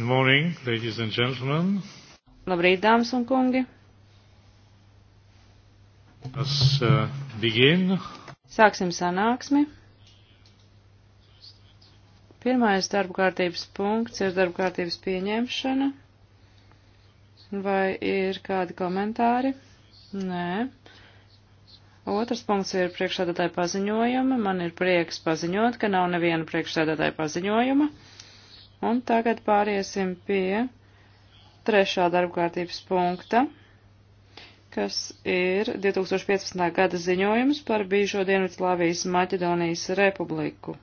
Good morning, ladies and gentlemen. Labrīt, dāmas un kungi. Let's uh, begin. Sāksim sanāksmi. Pirmais darba kārtības punkts ir darba kārtības pieņemšana. Vai ir kādi komentāri? Nē. Otrs punkts ir priekšsēdētāja paziņojuma. Man ir prieks paziņot, ka nav neviena priekšsēdētāja paziņojuma. Un tagad pāriesim pie trešā darbkārtības punkta, kas ir 2015. gada ziņojums par bijušo Dienvidslāvijas Maķedonijas republiku.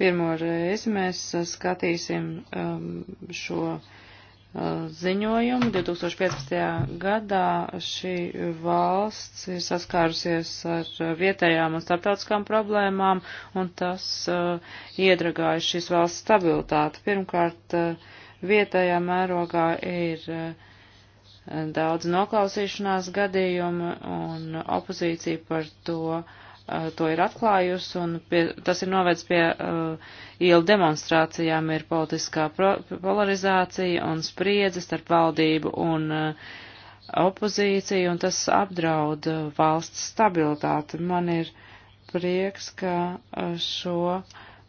Pirmo reizi mēs skatīsim um, šo ziņojumu. 2015. gadā šī valsts ir saskārusies ar vietējām un starptautiskām problēmām, un tas uh, iedragāja šīs valsts stabilitāti. Pirmkārt, uh, vietējā mērogā ir uh, daudz noklausīšanās gadījumu, un opozīcija par to uh, Eh, to ir atklājusi, un pie, tas ir novedis pie uh, ielu demonstrācijām, ir politiskā pro, polarizācija un spriedze starp valdību un uh, opozīciju, un tas apdraud uh, valsts stabilitāti. Man ir prieks, ka uh, šo uh,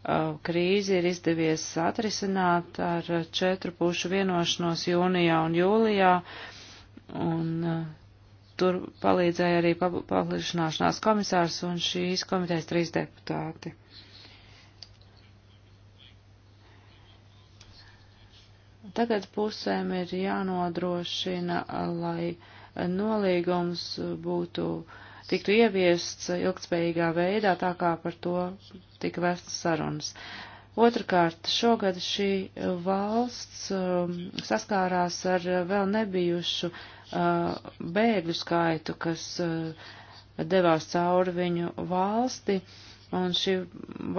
krīzi ir izdevies atrisināt ar četru pušu vienošanos jūnijā un jūlijā, un uh, Tur palīdzēja arī paplašināšanās komisārs un šīs komitejas trīs deputāti. Tagad pusēm ir jānodrošina, lai nolīgums būtu tiktu ieviests ilgtspējīgā veidā, tā kā par to tika vestas sarunas. Otrakārt, šogad šī valsts um, saskārās ar uh, vēl nebijušu uh, bēgļu skaitu, kas uh, devās cauri viņu valsti, un šī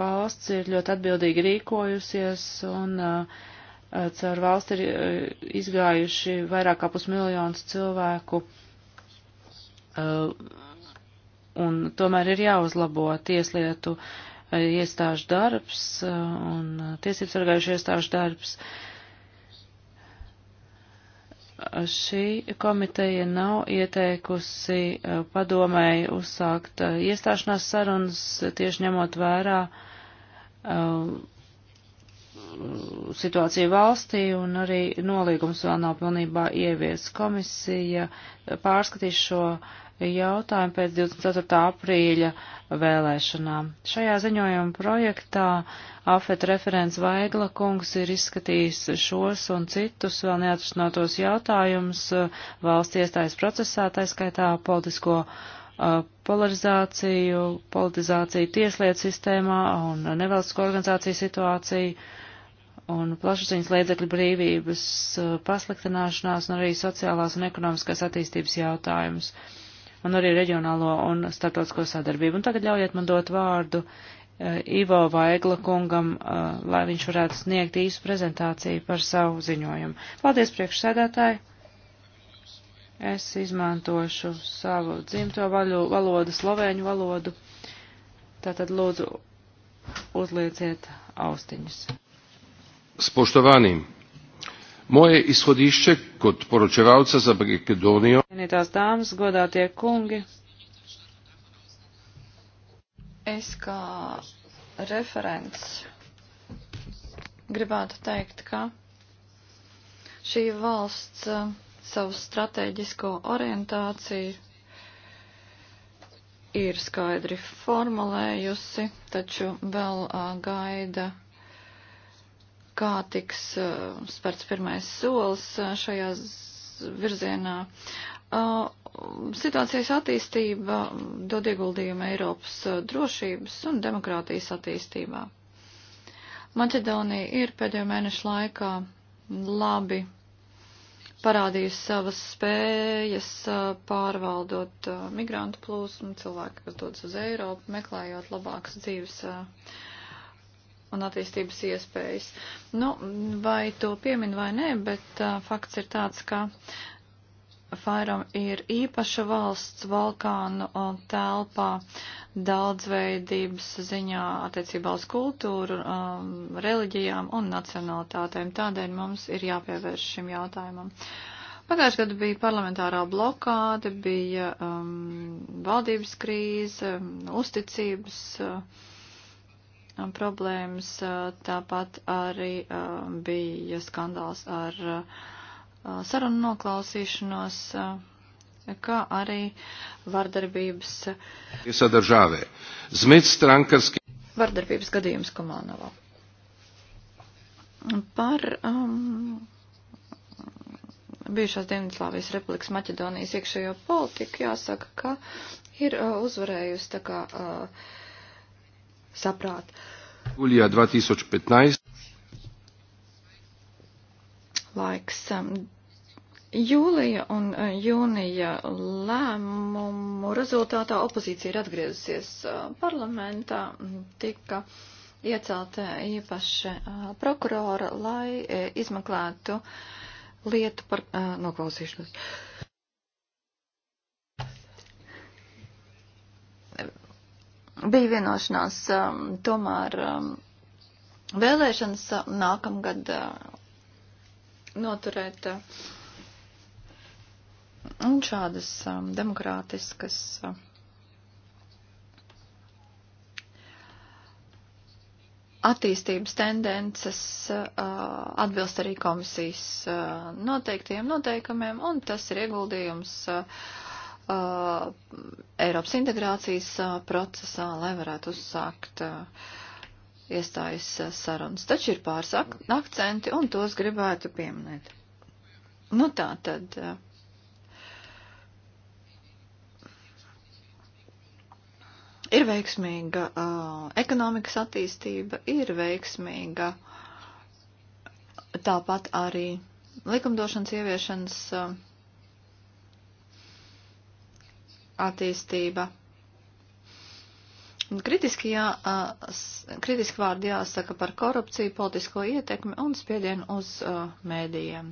valsts ir ļoti atbildīgi rīkojusies, un caur valsti ir izgājuši vairāk kā pusmiljons cilvēku un tomēr ir jāuzlabo tieslietu iestāžu darbs uh, un uh, tiesības sargājušo iestāžu darbs. Šī komiteja nav ieteikusi uh, padomēji uzsākt iestāšanās sarunas, tieši ņemot vērā situācija valstī un arī nolīgums vēl nav pilnībā ievies. Komisija pārskatīs šo uh, jautājumu pēc 24. aprīļa vēlēšanām. Šajā ziņojuma projektā AFET referents Vaigla kungs ir izskatījis šos un citus vēl neatrisinātos jautājumus uh, valsts iestājas procesā, taiskaitā politisko uh, polarizāciju, politizāciju tieslietu sistēmā un nevalstisko organizāciju situāciju un plašsaziņas līdzekļu brīvības uh, pasliktināšanās un arī sociālās un ekonomiskās attīstības jautājumus un arī reģionālo un starptautisko sadarbību. Un tagad ļaujiet man dot vārdu eh, Ivo Vaigla kungam, eh, lai viņš varētu sniegt īsu prezentāciju par savu ziņojumu. Paldies, priekšsēdētāji! Es izmantošu savu dzimto vaļu, valodu, slovēņu valodu. Tātad lūdzu uzlieciet austiņas. Spoštovanim! Moje izhodišče kot poročevalca za Makedonijo. Cienītās dāmas, godātie kungi, es kā referents gribētu teikt, ka šī valsts uh, savu strateģisko orientāciju ir skaidri formulējusi, taču vēl uh, gaida kā tiks uh, spērts pirmais solis uh, šajā virzienā. Uh, situācijas attīstība dod ieguldījumu Eiropas uh, drošības un demokrātijas attīstībā. Maķedonija ir pēdējo mēnešu laikā labi parādījusi savas spējas uh, pārvaldot uh, migrantu plūsmu, cilvēku, kas dodas uz Eiropu, meklējot labākas dzīves uh, un attīstības iespējas. Nu, vai to piemin vai nē, bet uh, fakts ir tāds, ka Fairam ir īpaša valsts Balkānu uh, telpā daudzveidības ziņā attiecībā uz kultūru, um, reliģijām un nacionalitātēm. Tādēļ mums ir jāpievērš šim jautājumam. Pagājušajā gadā bija parlamentārā blokāde, bija um, valdības krīze, um, uzticības. Uh, problēmas, tāpat arī bija skandāls ar sarunu noklausīšanos, kā arī vardarbības. Sadržāvē. Zmits Strankarski. Vardarbības gadījums Komānovā. Par um, bijušās Dienvidslāvijas republikas Maķedonijas iekšējo politiku jāsaka, ka ir uh, uzvarējusi tā kā. Uh, saprāt. Jūlijā 2015. Laiks. Um, jūlija un uh, jūnija lēmumu rezultātā opozīcija ir atgriezusies uh, parlamentā, mm, tika iecelta īpaši uh, prokurora, lai izmeklētu lietu par noklausīšanos. Bija vienošanās um, tomēr um, vēlēšanas uh, nākamgad uh, noturēt. Uh, un šādas um, demokrātiskas. Uh, attīstības tendences uh, atbilst arī komisijas uh, noteiktiem noteikumiem, un tas ir ieguldījums uh, uh, Eiropas integrācijas uh, procesā, lai varētu uzsākt uh, iestājas uh, sarunas. Taču ir pāris ak akcenti, un tos gribētu pieminēt. Nu tā tad. Uh, Ir veiksmīga uh, ekonomikas attīstība, ir veiksmīga tāpat arī likumdošanas ieviešanas uh, attīstība. Un kritiski, jā, kritiski vārdi jāsaka par korupciju, politisko ietekmi un spiedienu uz uh, mēdījiem.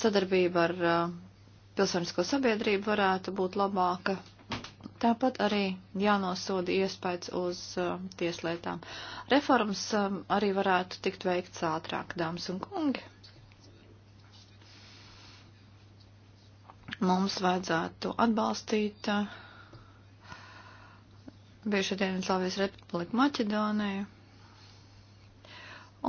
Sadarbība ar uh, pilsonisko sabiedrību varētu būt labāka. Tāpat arī jānosoda iespējas uz uh, tieslietām. Reformas um, arī varētu tikt veikts ātrāk, dāmas un kungi. Mums vajadzētu atbalstīt eh, bijušo Dienvidslāvijas republiku Maķedoniju.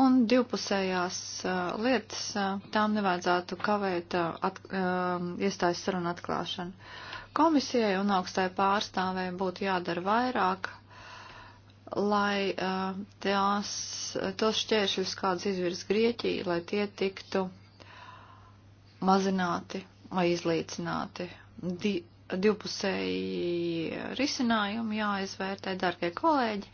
Un divpusējās uh, lietas, uh, tām nevajadzētu kavēt uh, at, uh, iestājas sarunu atklāšanu. Komisijai un augstai pārstāvēji būtu jādara vairāk, lai uh, tās, tos šķēršļus, kādas izvirs Grieķija, lai tie tiktu mazināti izlīdzināti. Di divpusēji risinājumi jāizvērtē, darbie kolēģi.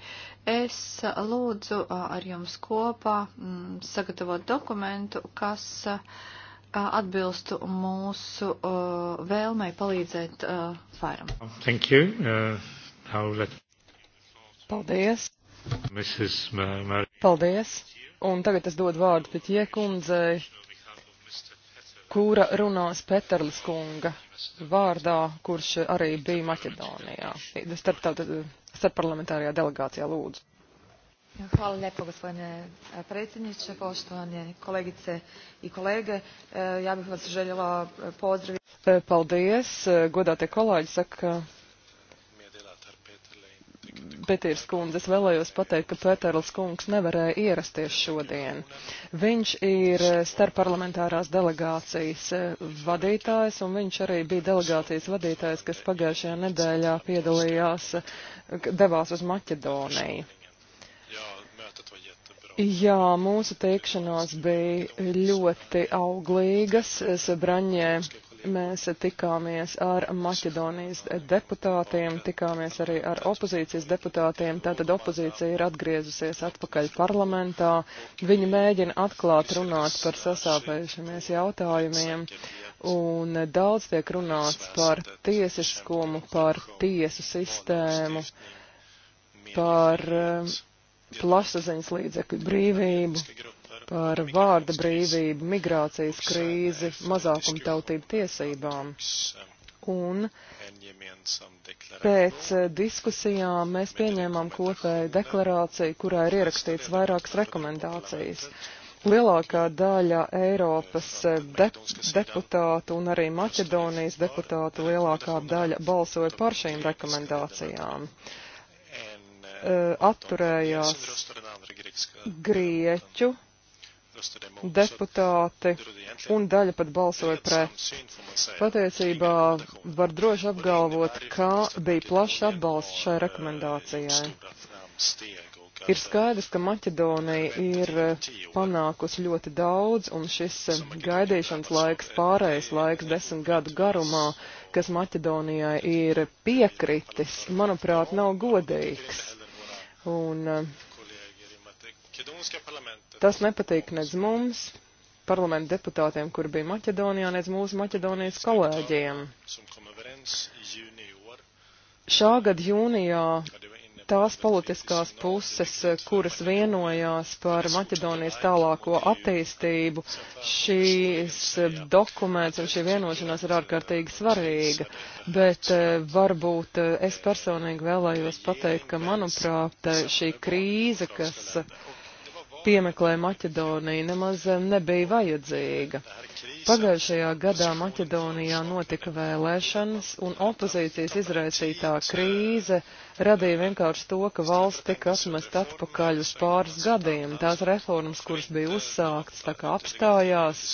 Es lūdzu ar jums kopā mm, sagatavot dokumentu, kas atbilstu mūsu vēlmei palīdzēt vairam. Thank you. Uh, let... Paldies. Mrs. Mar Paldies. Un tagad es dodu vārdu Pitie kundzei, kura runās Peterlis kunga vārdā, kurš arī bija Maķedonijā, starp tātad, starpparlamentārajā delegācijā lūdzu. Hvala lijepo gospodine e, predsjedniče, poštovane kolegice i kolege. E, ja bih vas željela e, pozdraviti. Paldies, godātie kolēģi, saka Petīrs kundze, es vēlējos pateikt, ka Pēterls kungs nevarēja ierasties šodien. Viņš ir eh, starpparlamentārās delegācijas eh, vadītājs, un viņš arī bija delegācijas vadītājs, kas pagājušajā nedēļā piedalījās, eh, devās uz Maķedoniju. Jā, mūsu teikšanās bija ļoti auglīgas. Sabraņē mēs tikāmies ar Maķedonijas deputātiem, tikāmies arī ar opozīcijas deputātiem. Tātad opozīcija ir atgriezusies atpakaļ parlamentā. Viņi mēģina atklāt runāt par sasāpējušamies jautājumiem. Un daudz tiek runāts par tiesiskumu, par tiesu sistēmu, par eh, plašsaziņas līdzekļu brīvību par vārda brīvību, migrācijas krīzi, mazākumtautību tiesībām. Un pēc eh, diskusijām mēs pieņēmām kopēju deklarāciju, kurā ir ierakstīts vairākas rekomendācijas. Lielākā daļa Eiropas eh, de deputātu un arī Maķedonijas deputātu lielākā daļa balsoja par šīm rekomendācijām eh, atturējās grieķu deputāti un daļa pat balsoja pret. Patiesībā var droši apgalvot, ka bija plašs atbalsts šai rekomendācijai. Ir skaidrs, ka Maķedonija ir panākusi ļoti daudz, un šis gaidīšanas laiks, pārējais laiks desmit gadu garumā, kas Maķedonijai ir piekritis, manuprāt, nav godīgs. Un, uh, Tas nepatīk nec mums, parlamenta deputātiem, kuri bija Maķedonijā, nec mūsu Maķedonijas kolēģiem. Šā gada jūnijā tās politiskās puses, kuras vienojās par Maķedonijas tālāko attīstību, šīs dokuments un šī vienošanās ir ārkārtīgi svarīga, bet eh, varbūt eh, es personīgi vēlējos pateikt, ka manuprāt eh, šī krīze, kas piemeklē Maķedoniju, nemaz eh, nebija vajadzīga. Pagājušajā gadā Maķedonijā notika vēlēšanas, un opozīcijas izraisītā krīze radīja vienkārši to, ka valsts tika atmest atpakaļ uz pāris gadiem. Tās reformas, kuras bija uzsāktas, tā kā apstājās,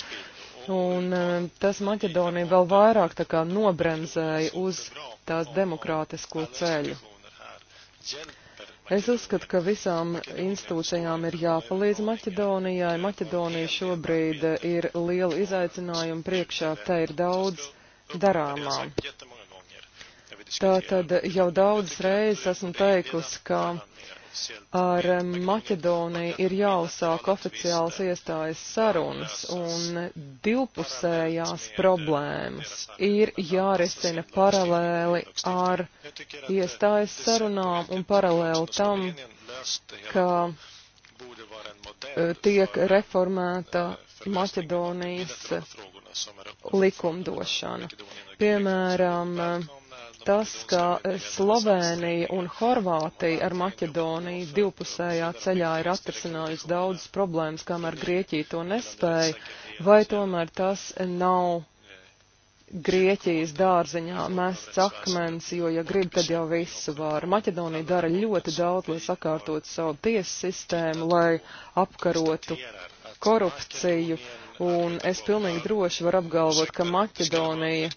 un eh, tas Maķedoniju vēl vairāk tā kā nobremzēja uz tās demokrātisko ceļu. Es uzskatu, ka visām institūcijām ir jāpalīdz Maķedonijai. Maķedonija šobrīd ir liela izaicinājuma priekšā, te ir daudz darāmā. Tātad jau daudzas reizes esmu teikusi, ka ar um, Maķedoniju ir jāuzsāk oficiāls iestājas sarunas, un divpusējās problēmas ir jārisina paralēli ar iestājas sarunām un paralēli tam, ka uh, tiek reformēta Maķedonijas likumdošana. Piemēram, uh, tas, ka Slovēnija un Horvātija ar Maķedoniju divpusējā ceļā ir atrisinājusi daudzas problēmas, kamēr Grieķija to nespēja, vai tomēr tas nav Grieķijas dārziņā mests akmens, jo, ja grib, tad jau visu var. Maķedonija dara ļoti daudz, lai sakārtotu savu tiesu sistēmu, lai apkarotu korupciju. Uh, un es pilnīgi droši varu apgalvot, ka Maķedonija,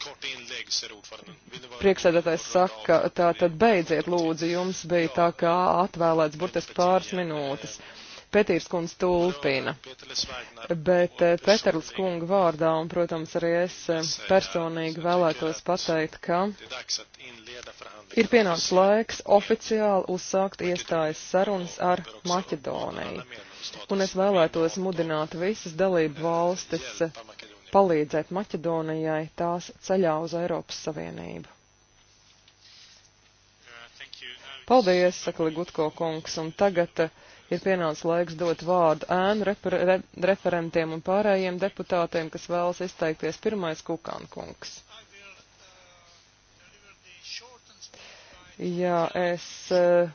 priekšsēdētājs saka, tā tad beidziet lūdzu, jums bija tā kā atvēlēts burtiski pāris minūtes. Petīrs kundz tulpina, bet eh, Peterls kunga vārdā, un, protams, arī es eh, personīgi vēlētos pateikt, ka ir pienācis laiks oficiāli uzsākt iestājas sarunas ar Maķedoniju un es vēlētos mudināt visas dalību valstis palīdzēt Maķedonijai tās ceļā uz Eiropas Savienību. Paldies, saka Ligutko kungs, un tagad eh, ir pienācis laiks dot vārdu ēnu refer re referentiem un pārējiem deputātiem, kas vēlas izteikties pirmais Kukāna kungs. Jā, es uh,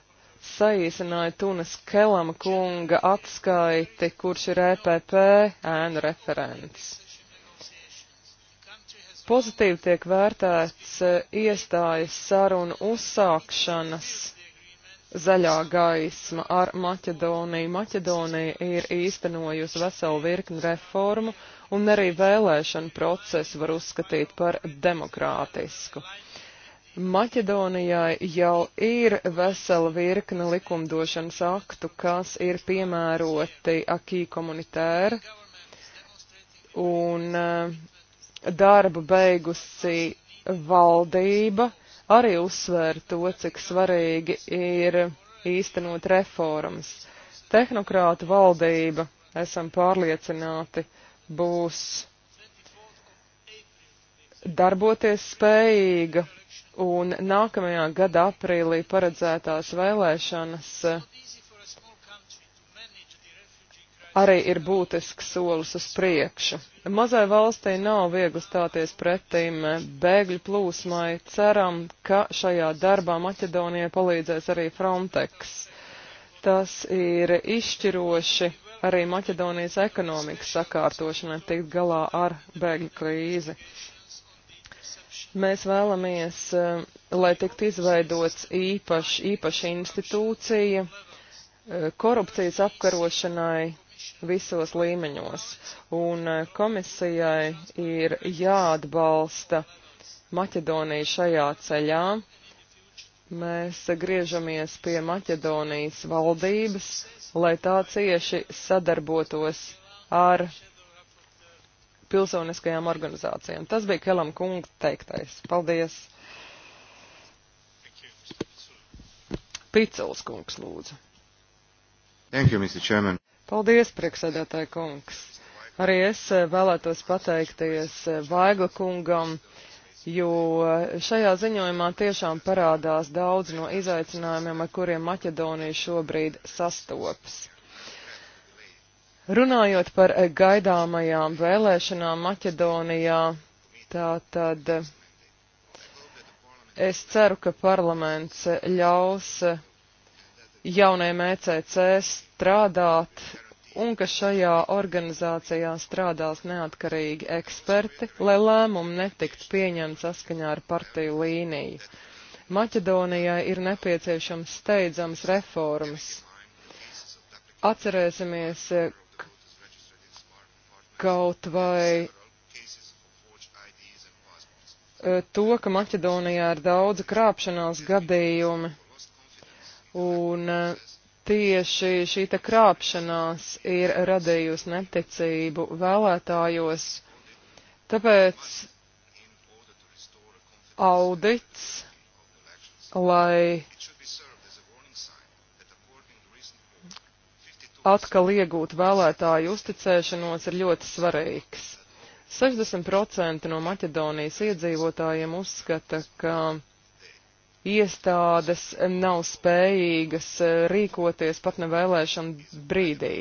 saīsināja Tunas Kelama kunga atskaiti, kurš ir EPP ēnu referents. Pozitīvi tiek vērtēts e, iestājas sarunu uzsākšanas zaļā gaisma ar Maķedoniju. Maķedonija ir īstenojusi veselu virkni reformu un arī vēlēšanu procesu var uzskatīt par demokrātisku. Maķedonijai jau ir vesela virkne likumdošanas aktu, kas ir piemēroti akī komunitēra, un eh, darbu beigusi valdība arī uzsver to, cik svarīgi ir īstenot reformas. Tehnokrāta valdība, esam pārliecināti, būs darboties spējīga un nākamajā gada aprīlī paredzētās vēlēšanas arī ir būtisks solis uz priekšu. Mazai valstī nav viegli stāties pretīm bēgļu plūsmai. Ceram, ka šajā darbā Maķedonijai palīdzēs arī Frontex. Tas ir izšķiroši arī Maķedonijas ekonomikas sakārtošanai tikt galā ar bēgļu krīzi. Mēs vēlamies, eh, lai tiktu izveidots īpaš, īpaša institūcija eh, korupcijas apkarošanai visos līmeņos, un eh, komisijai ir jāatbalsta Maķedonija šajā ceļā. Mēs griežamies pie Maķedonijas valdības, lai tā cieši sadarbotos ar pilsoniskajām organizācijām. Tas bija Kelam kunga teiktais. Paldies! Picels kungs lūdzu. Thank you, Mr. Chairman. Paldies, priekšsēdētāji kungs. Arī es eh, vēlētos pateikties eh, Vaiga kungam jo šajā ziņojumā tiešām parādās daudz no izaicinājumiem, ar kuriem Maķedonija šobrīd sastopas. Runājot par eh, gaidāmajām vēlēšanām Maķedonijā, tā tad eh, es ceru, ka parlaments eh, ļaus jaunajam ECC strādāt un ka šajā organizācijā strādās neatkarīgi eksperti, lai lēmumu netiktu pieņemts saskaņā ar partiju līniju. Maķedonijai ir nepieciešams steidzams reformas. Atcerēsimies, kaut vai eh, to, ka Maķedonijā ir daudz krāpšanās gadījumi, un eh, tieši šī te krāpšanās ir radījusi neticību vēlētājos, tāpēc audits, lai atkal iegūt vēlētāju uzticēšanos ir ļoti svarīgs. 60% no Maķedonijas iedzīvotājiem uzskata, ka iestādes nav spējīgas e, rīkoties pat ne vēlēšana brīdī.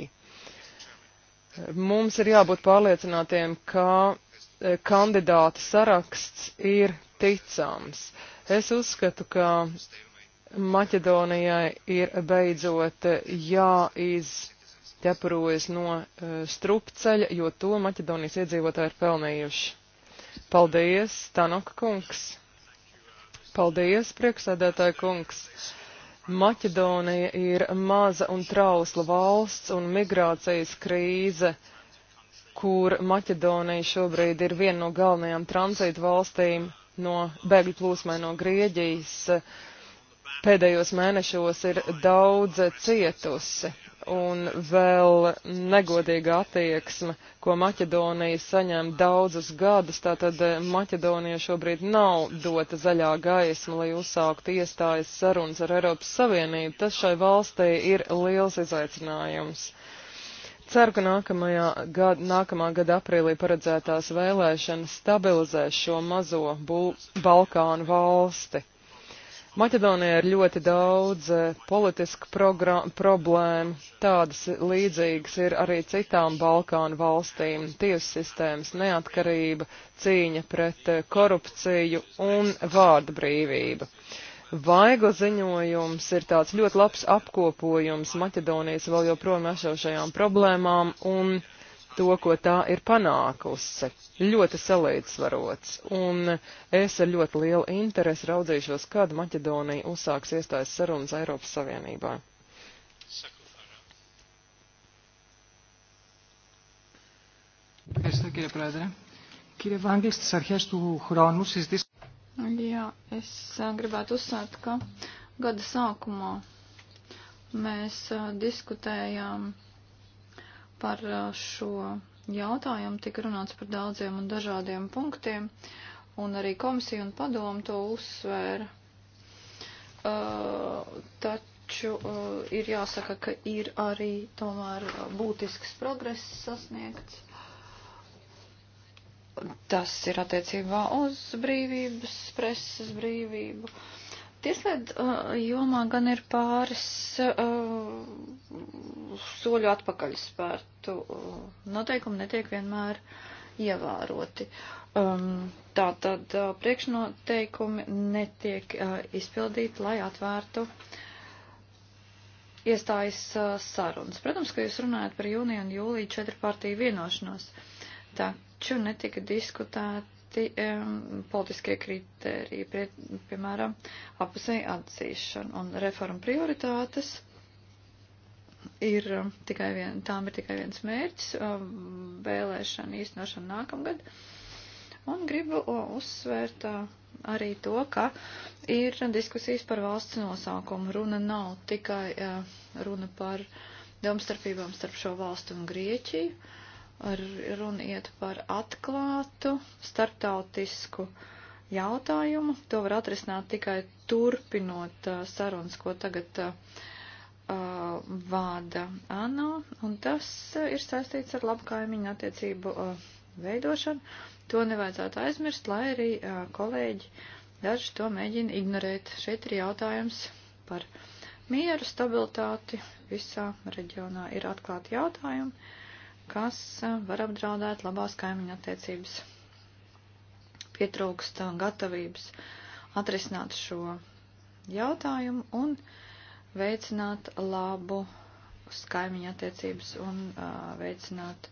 Mums ir jābūt pārliecinātiem, ka e, kandidāta saraksts ir ticams. Es uzskatu, ka Maķedonijai ir beidzot eh, jāizķeprojas no eh, strupceļa, jo to Maķedonijas iedzīvotāji ir pelnījuši. Paldies, Tanaka kungs! Paldies, priekšsēdētāja kungs! Maķedonija ir maza un trausla valsts un migrācijas krīze, kur Maķedonija šobrīd ir viena no galvenajām tranzītu valstīm no bēgļu plūsmai no Grieģijas. Uh, pēdējos mēnešos ir daudz cietusi un vēl negodīga attieksme, ko Maķedonija saņem daudzus gadus. Tātad eh, Maķedonija šobrīd nav dota zaļā gaisma, lai uzsāktu iestājas sarunas ar Eiropas Savienību. Tas šai valstī ir liels izaicinājums. Ceru, ka nākamajā gada, nākamā gada aprīlī paredzētās vēlēšanas stabilizēs šo mazo Bul Balkānu valsti. Maķedonijā ir ļoti daudz eh, politisku problēmu, tādas līdzīgas ir arī citām Balkānu valstīm - tiesu sistēmas neatkarība, cīņa pret eh, korupciju un vārda brīvība. Vaigo ziņojums ir tāds ļoti labs apkopojums Maķedonijas vēl joprojām esošajām problēmām un to, ko tā ir panākusi ļoti salīdzsvarots, un es ar ļoti lielu interesi raudzīšos, kad Maķedonija uzsāks iestājas sarunas Eiropas Savienībā. Ευχαριστώ κύριε Πρόεδρε. Κύριε Βάγγελ, στις αρχές του χρόνου συζητήσαμε... Jā, es gribētu uzsākt, ka gada sākumā mēs diskutējām par šo jautājumu tika runāts par daudziem un dažādiem punktiem, un arī komisija un padomu to uzsvēra. Uh, taču uh, ir jāsaka, ka ir arī tomēr būtisks progress sasniegts. Tas ir attiecībā uz brīvības, presas brīvību. Uh, Tieslietu uh, jomā gan ir pāris uh, soļu atpakaļ spērtu. Uh, noteikumi netiek vienmēr ievēroti. Um, tā tad uh, priekšnoteikumi netiek uh, izpildīti, lai atvērtu iestājas uh, sarunas. Protams, ka jūs runājat par jūniju un jūliju četru partiju vienošanos, taču netika diskutēt citi um, politiskie kriteriji, pie, piemēram, apusēji atzīšana un reforma prioritātes. Ir tikai vien, tām ir tikai viens mērķis um, - vēlēšana īstenošana nākamgad. Un gribu uzsvērt uh, arī to, ka ir diskusijas par valsts nosaukumu. Runa nav tikai uh, runa par domstarpībām starp šo valstu un Grieķiju. Uh, runa iet par atklātu starptautisku jautājumu. To var atrisināt tikai turpinot uh, sarunas, ko tagad uh, uh vāda ANO, un tas uh, ir saistīts ar labkaimiņu attiecību uh, veidošanu. To nevajadzētu aizmirst, lai arī uh, kolēģi daži to mēģina ignorēt. Šeit ir jautājums par mieru, stabilitāti visā reģionā. Ir atklāti jautājumi kas var apdraudēt labās kaimiņa attiecības. Pietrūkst gatavības atrisināt šo jautājumu un veicināt labu kaimiņa attiecības un uh, veicināt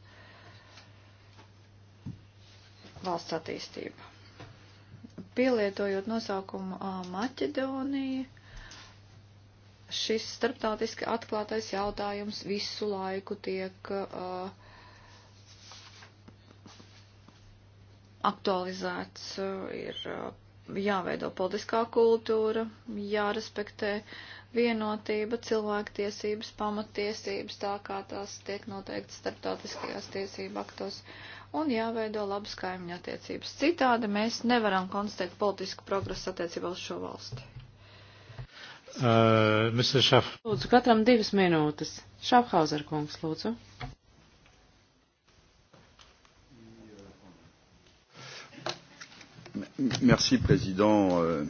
valsts attīstību. Pielietojot nosaukumu uh, Maķedonija, šis starptautiski atklātais jautājums visu laiku tiek uh, aktualizēts, eh, ir eh, jāveido politiskā kultūra, jārespektē vienotība, cilvēktiesības, pamatiesības, tā kā tās tiek noteikti starptautiskajās tiesību aktos, un jāveido labas kaimiņa attiecības. Citādi mēs nevaram konstatēt politisku progresu attiecībā uz šo valsti. Uh, Lūdzu, katram divas minūtes. Šafhauser kungs, lūdzu. Merci, prezident. Euh.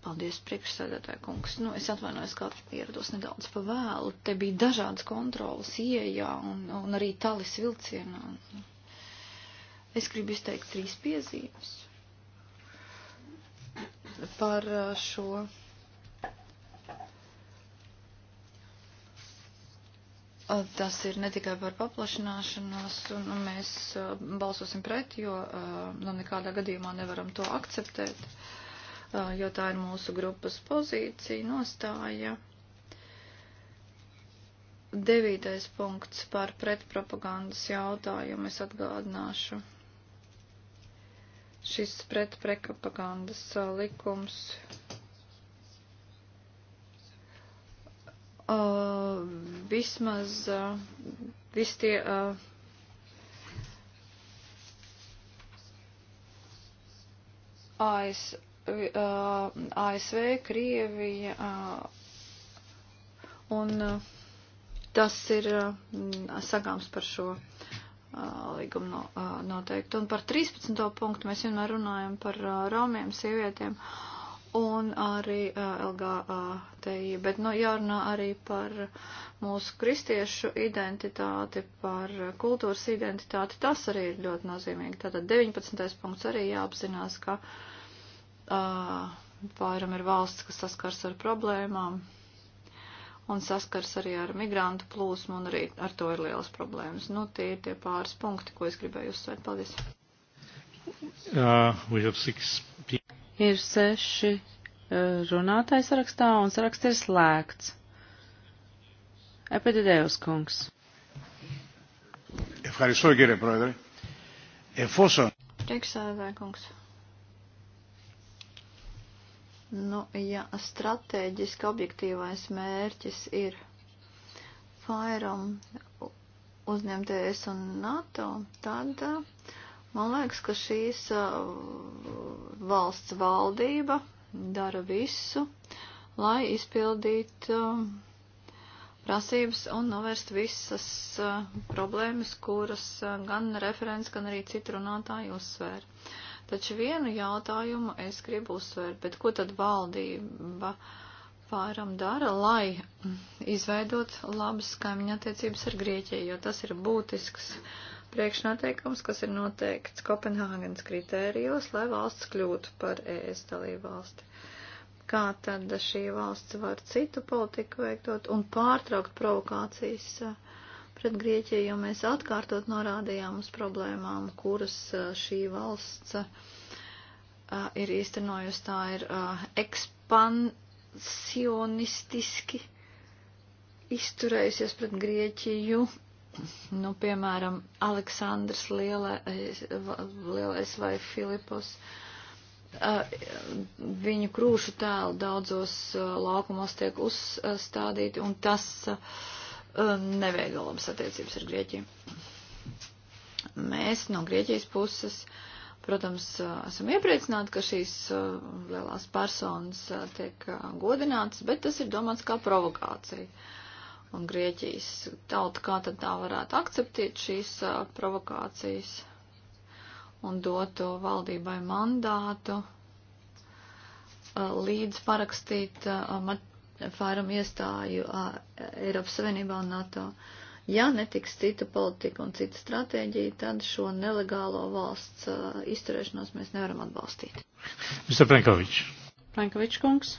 Paldies, priekšsēdētāji kungs. Nu, es atvainojos, ka ierados nedaudz pa vēlu. Te bija dažādas kontrolas ieejā un, un arī talis vilcienā. Es gribu izteikt trīs piezīmes par uh, šo Tas ir ne tikai par paplašināšanos, un mēs balsosim pret, jo nu, nekādā gadījumā nevaram to akceptēt, jo tā ir mūsu grupas pozīcija, nostāja. Devītais punkts par pretpropagandas jautājumu es atgādināšu. Šis pretpropagandas likums uh, vismaz uh, visi tie. Uh, AS, uh, ASV, Krievija, uh, un uh, tas ir uh, sagāms par šo uh, līgumu no, uh, noteikti. Un par 13. punktu mēs vienmēr runājam par uh, romiem, sievietēm. Uh, un arī uh, LGTI, bet nu, jārunā arī par mūsu kristiešu identitāti, par kultūras identitāti. Tas arī ir ļoti nozīmīgi. Tātad 19. punkts arī jāapzinās, ka uh, pāram ir valsts, kas saskars ar problēmām un saskars arī ar migrantu plūsmu, un arī ar to ir lielas problēmas. Nu, tie ir tie pāris punkti, ko es gribēju uzsvērt. Paldies! Uh, Ir seši e, runātāji sarakstā, un saraksts ir slēgts. Epidēdējos kungs. Ευχαριστώ κύριε Πρόεδρε. Εφόσον... Priekšsēdētāja kungs. Nu, ja strateģiski objektīvais mērķis ir Fairam uzņemties un NATO, tad uh, Man liekas, ka šīs uh, valsts valdība dara visu, lai izpildītu uh, prasības un novērst visas uh, problēmas, kuras gan referents, gan arī citu runātāju uzsvēra. Taču vienu jautājumu es gribu uzsvērt, bet ko tad valdība pāram dara, lai izveidot labas kaimiņa attiecības ar Grieķiju, jo tas ir būtisks. Uh, priekšnoteikums, kas ir noteikts Kopenhāgenes kritērijos, lai valsts kļūtu par ES dalību valsti. Kā tad šī valsts var citu politiku veiktot un pārtraukt provokācijas uh, pret Grieķiju, jo mēs atkārtot norādījām uz problēmām, kuras uh, šī valsts uh, ir īstenojusi, tā ir ekspansionistiski izturējusies pret Grieķiju nu, piemēram, Aleksandrs Lielais, Lielais vai Filipos, viņu krūšu tēlu daudzos laukumos tiek uzstādīti, un tas neveikla labas attiecības ar Grieķiju. Mēs no Grieķijas puses, protams, esam iepriecināti, ka šīs lielās personas tiek godinātas, bet tas ir domāts kā provokācija. Uh, un Grieķijas tauta, kā tad tā varētu akceptēt šīs uh, provokācijas un dot to valdībai mandātu uh, līdz parakstīt uh, fāram iestāju Eiropas Savienībā un NATO. Ja netiks cita politika un cita stratēģija, tad šo nelegālo valsts izturēšanos mēs nevaram atbalstīt. Mr. Plenkovičs. Plenkovičs kungs.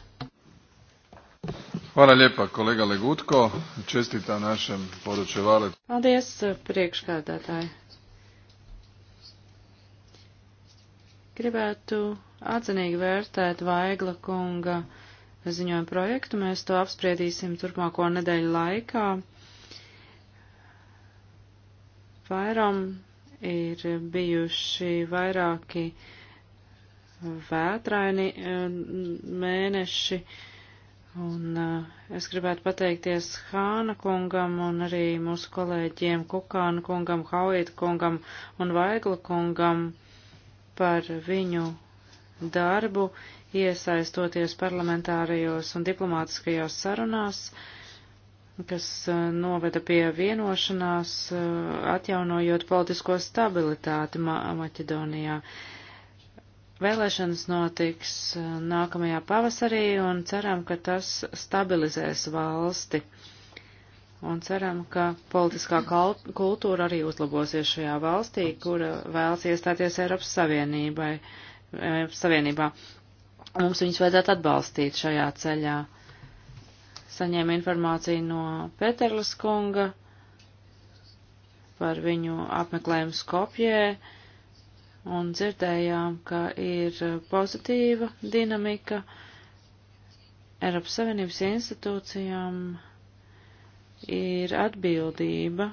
Hvala lijepa, kolega Legutko. Čestitam našem poruče Valet. Paldies, priekškādātāji. Gribētu atzinīgi vērtēt Vaigla kunga ziņojumu projektu. Mēs to apspriedīsim turpmāko nedēļu laikā. Vairam ir bijuši vairāki vētraini eh, mēneši. Uh, Un uh, es gribētu pateikties Hāna kungam un arī mūsu kolēģiem Kukāna kungam, Haujiet kungam un Vaigla kungam par viņu darbu, iesaistoties parlamentārajos un diplomātiskajos sarunās, kas uh, noveda pie vienošanās, uh, atjaunojot politisko stabilitāti Ma Maķedonijā. Uh, Vēlēšanas notiks uh, nākamajā pavasarī un ceram, ka tas stabilizēs valsti. Un ceram, ka politiskā kultūra arī uzlabosies šajā valstī, kura vēlas iestāties Eiropas Savienībai, Eiropas Savienībā. Mums viņus vajadzētu atbalstīt šajā ceļā. Saņēma informāciju no Pēterlas kunga par viņu apmeklējumu Skopjē un dzirdējām, ka ir pozitīva dinamika Eiropas Savienības institūcijām ir atbildība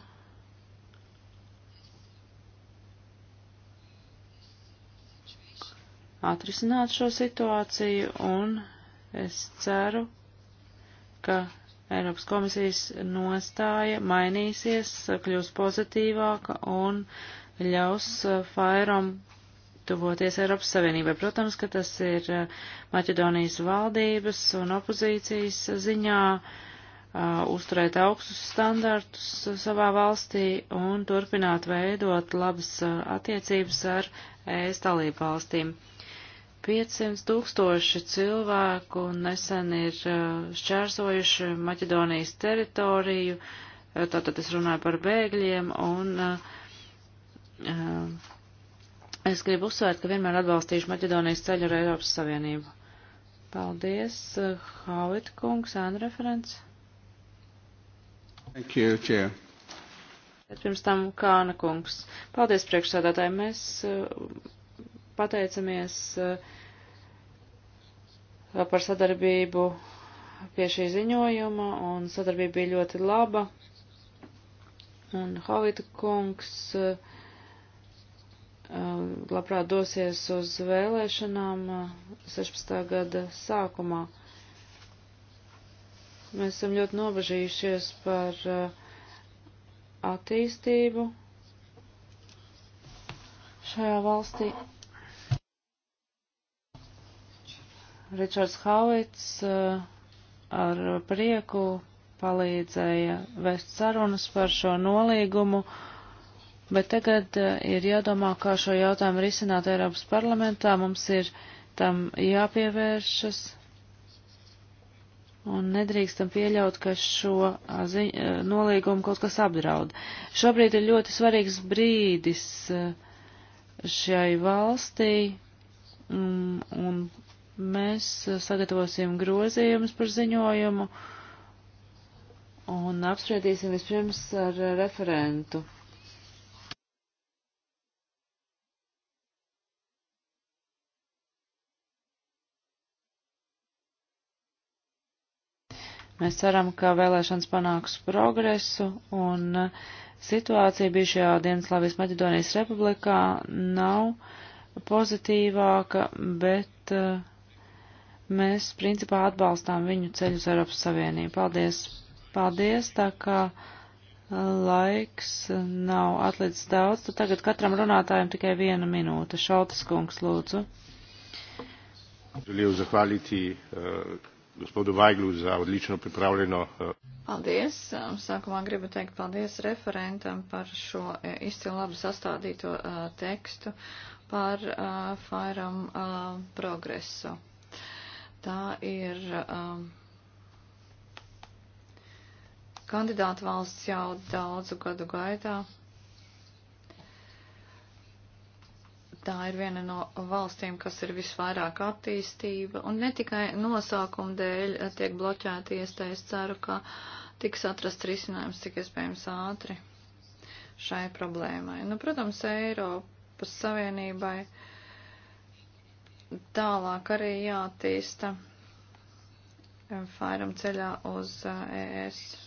atrisināt šo situāciju, un es ceru, ka Eiropas komisijas nostāja mainīsies, kļūs pozitīvāka un ļaus uh, Fairam tuvoties Eiropas Savienībai. Protams, ka tas ir uh, Maķedonijas valdības un opozīcijas ziņā uh, uzturēt augstus standartus uh, savā valstī un turpināt veidot labas attiecības ar ES dalību valstīm. 500 tūkstoši cilvēku nesen ir šķērsojuši Maķedonijas teritoriju, tātad es runāju par bēgļiem, un uh, Eh, es gribu uzsvērt, ka vienmēr atbalstīšu Maķedonijas ceļu ar Eiropas Savienību. Paldies, Havit eh, kungs, Andra referents. Thank you, Chair. Pirms tam Kāna kungs. Paldies, priekšsādātāji. Mēs eh, pateicamies par sadarbību pie šī ziņojuma, un sadarbība bija ļoti laba. Un Havita kungs uh, Uh, labprāt dosies uz vēlēšanām 16. Uh, gada sākumā. Mēs esam ļoti nobežījušies par uh, attīstību šajā valstī. Ričards Havits ar prieku palīdzēja vest sarunas par šo nolīgumu Bet tagad eh, ir jādomā, kā šo jautājumu risināt Eiropas parlamentā. Mums ir tam jāpievēršas un nedrīkstam pieļaut, ka šo eh, zi, eh, nolīgumu kaut kas apdraud. Šobrīd ir ļoti svarīgs brīdis šai valstī, un, mm, un mēs sagatavosim grozījumus par ziņojumu un apspriedīsim vispirms ar referentu. Mēs ceram, ka vēlēšanas panāks progresu un uh, situācija bijušajā Dienaslavijas Maķedonijas republikā nav pozitīvāka, bet uh, mēs principā atbalstām viņu ceļu uz Eiropas Savienību. Paldies! Paldies, tā kā uh, laiks nav atlicis daudz, tad tagad katram runātājam tikai viena minūte. Šaltas kungs, lūdzu. Želiju zahvaliti uh, gospodu Vaiglu za odlično pripravljeno. Eh, paldies. Eh, sākumā gribu teikt paldies referentam par šo eh, izcilu labi sastādīto tekstu par Fairam progresu. Tā ir kandidāta valsts jau daudzu gadu gaidā. Tā ir viena no valstīm, kas ir visvairāk attīstība, un ne tikai nosaukuma dēļ tiek bloķēti iestājas ceru, ka tiks atrast risinājums cik iespējams ātri šai problēmai. Nu, protams, Eiropas Savienībai tālāk arī jātīsta fairam ceļā uz ES. Eh, e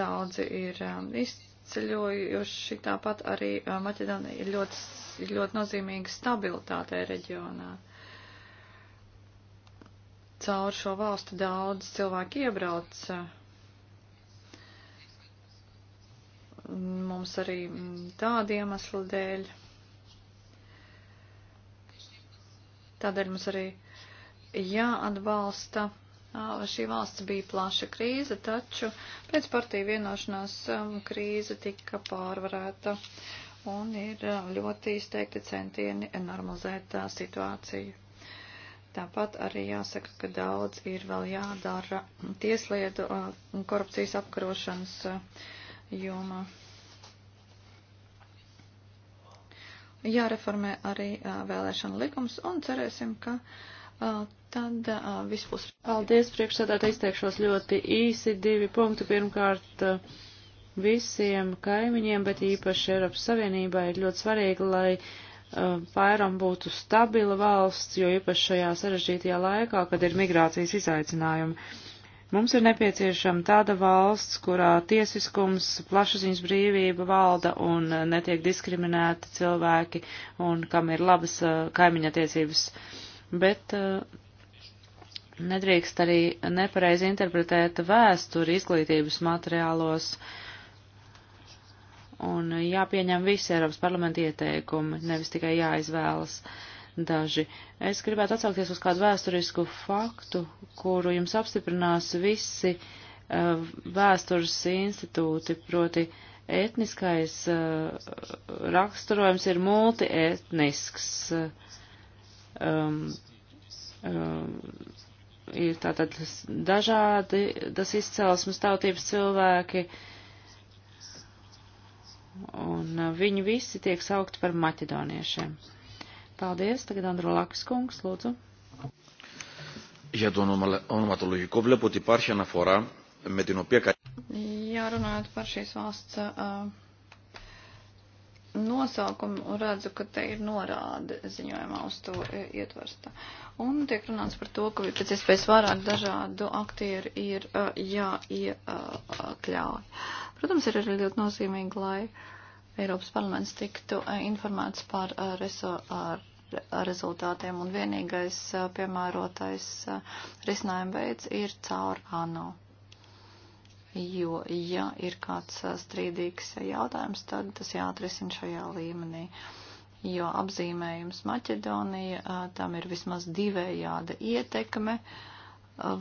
Daudzi ir eh, izcīnīti ceļojuši, tāpat arī Maķedonija ir ļoti, ļoti nozīmīga stabilitātei reģionā. Caur šo valstu daudz cilvēku iebrauc. Mums arī tādi iemesli dēļ. Tādēļ mums arī jāatbalsta. Ja šī valsts bija plaša krīze, taču pēc partiju vienošanās krīze tika pārvarēta un ir ļoti izteikti centieni normalizēt tā situāciju. Tāpat arī jāsaka, ka daudz ir vēl jādara tieslietu un korupcijas apkarošanas jomā. Jāreformē arī vēlēšana likums un cerēsim, ka uh, Tad vispus. Paldies, priekšsēdētāji, izteikšos ļoti īsi divi punkti. Pirmkārt, visiem kaimiņiem, bet īpaši Eiropas Savienībai ir ļoti svarīgi, lai Pairam būtu stabila valsts, jo īpaši šajā sarežģītajā laikā, kad ir migrācijas izaicinājumi. Mums ir nepieciešama tāda valsts, kurā tiesiskums, plašsaziņas brīvība valda un netiek diskriminēti cilvēki un kam ir labas kaimiņa tiesības. Uh, bet eh, nedrīkst arī nepareizi interpretēt vēsturi izglītības materiālos un jāpieņem visi Eiropas parlamenta ieteikumi, nevis tikai jāizvēlas daži. Es gribētu atsaukties uz kādu vēsturisku faktu, kuru jums apstiprinās visi uh, vēstures institūti, proti etniskais uh, raksturojums ir multietnisks. Uh, um, um, ir tātad dažādi, tas izcelsmes tautības cilvēki, un uh, viņi visi tiek saukti par maķedoniešiem. Paldies, tagad Andru Lakas kungs, lūdzu. Για το ονοματολογικό βλέπω ότι υπάρχει αναφορά με την οποία... Για runājot par šīs valsts uh, nosaukumu redzu, ka te ir norāde ziņojumā uz to ietversta. Un tiek runāts par to, ka pēc iespējas vairāk dažādu aktieru ir uh, jāiekļauj. Uh, Protams, ir arī ļoti nozīmīgi, lai Eiropas parlaments tiktu uh, informēts par uh, resursu rezultātiem, un vienīgais piemērotais risinājuma veids ir caur ANO jo, ja ir kāds strīdīgs jautājums, tad tas jāatrisina šajā līmenī, jo apzīmējums Maķedonija, tam ir vismaz divējāda ietekme,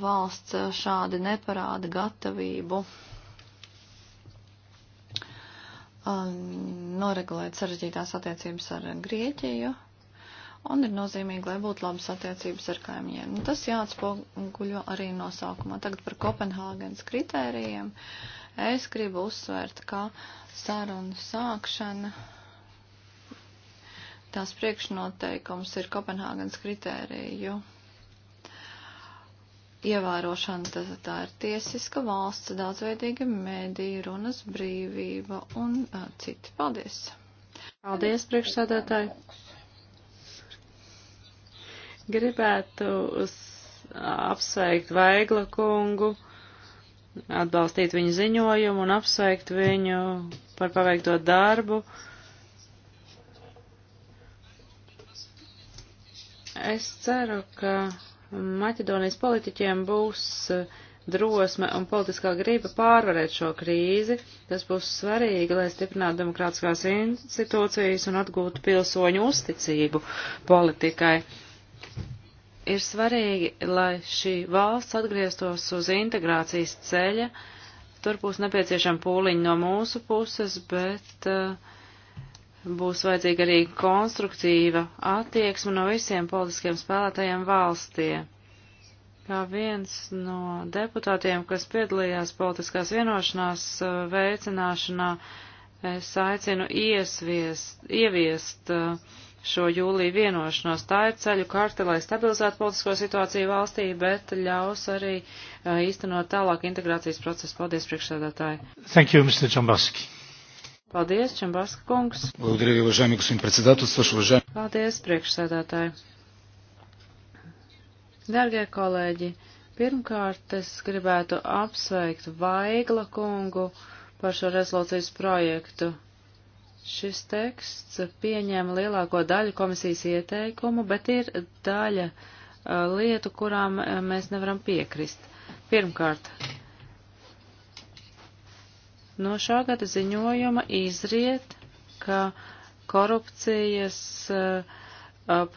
valsts šādi neparāda gatavību noregulēt sarežģītās attiecības ar Grieķiju un ir nozīmīgi, lai būtu labas attiecības ar kaimiņiem. Nu, tas jāatspoguļo arī nosaukumā. Tagad par Kopenhāgenes kritērijiem. Es gribu uzsvērt, ka sarunu sākšana, tās priekšnoteikums ir Kopenhāgenes kritēriju ievērošana, tā, tā ir tiesiska valsts, daudzveidīga mēdīja, runas brīvība un uh, citi. Paldies! Paldies, priekšsādātāji! Gribētu apsveikt Vaigla kungu, atbalstīt viņu ziņojumu un apsveikt viņu par paveikto darbu. Es ceru, ka Maķedonijas politiķiem būs eh, drosme un politiskā grība pārvarēt šo krīzi. Tas būs svarīgi, lai stiprinātu demokrātiskās institūcijas un atgūtu pilsoņu uzticību politikai ir svarīgi, lai šī valsts atgrieztos uz integrācijas ceļa. Tur būs nepieciešama pūliņa no mūsu puses, bet uh, būs vajadzīga arī konstruktīva attieksme no visiem politiskiem spēlētājiem valstī. Kā viens no deputātiem, kas piedalījās politiskās vienošanās uh, veicināšanā, es aicinu iesviest, ieviest uh, šo jūliju vienošanos. Tā ir ceļu karte, lai stabilizētu politisko situāciju valstī, bet ļaus arī uh, īstenot tālāk integrācijas procesu. Paldies, priekšsēdētāji. Thank you, Mr. Čambaski. Paldies, Čambaska kungs. Paldies, priekšsēdētāji. Dargie kolēģi, pirmkārt es gribētu apsveikt Vaigla kungu par šo rezolūcijas projektu. Šis teksts pieņem lielāko daļu komisijas ieteikumu, bet ir daļa lietu, kurām mēs nevaram piekrist. Pirmkārt, no šā gada ziņojuma izriet, ka korupcijas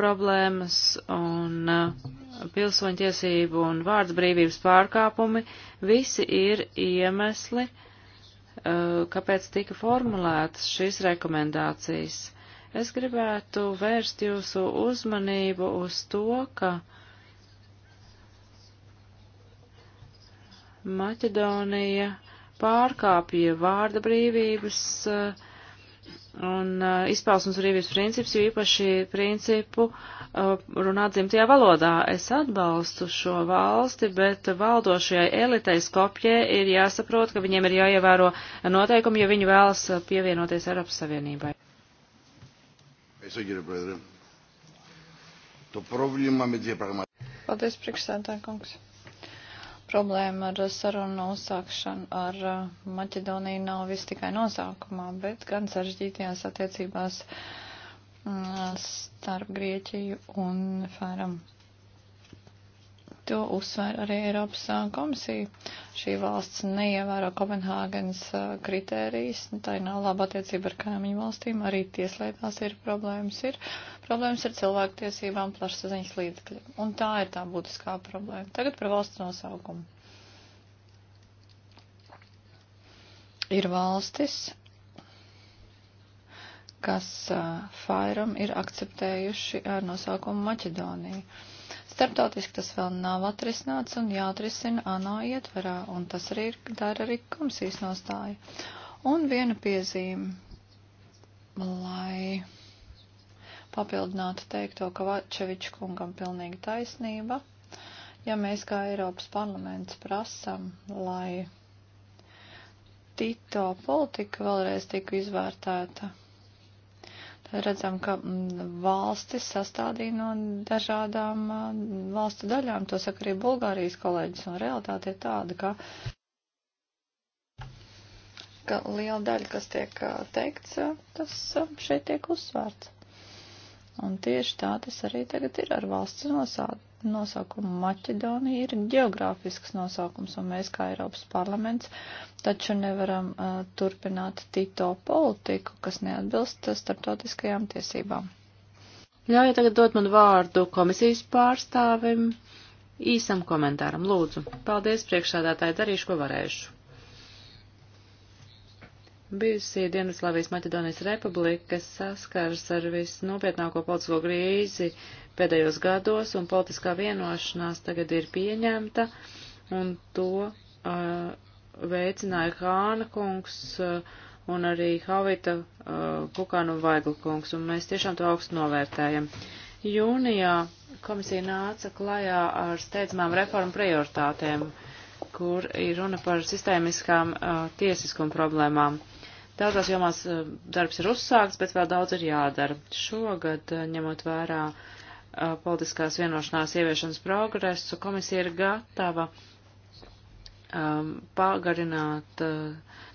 problēmas un pilsoņtiesību un vārdsbrīvības pārkāpumi visi ir iemesli, uh, Eh, kāpēc tika formulētas šīs rekomendācijas. Es gribētu vērst jūsu uzmanību uz to, ka Maķedonija pārkāpja vārda brīvības uh, un uh, izpausmes brīvības princips, jo īpaši principu uh, runāt dzimtajā valodā. Es atbalstu šo valsti, bet valdošajai elitei Skopjē ir jāsaprot, ka viņiem ir jāievēro noteikumi, ja viņi vēlas pievienoties Eiropas Savienībai. Paldies, priekšsēdētāj, kungs. Problēma ar sarunu uzsākšanu ar uh, Maķedoniju nav viss tikai nosaukumā, bet gan sarežģītajās attiecībās mm, starp Grieķiju un Fēram to uzsver arī Eiropas komisija. Šī valsts neievēro Kopenhāgenes kritērijas, nu, tā ir nav laba attiecība ar kaimiņu valstīm, arī tieslietās ir problēmas, ir problēmas ar cilvēku tiesībām, plašsaziņas līdzekļiem. Un tā ir tā būtiskā problēma. Tagad par valsts nosaukumu. Ir valstis, kas uh, Fairam ir akceptējuši ar nosaukumu Maķedoniju. Uh, Startautiski tas vēl nav atrisināts un jāatrisina ANO ietverā, un tas arī ir, tā ir arī komisijas nostāja. Un viena piezīme, lai papildinātu teikto, ka Vačeviča kungam pilnīgi taisnība, ja mēs kā Eiropas parlaments prasam, lai Tito politika vēlreiz tiku izvērtēta redzam, ka mm, valstis sastādīja no dažādām mm, valstu daļām. To saka arī Bulgārijas kolēģis, un realitāte ir tāda, ka, ka liela daļa, kas tiek teikts, tas šeit tiek uzsvērts. Un tieši tā tas arī tagad ir ar valsts nosādu nosaukumu Maķedonija ir geogrāfisks nosaukums, un mēs kā Eiropas parlaments taču nevaram uh, turpināt Tito politiku, kas neatbilst starptautiskajām tiesībām. Ļaujiet tagad dot man vārdu komisijas pārstāvim īsam komentāram, lūdzu. Paldies priekšsādātāji, darīšu, ko varēšu. Bijusī Dienvidslāvijas Maķedonijas republika saskars ar visnopietnāko politisko krīzi pēdējos gados, un politiskā vienošanās tagad ir pieņemta, un to uh, veicināja Hāna kungs uh, un arī Havita uh, Kukānu Vaigla kungs, un mēs tiešām to augstu novērtējam. Jūnijā komisija nāca klajā ar steidzamām reformu prioritātēm, kur ir runa par sistēmiskām uh, tiesiskuma problēmām Daudzās jomās eh, darbs ir uzsākts, bet vēl daudz ir jādara. Šogad, eh, ņemot vērā eh, politiskās vienošanās ieviešanas progresu, komisija ir gatava um, pagarināt,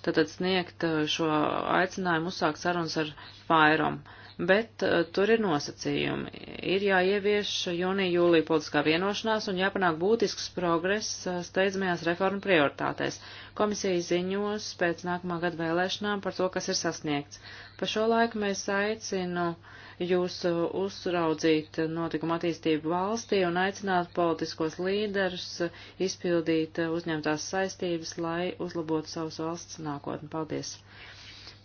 tātad sniegt šo aicinājumu uzsākt sarunas ar Fairom. Uh, bet uh, tur ir nosacījumi. Ir jāievieš jūnija jūlija politiskā vienošanās un jāpanāk būtisks progress uh, steidzamajās reformu prioritātēs. Komisija ziņos pēc nākamā gada vēlēšanām par to, kas ir sasniegts. Pa šo laiku mēs aicinu jūs eh, uzraudzīt notikuma attīstību valstī un aicināt politiskos līderus izpildīt uzņemtās saistības, lai uzlabotu savas valsts nākotni. Paldies!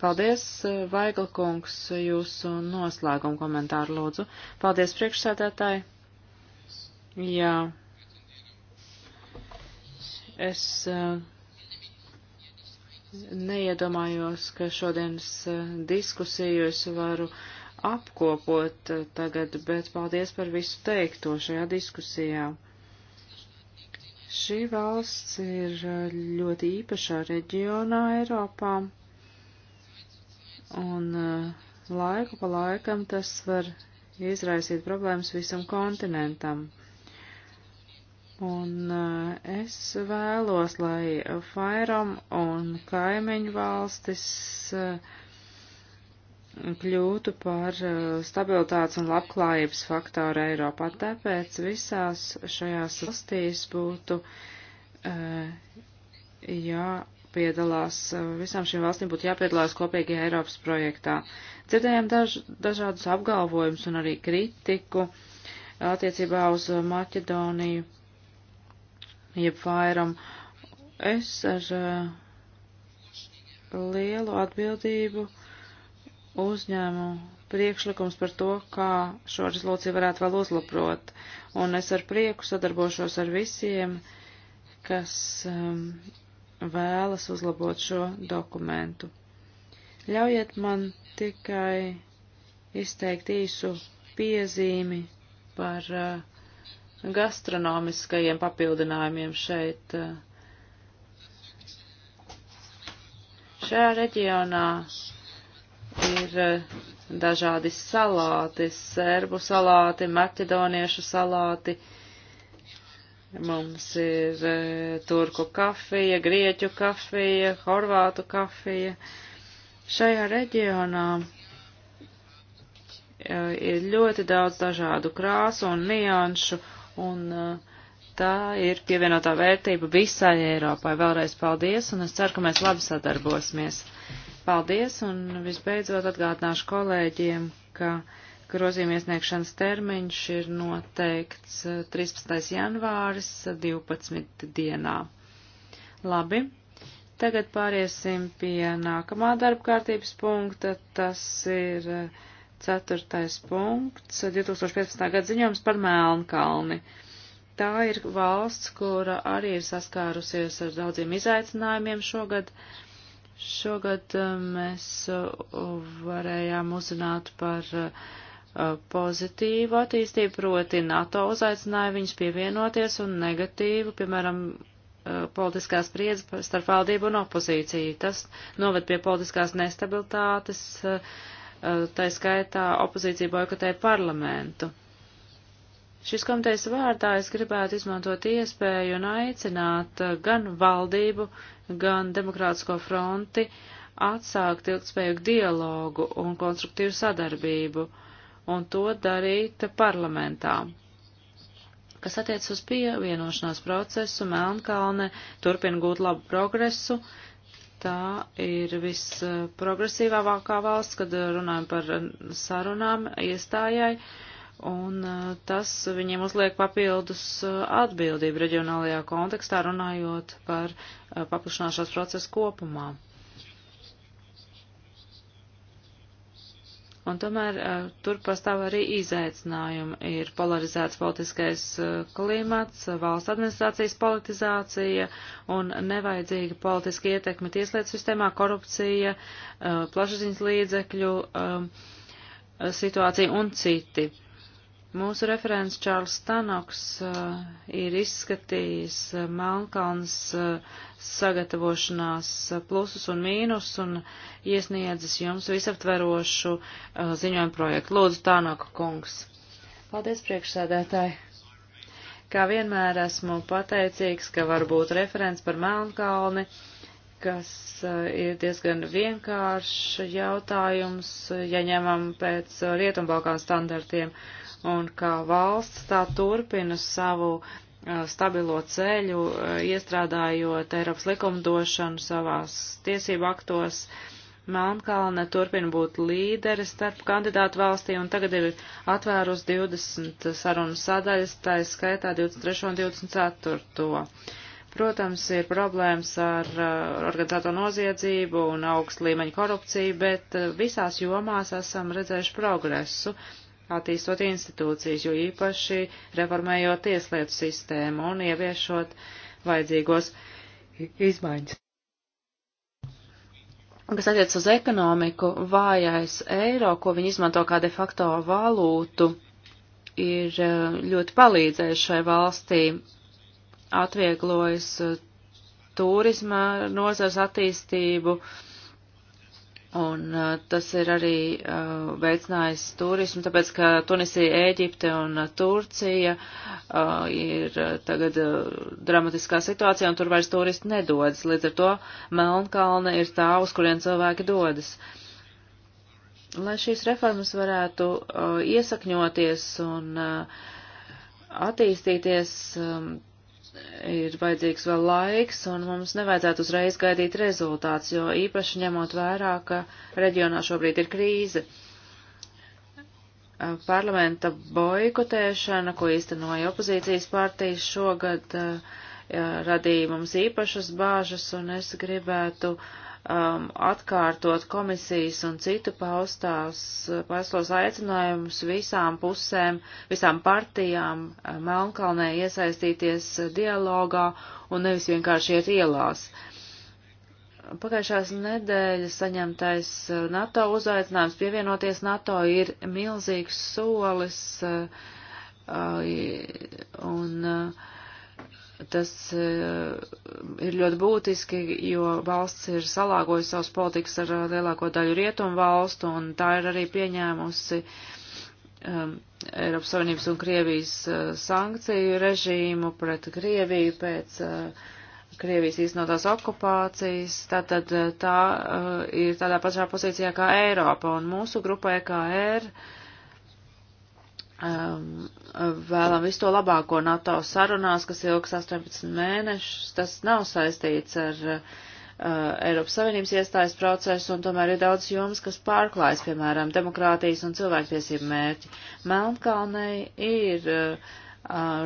Paldies, Vaigla kungs, jūsu noslēgumu komentāru lūdzu. Paldies, priekšsēdētāji. Jā. Es eh, neiedomājos, ka šodienas eh, diskusiju es varu apkopot eh, tagad, bet paldies par visu teikto šajā diskusijā. Šī valsts ir ļoti īpašā reģionā Eiropā un eh, laiku pa laikam tas var izraisīt problēmas visam kontinentam. Un eh, es vēlos, lai Fairam un kaimiņu valstis eh, kļūtu par stabilitātes un labklājības faktoru Eiropā. Tāpēc visās šajās valstīs būtu jā jāpiedalās, eh, visām šīm valstīm būtu jāpiedalās kopīgajā Eiropas projektā. Dzirdējām daž, dažādus apgalvojumus un arī kritiku attiecībā uz eh, Maķedoniju, jeb Fairam. Es ar eh, lielu atbildību uzņēmu priekšlikums par to, kā šo rezolūciju varētu vēl uzlaprot. Un es ar prieku sadarbošos ar visiem, kas um, vēlas uzlabot šo dokumentu. Ļaujiet man tikai izteikt īsu piezīmi par uh, gastronomiskajiem papildinājumiem šeit. Uh. Šajā reģionā ir uh, dažādi salāti, serbu salāti, maķedoniešu salāti, uh, Mums ir e, turku kafija, grieķu kafija, horvātu kafija. Šajā reģionā e, ir ļoti daudz dažādu krāsu un nianšu, un e, tā ir pievienotā vērtība visai Eiropai. Vēlreiz paldies, un es ceru, ka mēs labi sadarbosimies. Paldies, un visbeidzot atgādināšu kolēģiem, ka. Grozījuma iesniegšanas termiņš ir noteikts 13. Eh, janvāris 12. Eh, dienā. Labi, tagad pāriesim pie nākamā darba kārtības punkta. Tas ir eh, ceturtais punkts 2015. gada ziņojums par Melnkalni. Tā ir valsts, kura arī ir saskārusies ar daudziem izaicinājumiem šogad. Šogad mēs varējām uzzināt par uh, Uh, pozitīvu attīstību, proti NATO uzaicināja viņus pievienoties un negatīvu, piemēram, uh, politiskās spriedzes starp valdību un opozīciju. Tas noved pie politiskās nestabilitātes, uh, tā skaitā opozīcija boikotēja parlamentu. Šis komitejas vārdā es gribētu izmantot iespēju un aicināt gan valdību, gan demokrātisko fronti atsākt ilgspējīgu dialogu un konstruktīvu sadarbību. Uh, un to darīt parlamentā. Kas attiec uz pievienošanās procesu, Melnkalne turpina gūt labu progresu. Tā ir visprogresīvākā valsts, kad runājam par sarunām iestājai, un eh, tas viņiem uzliek papildus eh, atbildību reģionālajā kontekstā, runājot par eh, paplašināšanās procesu kopumā. Un tomēr tur pastāv arī izaicinājumi. Ir polarizēts politiskais klimats, valsts administrācijas politizācija un nevajadzīga politiska ietekme tieslietu sistēmā, korupcija, plašsaziņas līdzekļu situācija un citi. Mūsu referents Čārls Stanoks uh, ir izskatījis uh, Melnkalnas uh, sagatavošanās uh, plusus un mīnus un iesniedzis jums visaptverošu uh, ziņojumu projektu. Lūdzu, Tānoka kungs. Paldies, priekšsēdētāji. Kā vienmēr esmu pateicīgs, ka var būt referents par Melnkalni, kas uh, ir diezgan vienkāršs jautājums, ja ņemam pēc uh, Rietumbalkānu standartiem. Uh, un kā valsts tā turpina savu uh, stabilo ceļu, uh, iestrādājot Eiropas likumdošanu savās tiesību aktos. Melnkalne turpina būt līderi starp kandidātu valstī un tagad ir atvērus 20 sarunu sadaļas, tā ir skaitā 23 un 24. Protams, ir problēmas ar uh, organizēto noziedzību un augstu līmeņu korupciju, bet visās jomās esam redzējuši progresu attīstot institūcijas, jo īpaši reformējot tieslietu sistēmu un ieviešot vajadzīgos izmaiņas. Kas attiec uz ekonomiku, vājais eiro, ko viņi izmanto kā de facto valūtu, ir eh, ļoti palīdzējis šai valstī, atvieglojas eh, turisma nozars attīstību, uh, Un uh, tas ir arī uh, veicinājis turismu, tāpēc, ka Tunisija, Ēģipte un uh, Turcija uh, ir uh, tagad uh, dramatiskā situācijā, un tur vairs turisti nedodas. Līdz ar to Melnkalne ir tā, uz kurien cilvēki dodas. Lai šīs reformas varētu uh, iesakņoties un uh, attīstīties, um, ir vajadzīgs vēl laiks, un mums nevajadzētu uzreiz gaidīt rezultāts, jo īpaši ņemot vērā, ka reģionā šobrīd ir krīze. Eh, parlamenta boikotēšana, ko īstenoja opozīcijas partijas šogad, eh, eh, radīja mums īpašas bāžas, un es gribētu uh, um, atkārtot komisijas un citu paustās, paustos aicinājumus visām pusēm, visām partijām uh, Melnkalnē iesaistīties dialogā un nevis vienkārši iet ielās. Pagājušās nedēļas saņemtais uh, NATO uzaicinājums pievienoties NATO ir milzīgs solis uh, uh un uh, Tas eh, ir ļoti būtiski, jo valsts ir salāgojusi savus politikas ar eh, lielāko daļu rietumu valstu, un tā ir arī pieņēmusi um, Eiropas Savienības un Krievijas uh, sankciju režīmu pret Krieviju pēc uh, Krievijas īstenotās okupācijas, tātad tā uh, ir tādā pašā pozīcijā kā Eiropa, un mūsu grupa EKR uh, um, vēlam visu to labāko NATO sarunās, kas ilgs 18 mēnešus. Tas nav saistīts ar uh, Eiropas Savienības iestājas procesu, un tomēr ir daudz jomas, kas pārklājas, piemēram, demokrātijas un cilvēktiesību mērķi. Melnkalnei ir uh,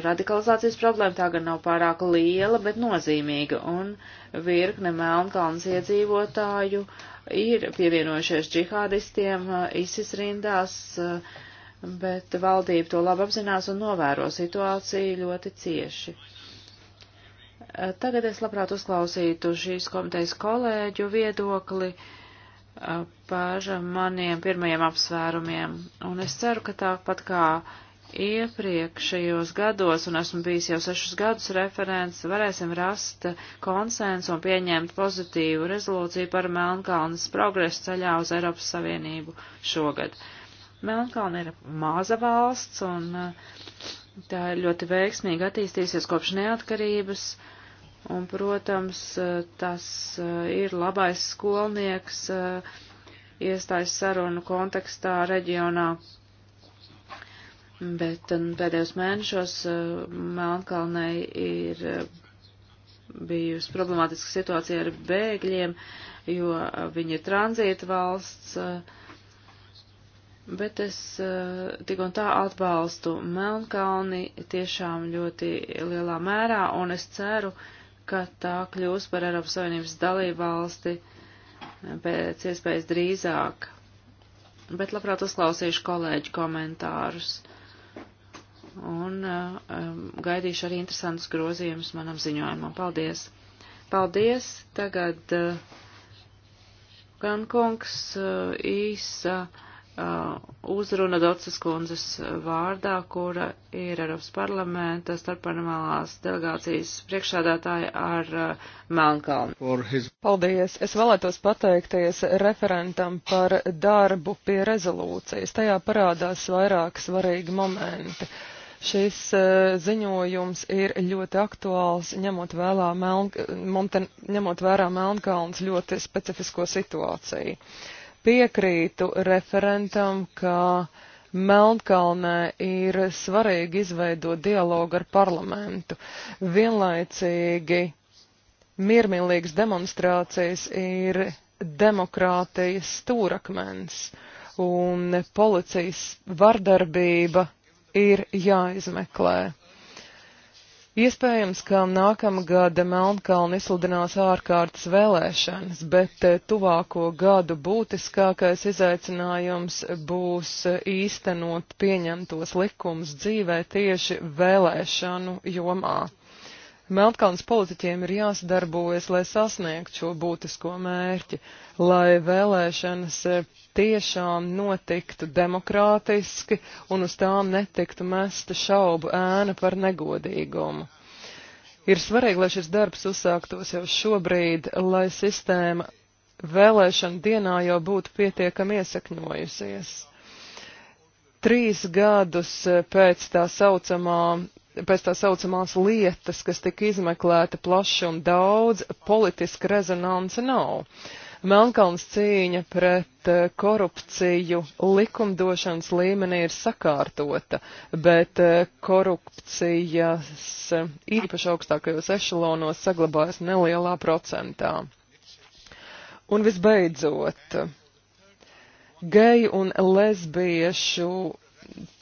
radikalizācijas problēma, tā gan nav pārāk liela, bet nozīmīga, un virkne Melnkalnas iedzīvotāju ir pievienojušies džihādistiem uh, ISIS rindās. Uh, bet valdība to labi apzinās un novēro situāciju ļoti cieši. Eh, tagad es labprāt uzklausītu šīs komitejas kolēģu viedokli eh, par maniem pirmajiem apsvērumiem, un es ceru, ka tāpat kā iepriekšējos gados, un esmu bijis jau sešus gadus referents, varēsim rast konsensu un pieņemt pozitīvu rezolūciju par Melnkalnes progresu ceļā uz Eiropas Savienību šogad. Uh, Melnkalna ir maza valsts un eh, tā ir ļoti veiksmīgi attīstīsies kopš neatkarības. Un, protams, eh, tas eh, ir labais skolnieks iestājas sarunu kontekstā reģionā. Bet pēdējos mēnešos Melnkalnei ir bijusi problemātiska situācija ar bēgļiem, jo viņi ir tranzīta valsts bet es eh, tik un tā atbalstu Melnkalni tiešām ļoti lielā mērā, un es ceru, ka tā kļūs par Eiropas Savienības dalību valsti eh, pēc iespējas drīzāk. Bet labprāt uzklausīšu kolēģu komentārus un um, gaidīšu arī interesantus grozījumus manam ziņojumam. Paldies! Paldies! Tagad uh, gan kungs uh, īsa. Uh, Uh, uzruna Dotsas kundzes vārdā, kura ir Eiropas parlamenta starpanamalās delegācijas priekšādātāja ar uh, Melnkalnu. His... Paldies! Es vēlētos pateikties referentam par darbu pie rezolūcijas. Tajā parādās vairāk svarīgi momenti. Šis uh, ziņojums ir ļoti aktuāls, ņemot, Meln... ņemot vērā Melnkalnas ļoti specifisko situāciju. Uh, piekrītu referentam, ka Melnkalnē ir svarīgi izveidot dialogu ar parlamentu. Vienlaicīgi miermīlīgas demonstrācijas ir demokrātijas stūrakmens, un policijas vardarbība ir jāizmeklē. Iespējams, ka nākamgad Melnkalna izsludinās ārkārtas vēlēšanas, bet eh, tuvāko gadu būtiskākais izaicinājums būs eh, īstenot pieņemtos likumus dzīvē tieši vēlēšanu jomā. Melnkalnas politiķiem ir jāsadarbojas, lai sasniegtu šo būtisko mērķi, lai vēlēšanas eh, tiešām notiktu demokrātiski un uz tām netiktu mesta šaubu ēna par negodīgumu. Ir svarīgi, lai šis darbs uzsāktos jau šobrīd, lai sistēma vēlēšana dienā jau būtu pietiekami iesakņojusies. Trīs gadus pēc tā saucamā pēc tā saucamās lietas, kas tika izmeklēta plaši un daudz, politiska rezonance nav. Melnkalns cīņa pret eh, korupciju likumdošanas līmenī ir sakārtota, bet eh, korupcijas eh, īpaši augstākajos ešalonos saglabājas nelielā procentā. Un visbeidzot, geju un lesbiešu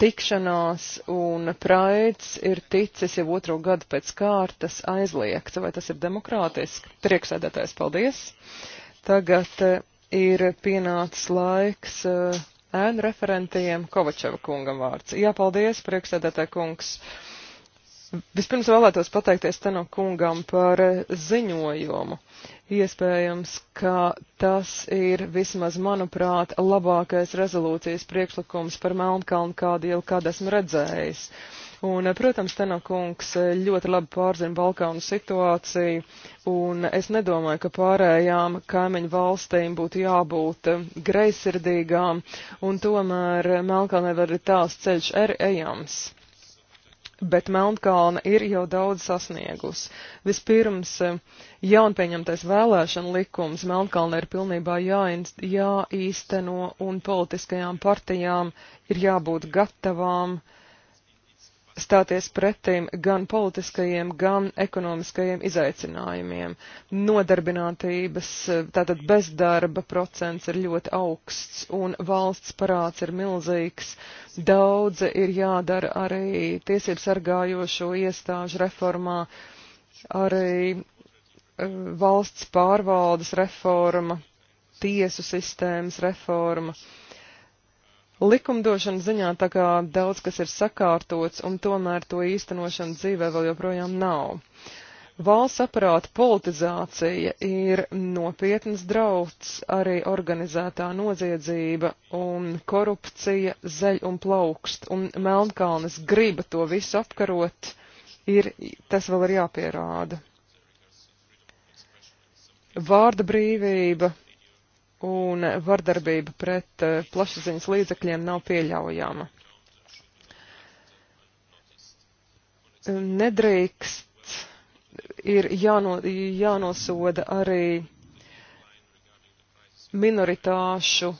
tikšanās un praids ir ticis jau otro gadu pēc kārtas aizliegts. Vai tas ir demokrātiski? Prieksēdētājs, paldies! Tagad eh, ir pienācis laiks eh, ēnu referentiem Kovačeva kungam vārds. Jā, paldies, priekšsēdētāj kungs. Vispirms vēlētos pateikties Teno kungam par eh, ziņojumu. Iespējams, ka tas ir vismaz, manuprāt, labākais rezolūcijas priekšlikums par Melnkalnu, kādu jau kādu esmu redzējis. Uh, Un, eh, protams, Tenokungs nu eh, ļoti labi pārzina Balkānu situāciju, un es nedomāju, ka pārējām kaimiņu valstīm būtu jābūt eh, greisirdīgām, un tomēr Melkalnē var ir tās ceļš ir er, ejams. Bet Melnkalna ir jau daudz sasniegusi. Vispirms, jaunpieņemtais vēlēšana likums Melnkalna ir pilnībā jāīsteno, un politiskajām partijām ir jābūt gatavām uh, stāties pretim gan politiskajiem, gan ekonomiskajiem izaicinājumiem. Nodarbinātības, tātad bezdarba procents ir ļoti augsts un valsts parāds ir milzīgs. Daudzi ir jādara arī tiesību sargājošo iestāžu reformā, arī eh, valsts pārvaldes reforma, tiesu sistēmas reforma. Uh, likumdošana ziņā tā kā daudz kas ir sakārtots, un tomēr to īstenošana dzīvē vēl joprojām nav. Valsts aparāta politizācija ir nopietnas drauds arī organizētā noziedzība un korupcija zeļ un plaukst, un Melnkalnes griba to visu apkarot, ir, tas vēl ir jāpierāda. Vārda brīvība, un vardarbība pret eh, plašsaziņas līdzekļiem nav pieļaujama. Nedrīkst, ir jāno, jānosoda arī minoritāšu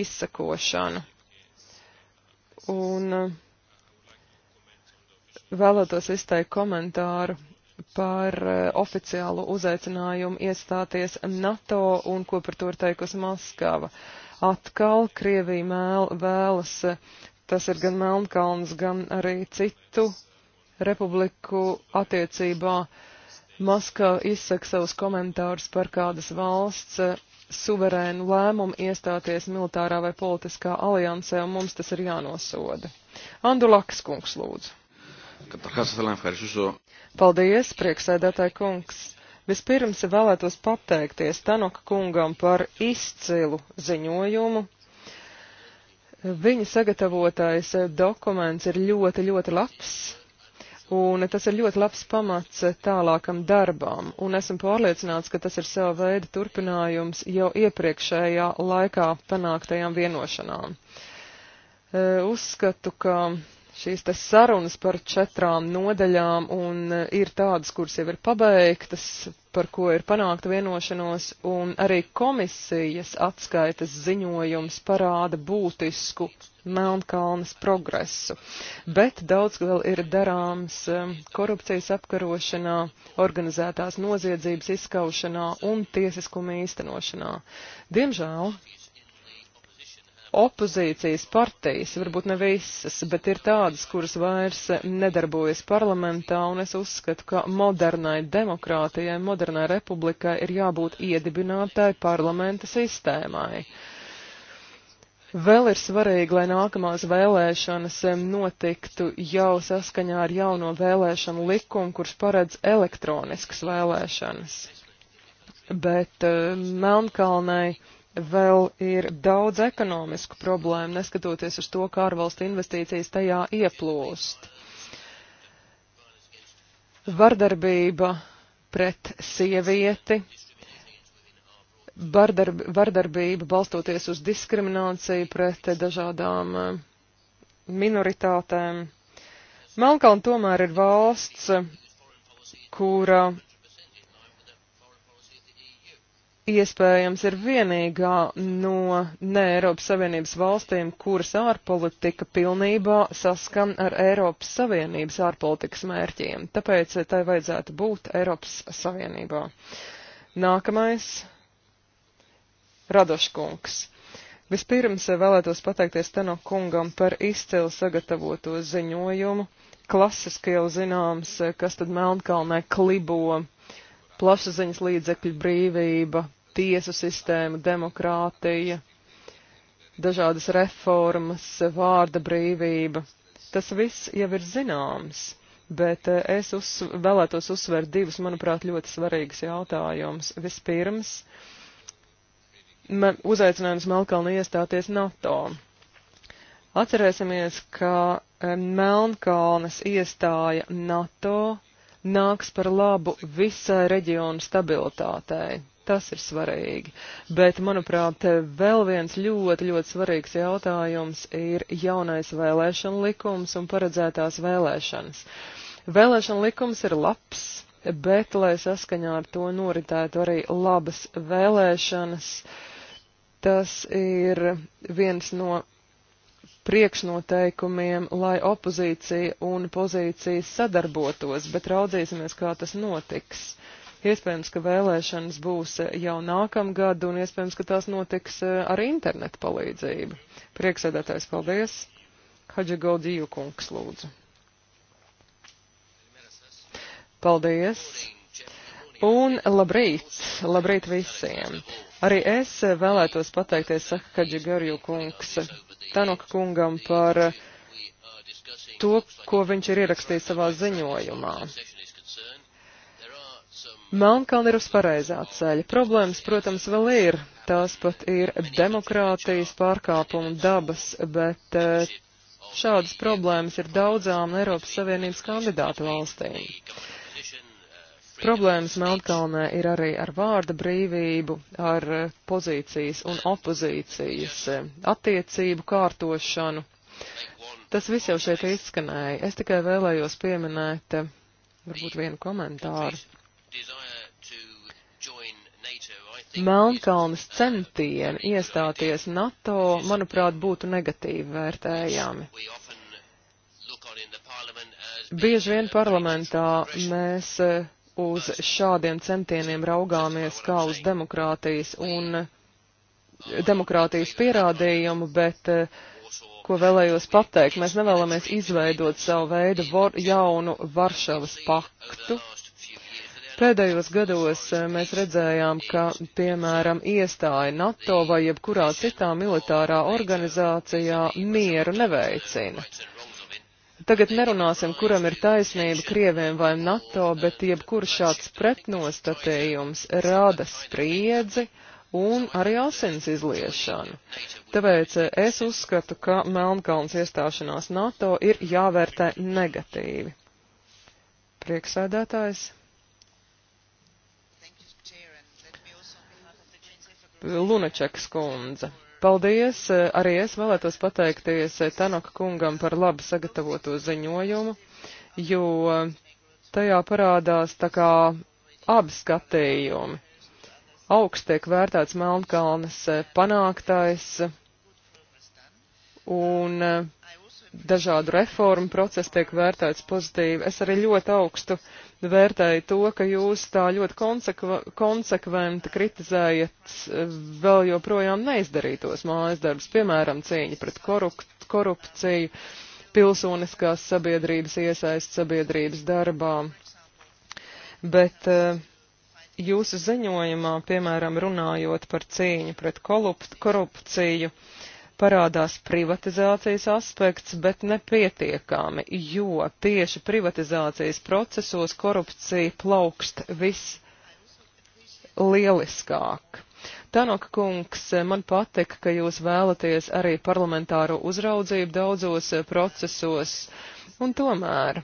izsakošanu. Un eh, vēlētos izteikt komentāru par eh, oficiālu uzaicinājumu iestāties NATO un ko par to ir teikusi Maskava. Atkal Krievija mēl, vēlas, eh, tas ir gan Melnkalns, gan arī citu republiku attiecībā. Maskava izsaka savus komentārus par kādas valsts eh, suverēnu lēmumu iestāties militārā vai politiskā aliansē, un mums tas ir jānosoda. Andu Lakas kungs lūdzu. Paldies, prieksēdētāji kungs! Vispirms vēlētos pateikties Tanaka kungam par izcilu ziņojumu. Viņa sagatavotais dokuments ir ļoti, ļoti labs, un tas ir ļoti labs pamats tālākam darbam, un esmu pārliecināts, ka tas ir sava veida turpinājums jau iepriekšējā laikā panāktajām vienošanām. Uzskatu, ka šīs tas sarunas par četrām nodaļām, un eh, ir tādas, kuras jau ir pabeigtas, par ko ir panākta vienošanos, un arī komisijas atskaitas ziņojums parāda būtisku Melnkalnes progresu. Bet daudz vēl ir darāms eh, korupcijas apkarošanā, organizētās noziedzības izskaušanā un tiesiskuma īstenošanā. Diemžēl opozīcijas partijas, varbūt ne visas, bet ir tādas, kuras vairs nedarbojas parlamentā, un es uzskatu, ka modernai demokrātijai, modernai republikai ir jābūt iedibinātai parlamenta sistēmai. Vēl ir svarīgi, lai nākamās vēlēšanas notiktu jau saskaņā ar jauno vēlēšanu likumu, kurš paredz elektroniskas vēlēšanas. Bet uh, eh, Melnkalnai vēl ir daudz ekonomisku problēmu, neskatoties uz to, kā ārvalstu investīcijas tajā ieplūst. Vardarbība pret sievieti, bardarb, vardarbība balstoties uz diskrimināciju pret dažādām eh, minoritātēm. Melkalna tomēr ir valsts, kura iespējams ir vienīgā no ne Eiropas Savienības valstīm, kuras ārpolitika pilnībā saskan ar Eiropas Savienības ārpolitikas mērķiem. Tāpēc tai vajadzētu būt Eiropas Savienībā. Nākamais - Radoškungs. Vispirms vēlētos pateikties Teno kungam par izcilu sagatavoto ziņojumu. Klasiski jau zināms, kas tad Melnkalnē klibo plašsaziņas līdzekļu brīvība, tiesu sistēmu, demokrātija, dažādas reformas, vārda brīvība. Tas viss jau ir zināms, bet eh, es uz, vēlētos uzsvērt divus, manuprāt, ļoti svarīgus jautājumus. Vispirms, uzaicinājums Melkalni iestāties NATO. Atcerēsimies, ka eh, Melnkalnes iestāja NATO nāks par labu visai reģionu stabilitātei tas ir svarīgi. Bet, manuprāt, vēl viens ļoti, ļoti svarīgs jautājums ir jaunais vēlēšana likums un paredzētās vēlēšanas. Vēlēšana likums ir labs, bet, lai saskaņā ar to noritētu arī labas vēlēšanas, tas ir viens no priekšnoteikumiem, lai opozīcija un pozīcija sadarbotos, bet raudzīsimies, kā tas notiks. Uh, Iespējams, ka vēlēšanas būs eh, jau nākamgad, un iespējams, ka tās notiks eh, ar internetu palīdzību. Prieksēdētājs, paldies! Hadžagoldiju kungs, lūdzu. Paldies! Un labrīt! Labrīt visiem! Arī es vēlētos pateikties Sakaģi Garju kungs Tanok kungam par to, ko viņš ir ierakstījis savā ziņojumā. Melnkalna ir uz pareizā ceļa. Problēmas, protams, vēl ir. Tās pat ir demokrātijas pārkāpuma dabas, bet eh, šādas problēmas ir daudzām Eiropas Savienības kandidātu valstīm. Problēmas Melnkalnē ir arī ar vārda brīvību, ar eh, pozīcijas un opozīcijas eh, attiecību kārtošanu. Tas viss jau šeit izskanēja. Es tikai vēlējos pieminēt varbūt vienu komentāru. Melnkalnes centieni iestāties NATO, manuprāt, būtu negatīvi vērtējami. Bieži vien parlamentā mēs eh, uz šādiem centieniem raugāmies kā uz demokrātijas un demokrātijas pierādījumu, bet eh, ko vēlējos pateikt, mēs nevēlamies izveidot savu veidu var, jaunu Varšavas paktu, Pēdējos gados eh, mēs redzējām, ka, piemēram, iestāja NATO vai jebkurā citā militārā organizācijā mieru neveicina. Tagad nerunāsim, kuram ir taisnība, krieviem vai NATO, bet jebkurš šāds pretnostatījums rada spriedzi un arī asins izliešanu. Tāpēc eh, es uzskatu, ka Melnkalns iestāšanās NATO ir jāvērtē negatīvi. Prieksēdētājs. Lunačeks kundze. Paldies! Arī es vēlētos pateikties Tanaka kungam par labi sagatavoto ziņojumu, jo tajā parādās tā kā abi skatījumi. Augst tiek vērtēts Melnkalnes panāktais un dažādu reformu procesu tiek vērtēts pozitīvi. Es arī ļoti augstu uh, vērtēju to, ka jūs tā ļoti konsekve, konsekventi kritizējat eh, vēl joprojām neizdarītos mājas darbus, piemēram, cīņa pret korup korupciju, pilsoniskās sabiedrības iesaist sabiedrības darbā. Bet eh, jūsu ziņojumā, piemēram, runājot par cīņu pret korupciju, parādās privatizācijas aspekts, bet nepietiekami, jo tieši privatizācijas procesos korupcija plaukst vislieliskāk. Tanok kungs, man patika, ka jūs vēlaties arī parlamentāro uzraudzību daudzos procesos, un tomēr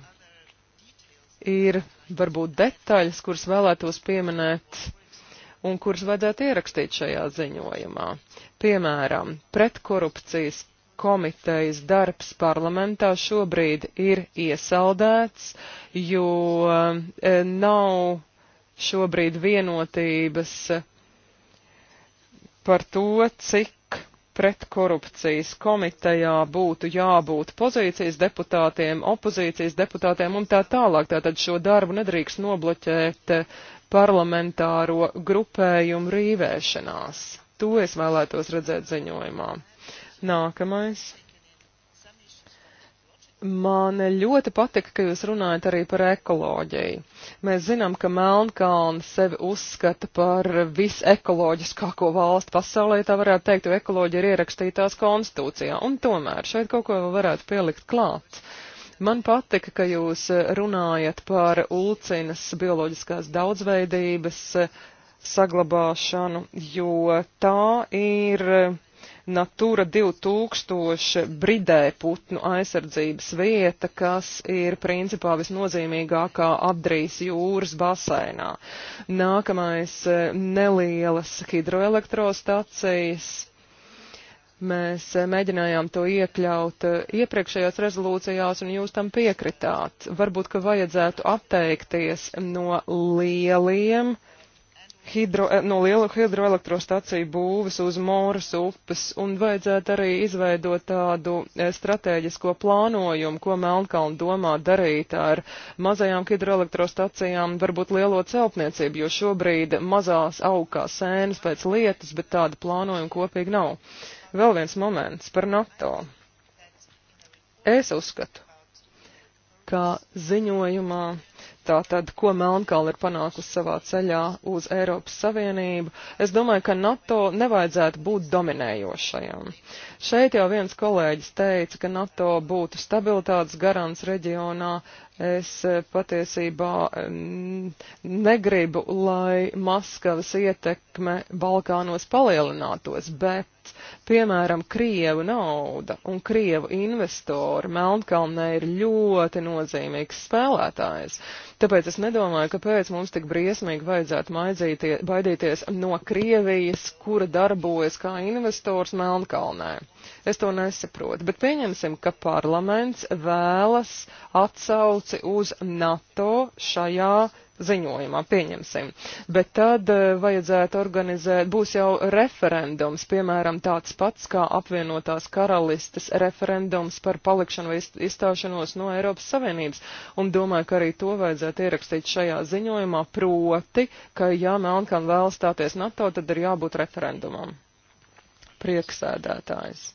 ir varbūt detaļas, kuras vēlētos pieminēt un kuras vajadzētu ierakstīt šajā ziņojumā. Uh, Piemēram, pretkorupcijas komitejas darbs parlamentā šobrīd ir iesaldēts, jo e, nav šobrīd vienotības par to, cik pretkorupcijas komitejā būtu jābūt pozīcijas deputātiem, opozīcijas deputātiem un tā tālāk. Tātad šo darbu nedrīkst nobloķēt parlamentāro grupējumu rīvēšanās. To es vēlētos redzēt ziņojumā. Nākamais. Man ļoti patika, ka jūs runājat arī par ekoloģiju. Mēs zinām, ka Melnkalna sevi uzskata par visekoloģiskāko valstu pasaulē, tā varētu teikt, jo ekoloģija ir ierakstītās konstitūcijā. Un tomēr šeit kaut ko varētu pielikt klāt. Man patika, ka jūs runājat par ulcinas bioloģiskās daudzveidības saglabāšanu, jo tā ir Natura 2000 bridē putnu aizsardzības vieta, kas ir principā visnozīmīgākā apdrīs jūras basēnā. Nākamais eh, nelielas hidroelektrostacijas. Mēs eh, mēģinājām to iekļaut eh, iepriekšējās rezolūcijās, un jūs tam piekritāt. Varbūt, ka vajadzētu atteikties no lieliem uh, hidro, eh, no lielu hidroelektrostaciju būvis uz Mūras upes, un vajadzētu arī izveidot tādu eh, strateģisko plānojumu, ko Melnkalna domā darīt ar mazajām hidroelektrostacijām, varbūt lielo celtniecību, jo šobrīd mazās augā sēnes pēc lietas, bet tāda plānojuma kopīgi nav. Vēl viens moments par NATO. Es uzskatu, ka ziņojumā tātad, ko Melnkalna ir panākusi savā ceļā uz Eiropas Savienību. Es domāju, ka NATO nevajadzētu būt dominējošajam. Šeit jau viens kolēģis teica, ka NATO būtu stabilitātes garants reģionā. Es eh, patiesībā mm, negribu, lai Maskavas ietekme Balkānos palielinātos, bet, piemēram, Krievu nauda un Krievu investori Melnkalnē ir ļoti nozīmīgs spēlētājs. Tāpēc es nedomāju, kāpēc mums tik briesmīgi vajadzētu maidzīties, baidīties no Krievijas, kura darbojas kā investors Melnkalnē. Es to nesaprotu, bet pieņemsim, ka parlaments vēlas atsauci uz NATO šajā ziņojumā, pieņemsim. Bet tad eh, vajadzētu organizēt, būs jau referendums, piemēram, tāds pats kā apvienotās karalistes referendums par palikšanu vai izstāšanos no Eiropas Savienības. Un domāju, ka arī to vajadzētu ierakstīt šajā ziņojumā, proti, ka ja Melnkalna vēl stāties NATO, tad ir jābūt referendumam. Prieksēdētājs.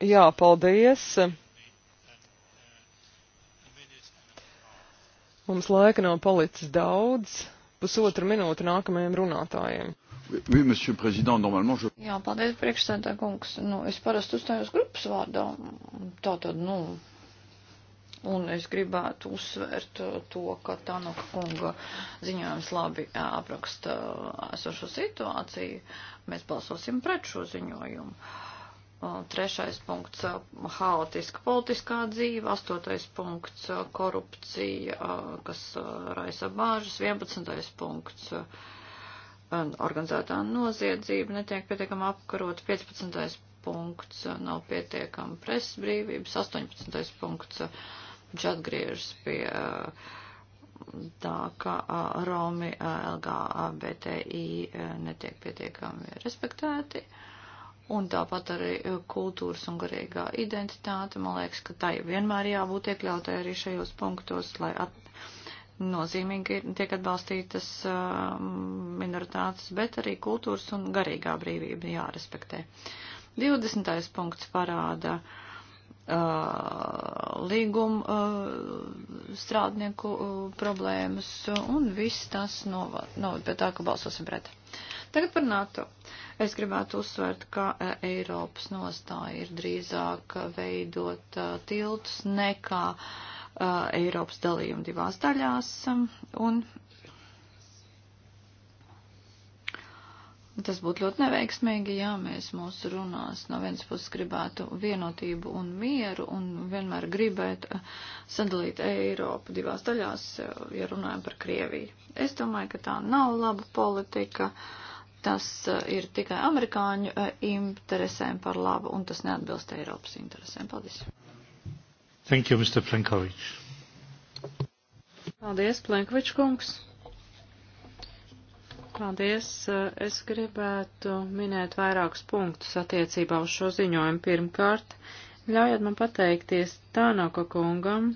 Jā, paldies. Mums laika nav palicis daudz. Pusotra minūte nākamajiem runātājiem. Oui, monsieur le président, normalement je... Jā, paldies, priekšsēdā kungs. Nu, es parasti uzstājos grupas vārdā. Tātad, nu, un es gribētu uzsvērt to, ka Tanaka kunga ziņojums labi apraksta esošo situāciju. Mēs balsosim pret šo ziņojumu. Uh, Uh, trešais punkts uh, - haotiska politiskā dzīve. Astotais punkts uh, - korupcija, kas raisa bāžas. Vienpadsmitais punkts - organizētā noziedzība netiek pietiekami apkarot. Piecpadsmitais punkts - nav pietiekama presas brīvības. Astoņpadsmitais punkts - viņš atgriežas pie tā, ka Romi LGBTI netiek pietiekami respektēti. Uh, un tāpat arī e, kultūras un garīgā identitāte. Man liekas, ka tai vienmēr jābūt iekļautai arī šajos punktos, lai at, nozīmīgi tiek atbalstītas uh, minoritātes, bet arī kultūras un garīgā brīvība jārespektē. 20. punkts parāda uh, e, līguma uh, strādnieku problēmas, un viss tas novad, novad pie tā, ka balsosim pret. Tagad par NATO Es gribētu uzsvērt, ka e, Eiropas nostāja ir drīzāk veidot e, tiltus nekā e, Eiropas dalījumu divās daļās. Un Tas būtu ļoti neveiksmīgi, ja mēs mūsu runās no vienas puses gribētu vienotību un mieru un vienmēr gribētu sadalīt Eiropu divās daļās, ja runājam par Krieviju. Es domāju, ka tā nav laba politika. Uh, tas eh, ir tikai amerikāņu eh, interesēm par labu, un tas neatbilst Eiropas interesēm. Paldies. Thank you, Mr. Plenkovič. Paldies, Plenkovič kungs. Paldies. Eh, es gribētu minēt vairākus punktus attiecībā uz šo ziņojumu. Pirmkārt, ļaujiet man pateikties Tānoka kungam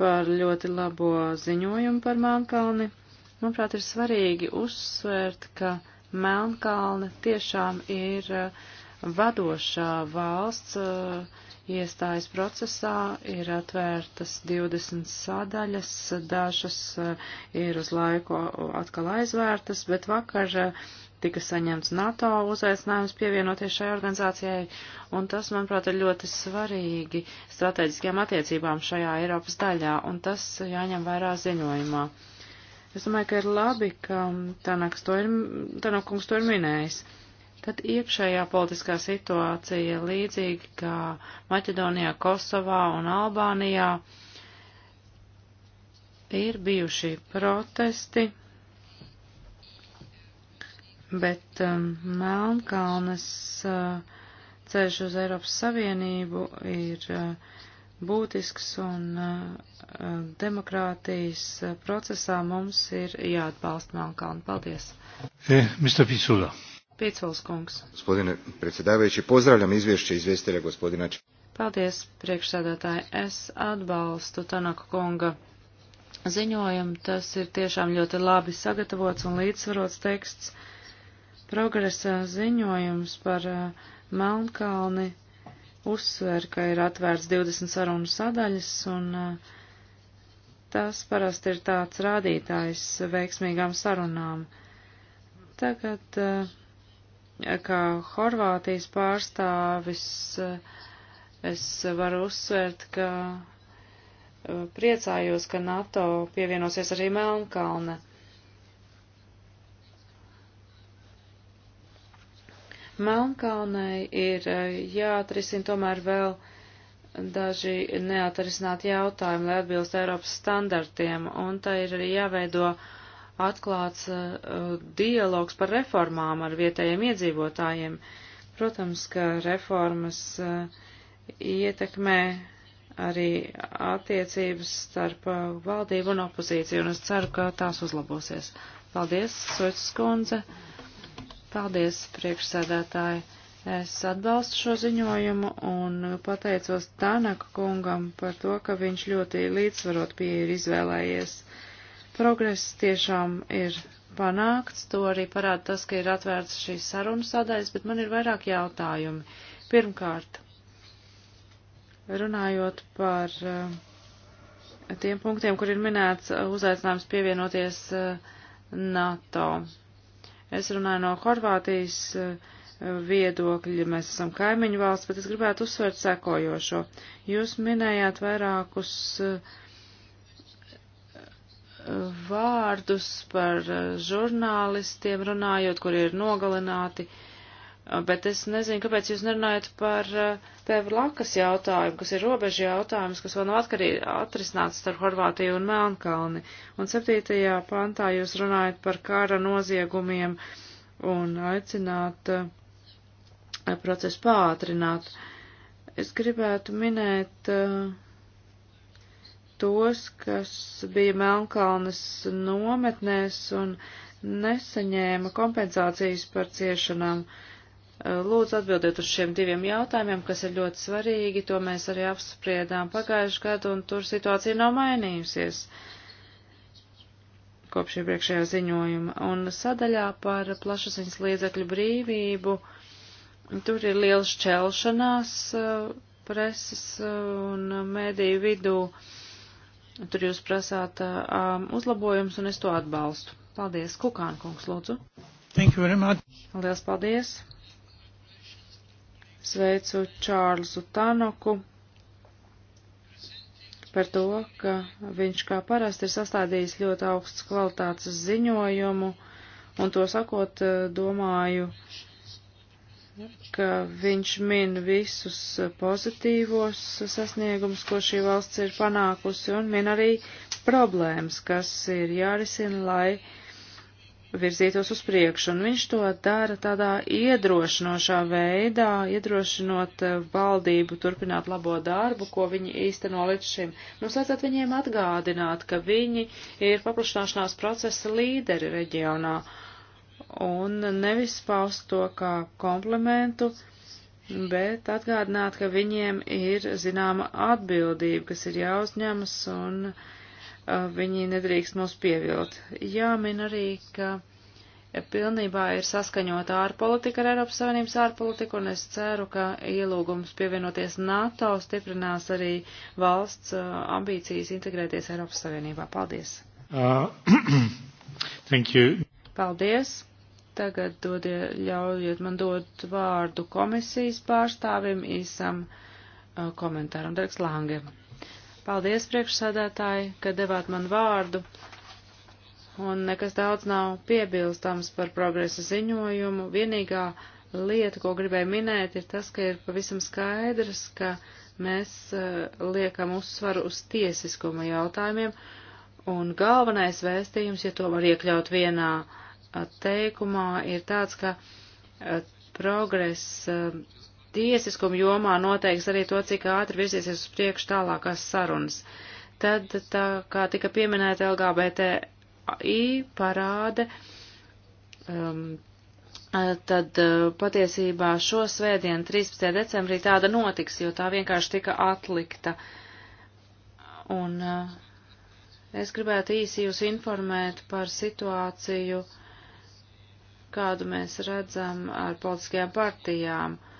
par ļoti labo ziņojumu par Mānkalni. Manuprāt, ir svarīgi uzsvērt, ka Melnkalne tiešām ir eh, vadošā valsts eh, iestājas procesā, ir atvērtas 20 sadaļas, dažas eh, ir uz laiku atkal aizvērtas, bet vakar tika saņemts NATO uzaicinājums pievienoties šai organizācijai, un tas, manuprāt, ir ļoti svarīgi strateģiskajām attiecībām šajā Eiropas daļā, un tas jāņem vairā ziņojumā. Es domāju, ka ir labi, ka Tanaks to ir, Tanakungs to ir minējis. Tad iekšējā politiskā situācija līdzīgi kā Maķedonijā, Kosovā un Albānijā ir bijuši protesti, bet um, Melnkalnes uh, ceļš uz Eiropas Savienību ir uh, būtisks un eh, demokrātijas eh, procesā mums ir jāatbalsta Melnkalna. Paldies. E, eh, Mr. Picula. Piculs kungs. Gospodine predsjedavajući, pozdravljam izvješće izvjestelja gospodina Č. Paldies, priekšsēdētāji. Es atbalstu Tanaka kunga ziņojumu. Tas ir tiešām ļoti labi sagatavots un līdzsvarots teksts. Progresa ziņojums par Melnkalni uzsver, ka ir atvērts 20 sarunu sadaļas, un eh, tas parasti ir tāds rādītājs veiksmīgām sarunām. Tagad, eh, kā Horvātijas pārstāvis, eh, es varu uzsvērt, ka priecājos, ka NATO pievienosies arī Melnkalne. Melnkalnei ir eh, jāatrisina tomēr vēl daži neatrisināti jautājumi, lai atbilst Eiropas standartiem, un tā ir arī jāveido atklāts uh, dialogs par reformām ar vietējiem iedzīvotājiem. Protams, ka reformas uh, ietekmē arī attiecības starp uh, valdību un opozīciju, un es ceru, ka tās uzlabosies. Paldies, Soķis Kundze! Paldies, priekšsēdētāji. Es atbalstu šo ziņojumu un pateicos Tanaka kungam par to, ka viņš ļoti līdzsvarot pieeja ir izvēlējies. Progress tiešām ir panākts, to arī parāda tas, ka ir atvērts šīs sarunas sadaļas, bet man ir vairāk jautājumi. Pirmkārt, runājot par eh, tiem punktiem, kur ir minēts uh, uzaicinājums pievienoties eh, NATO Es runāju no Horvātijas eh, viedokļa, mēs esam kaimiņu valsts, bet es gribētu uzsvērt sekojošo. Jūs minējāt vairākus eh, vārdus par eh, žurnālistiem runājot, kuri ir nogalināti. Uh, Uh, bet es nezinu, kāpēc jūs nerunājat par uh, Pevlakas jautājumu, kas ir robeža jautājums, kas vēl nav atkarīgi atrisināts starp Horvātiju un Melnkalni. Un septītajā pantā jūs runājat par kara noziegumiem un aicināt uh, procesu pātrināt. Es gribētu minēt tos, kas bija Melnkalnes nometnēs un nesaņēma kompensācijas par ciešanām. Uh, Lūdzu atbildiet uz šiem diviem jautājumiem, kas ir ļoti svarīgi, to mēs arī apspriedām pagājuši gadu, un tur situācija nav mainījusies kopš iepriekšējā ziņojuma. Un sadaļā par plašasiņas līdzekļu brīvību, tur ir liels šķelšanās uh, preses uh, un mēdīju vidū. Tur jūs prasāt uh, um, uzlabojums, un es to atbalstu. Paldies, Kukānkungs, lūdzu. Thank you very much. Liels paldies. Sveicu Čārlzu Tanoku par to, ka viņš kā parasti ir sastādījis ļoti augsts kvalitātes ziņojumu, un to sakot, domāju, ka viņš min visus pozitīvos sasniegumus, ko šī valsts ir panākusi, un min arī problēmas, kas ir jārisina, lai virzītos uz priekšu, un viņš to dara tādā iedrošinošā veidā, iedrošinot eh, valdību turpināt labo darbu, ko viņi īsteno līdz šim. Mums vajadzētu viņiem atgādināt, ka viņi ir paplašināšanās procesa līderi reģionā, un nevis paust to kā komplementu, bet atgādināt, ka viņiem ir zināma atbildība, kas ir jāuzņemas un. Uh, viņi nedrīkst mūs pievilt. Jāmin arī, ka pilnībā ir saskaņota ārpolitika ar Eiropas Savienības ārpolitiku, un es ceru, ka ielūgums pievienoties NATO stiprinās arī valsts ambīcijas integrēties Eiropas Savienībā. Paldies! Uh, thank you. Paldies! Tagad dodie, ļaujiet man dot vārdu komisijas pārstāvim īsam uh, komentāram. Dargs Lange. Paldies, priekšsēdētāji, ka devāt man vārdu. Un nekas daudz nav piebilstams par progresa ziņojumu. Vienīgā lieta, ko gribēju minēt, ir tas, ka ir pavisam skaidrs, ka mēs uh, liekam uzsvaru uz tiesiskuma jautājumiem. Un galvenais vēstījums, ja to var iekļaut vienā uh, teikumā, ir tāds, ka uh, eh, progress tiesiskuma jomā noteiks arī to, cik ātri virzīsies uz priekšu tālākās sarunas. Tad, tā kā tika pieminēta LGBTI parāde, um, tad uh, patiesībā šo svētdienu, 13. decembrī, tāda notiks, jo tā vienkārši tika atlikta. Un uh, es gribētu īsi jūs informēt par situāciju, kādu mēs redzam ar politiskajām partijām. Uh,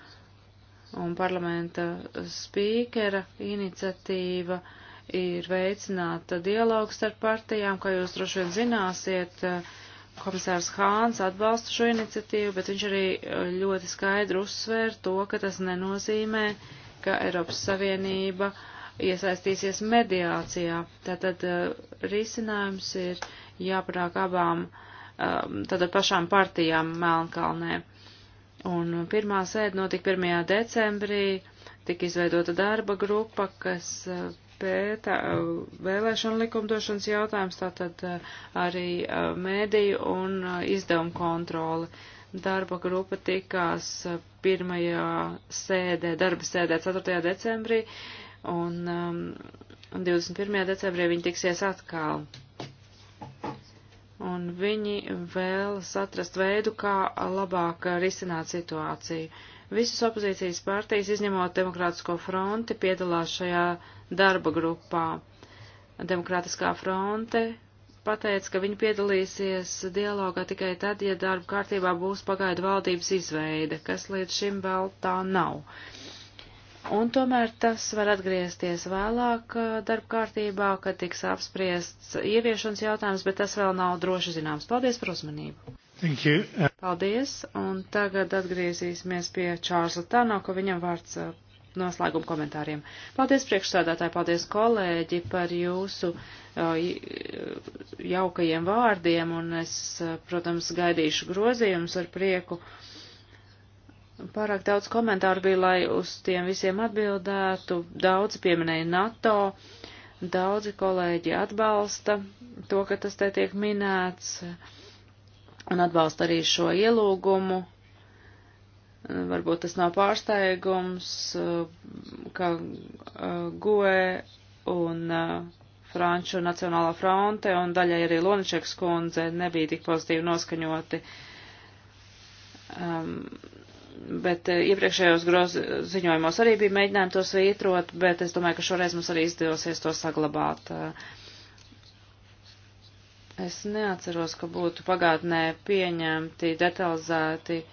un parlamenta spīkera iniciatīva ir veicināt dialogu starp partijām, kā jūs droši vien zināsiet, komisārs Hāns atbalsta šo iniciatīvu, bet viņš arī ļoti skaidri uzsver to, ka tas nenozīmē, ka Eiropas Savienība iesaistīsies mediācijā. Tātad uh, risinājums ir jāpanāk abām um, tātad pašām partijām Melnkalnē. Un pirmā sēde notika 1. decembrī, tika izveidota darba grupa, kas uh, pēta uh, vēlēšanu likumdošanas jautājums, tātad uh, arī mēdīju un izdevumu kontroli. Darba grupa tikās pirmajā sēdē, darba sēdē 4. decembrī, un um, 21. decembrī viņi tiksies atkal un viņi vēlas atrast veidu, kā labāk risināt situāciju. Visas opozīcijas partijas, izņemot Demokrātisko fronti, piedalās šajā darba grupā. Demokrātiskā fronte pateica, ka viņi piedalīsies dialogā tikai tad, ja darba kārtībā būs pagaidu valdības izveide, kas līdz šim vēl tā nav. Uh, Un tomēr tas var atgriezties vēlāk uh, darba kārtībā, kad tiks apspriests ieviešanas jautājums, bet tas vēl nav droši zināms. Paldies par uzmanību. Thank you. Uh, paldies, un tagad atgriezīsimies pie Čārlza Tanoko, viņam vārds uh, noslēguma komentāriem. Paldies priekšsādātāji, paldies kolēģi par jūsu jaukajiem vārdiem, un es, protams, gaidīšu grozījumus ar prieku. Uh, Pārāk daudz komentāru bija, lai uz tiem visiem atbildētu. Daudzi pieminēja NATO, daudzi kolēģi atbalsta to, ka tas te tiek minēts, un atbalsta arī šo ielūgumu varbūt tas nav pārsteigums, ka GUE un Franču Nacionālā fronte un daļai arī Loničeks kundze nebija tik pozitīvi noskaņoti. Um, bet eh, iepriekšējos groz ziņojumos arī bija mēģinājumi to svītrot, bet es domāju, ka šoreiz mums arī izdosies to saglabāt. Eh, es neatceros, ka būtu pagātnē pieņemti detalizēti uh,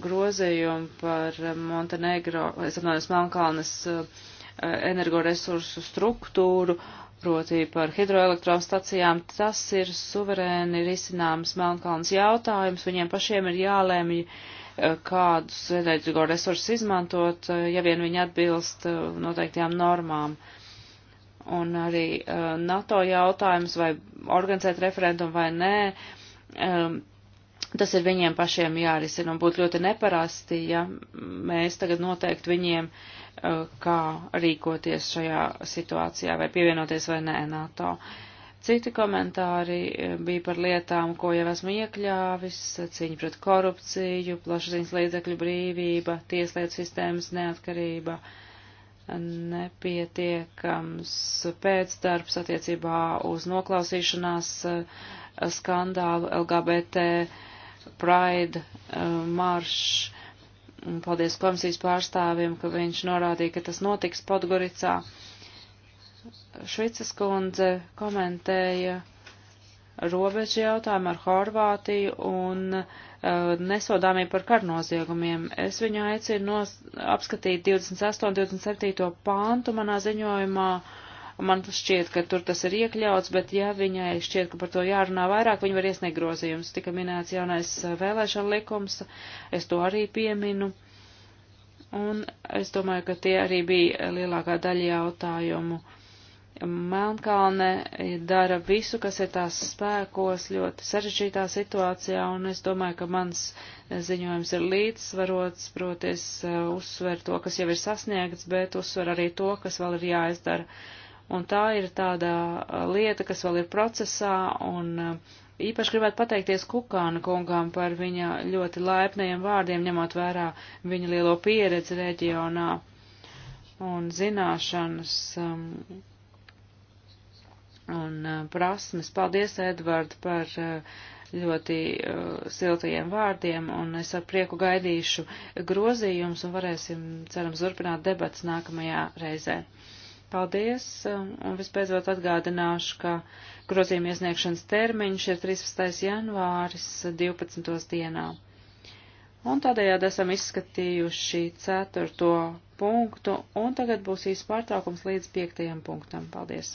grozījumi par Montenegro, es apmēram Melnkalnes uh, energoresursu struktūru, proti par hidroelektrostacijām. Tas ir suverēni risināms Melnkalnes jautājums, viņiem pašiem ir jālēmj. Uh, kādus enerģisko resursus izmantot, eh, ja vien viņi atbilst eh, noteiktajām normām. Un arī eh, NATO jautājums, vai organizēt referendumu vai nē, tas ir viņiem pašiem jārisina un būtu ļoti neparasti, ja mēs tagad noteikti viņiem, kā rīkoties šajā situācijā, vai pievienoties vai nē NATO. Uh, Citi komentāri eh, bija par lietām, ko jau esmu iekļāvis - cīņa pret korupciju, plašsaziņas līdzekļu brīvība, tieslietu sistēmas neatkarība, nepietiekams pēcdarbs attiecībā uz noklausīšanās eh, skandālu LGBT Pride eh, marš. Paldies komisijas pārstāvim, ka viņš norādīja, ka tas notiks Podgoricā. Uh, Švicas kundze komentēja robežu jautājumu ar Horvātiju un uh, nesodāmību par karnoziegumiem. Es viņu aicinu nos, apskatīt 28. un 27. pāntu manā ziņojumā. Man šķiet, ka tur tas ir iekļauts, bet ja viņai šķiet, ka par to jārunā vairāk, viņa var iesniegt grozījumus. Tika minēts jaunais eh, vēlēšana likums, es to arī pieminu. Un es domāju, ka tie arī bija lielākā daļa jautājumu. Uh, Melnkalne dara visu, kas ir tās spēkos ļoti sarežģītā situācijā, un es domāju, ka mans eh, ziņojums ir līdzsvarots, proties eh, uzsver to, kas jau ir sasniegts, bet uzsver arī to, kas vēl ir jāizdara. Un tā ir tāda eh, lieta, kas vēl ir procesā, un īpaši gribētu pateikties Kukāna kungām par viņa ļoti laipniem vārdiem, ņemot vērā viņa lielo pieredzi reģionā un zināšanas. Um, un uh, prasmes. Paldies, Edvard, par uh, ļoti uh, siltajiem vārdiem, un es ar prieku gaidīšu grozījumus un varēsim, cerams, turpināt debats nākamajā reizē. Paldies, um, un vispēcot atgādināšu, ka grozījuma iesniegšanas termiņš ir 13. janvāris 12. dienā. Un tādējādi esam izskatījuši ceturto punktu, un tagad būs īsts pārtraukums līdz piektajam punktam. Paldies!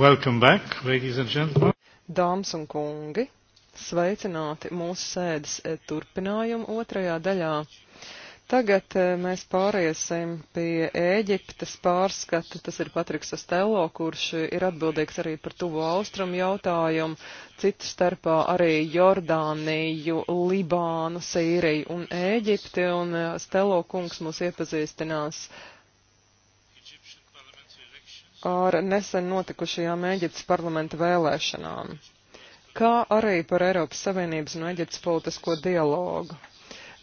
Welcome back, ladies and gentlemen. Dāmas un kungi, sveicināti mūsu sēdes eh, turpinājumu otrajā daļā. Tagad eh, mēs pāriesim pie Ēģiptes pārskata. Tas ir Patriks Astelo, kurš ir atbildīgs arī par tuvo austrumu jautājumu, citu starpā arī Jordāniju, Libānu, Sīriju un Ēģipti. Un Astelo eh, kungs mūs iepazīstinās ar nesen notikušajām Eģiptes parlamenta vēlēšanām, kā arī par Eiropas Savienības un Eģiptes politisko dialogu.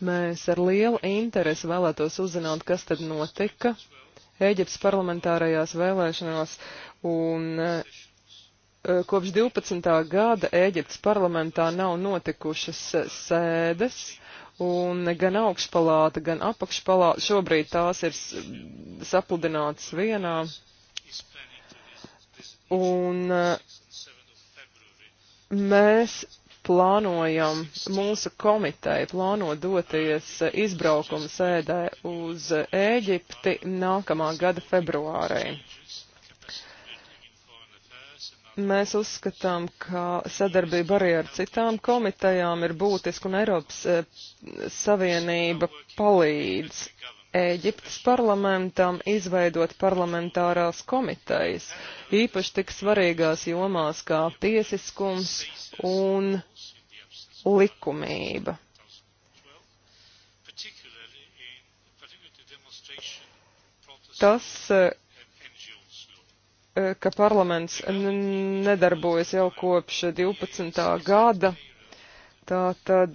Mēs ar lielu interesi vēlētos uzzināt, kas tad notika Eģiptes parlamentārajās vēlēšanās un e, kopš 12. gada Eģiptes parlamentā nav notikušas sēdes. Un gan augšpalāta, gan apakšpalāta šobrīd tās ir sapludinātas vienā Un uh, mēs plānojam, mūsu komiteja plāno doties uh, izbraukuma sēdē uz Ēģipti nākamā gada februārī. Mēs uzskatām, ka sadarbība arī ar citām komitejām ir būtiska un Eiropas uh, Savienība palīdz Ēģiptes parlamentam izveidot parlamentārās komitejas, īpaši tik svarīgās jomās kā tiesiskums un likumība. Tas, eh, eh, ka parlaments nedarbojas jau kopš 12. gada, tā tad.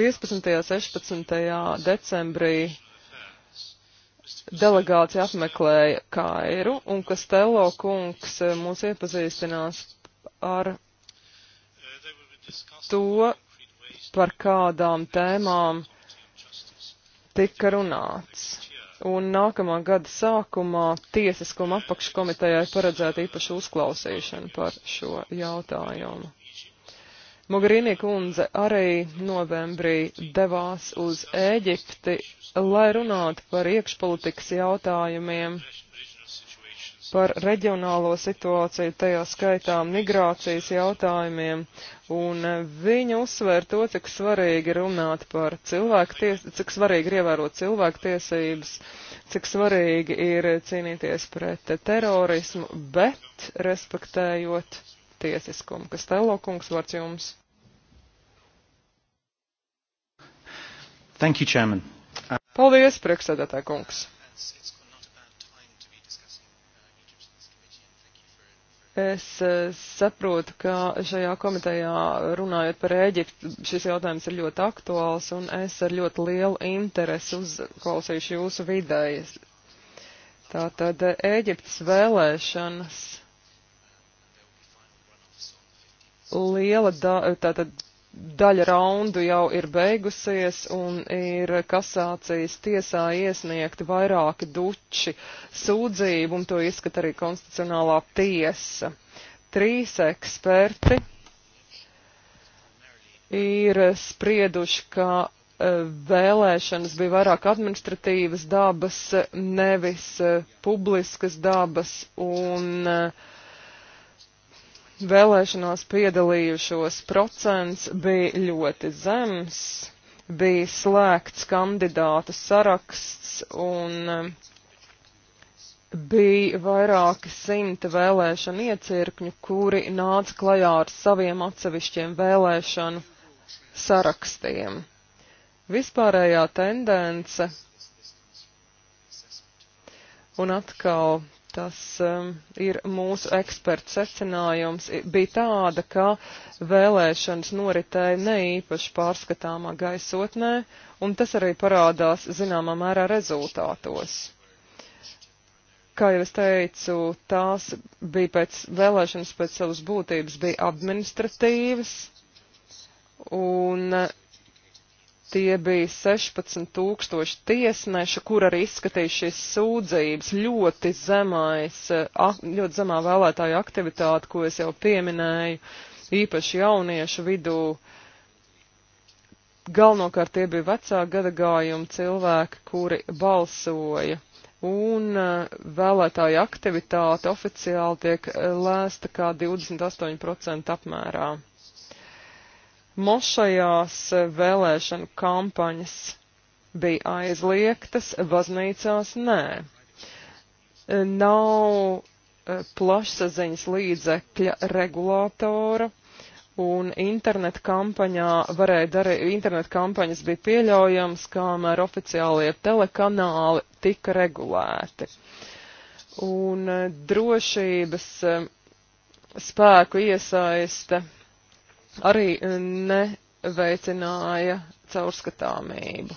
15. un 16. decembrī delegācija apmeklēja Kairu, un Kastelo kungs eh, mūs iepazīstinās ar to, par kādām tēmām tika runāts. Un nākamā gada sākumā tiesiskuma apakškomitejai paredzēta īpaša uzklausīšana par šo jautājumu. Mogherini kundze arī novembrī devās uz Ēģipti, lai runātu par iekšpolitikas jautājumiem, par reģionālo situāciju, tajā skaitā migrācijas jautājumiem, un viņa uzsver to, cik svarīgi runāt par cilvēktiesības, cik svarīgi ir ievērot cilvēktiesības, cik svarīgi ir cīnīties pret terorismu, bet respektējot tiesiskumu. Kas telokungs vārds jums? Thank you, Chairman. Paldies, priekšsēdētāj kungs. Es eh, saprotu, ka šajā komitejā runājot par Ēģiptu, šis jautājums ir ļoti aktuāls, un es ar ļoti lielu interesi uzklausīšu jūsu vidējas. Tātad eh, Ēģiptes vēlēšanas liela, da, tātad daļa raundu jau ir beigusies un ir kasācijas tiesā iesniegti vairāki duči sūdzību, un to izskat arī konstitucionālā tiesa. Trīs eksperti ir sprieduši, ka e, vēlēšanas bija vairāk administratīvas dabas, nevis e, publiskas dabas, un uh, vēlēšanās piedalījušos procents bija ļoti zems, bija slēgts kandidāta saraksts un eh, bija vairāki simti vēlēšanu iecirkņu, kuri nāca klajā ar saviem atsevišķiem vēlēšanu sarakstiem. Vispārējā tendence un atkal tas um, ir mūsu eksperts secinājums, bija tāda, ka vēlēšanas noritēja neīpaši pārskatāmā gaisotnē, un tas arī parādās zināmā mērā rezultātos. Kā jau es teicu, tās bija pēc vēlēšanas pēc savas būtības bija administratīvas, un Tie bija 16,000 tiesneši, kur arī izskatīja šīs sūdzības ļoti, zemais, eh, ļoti zemā vēlētāju aktivitāte, ko es jau pieminēju, īpaši jauniešu vidū. Galvenokārt tie bija vecā gadagājuma cilvēki, kuri balsoja. Un eh, vēlētāja aktivitāte oficiāli tiek eh, lēsta kā 28% apmērā mošajās eh, vēlēšana kampaņas bija aizliegtas, baznīcās nē. Eh, nav eh, plašsaziņas līdzekļa regulātora, un internet kampaņā varēja darīt, internet kampaņas bija pieļaujams, kamēr oficiālie telekanāli tika regulēti. Un drošības spēku iesaiste arī eh, neveicināja caurskatāmību.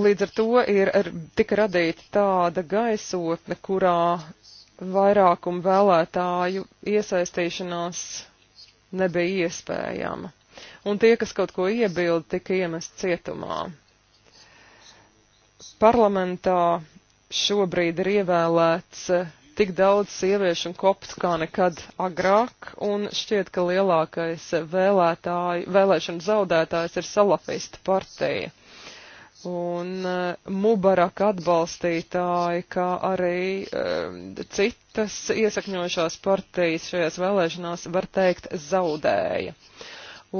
Līdz ar to ir tika radīta tāda gaisotne, kurā vairākumu vēlētāju iesaistīšanās nebija iespējama. Un tie, kas kaut ko iebilda, tika iemest cietumā. Parlamentā šobrīd ir ievēlēts tik daudz sieviešu un kopts kā nekad agrāk, un šķiet, ka lielākais vēlētāju, vēlēšanu zaudētājs ir salafista partija. Un uh, Mubarak atbalstītāji, kā arī uh, citas iesakņojušās partijas šajās vēlēšanās, var teikt, zaudēja.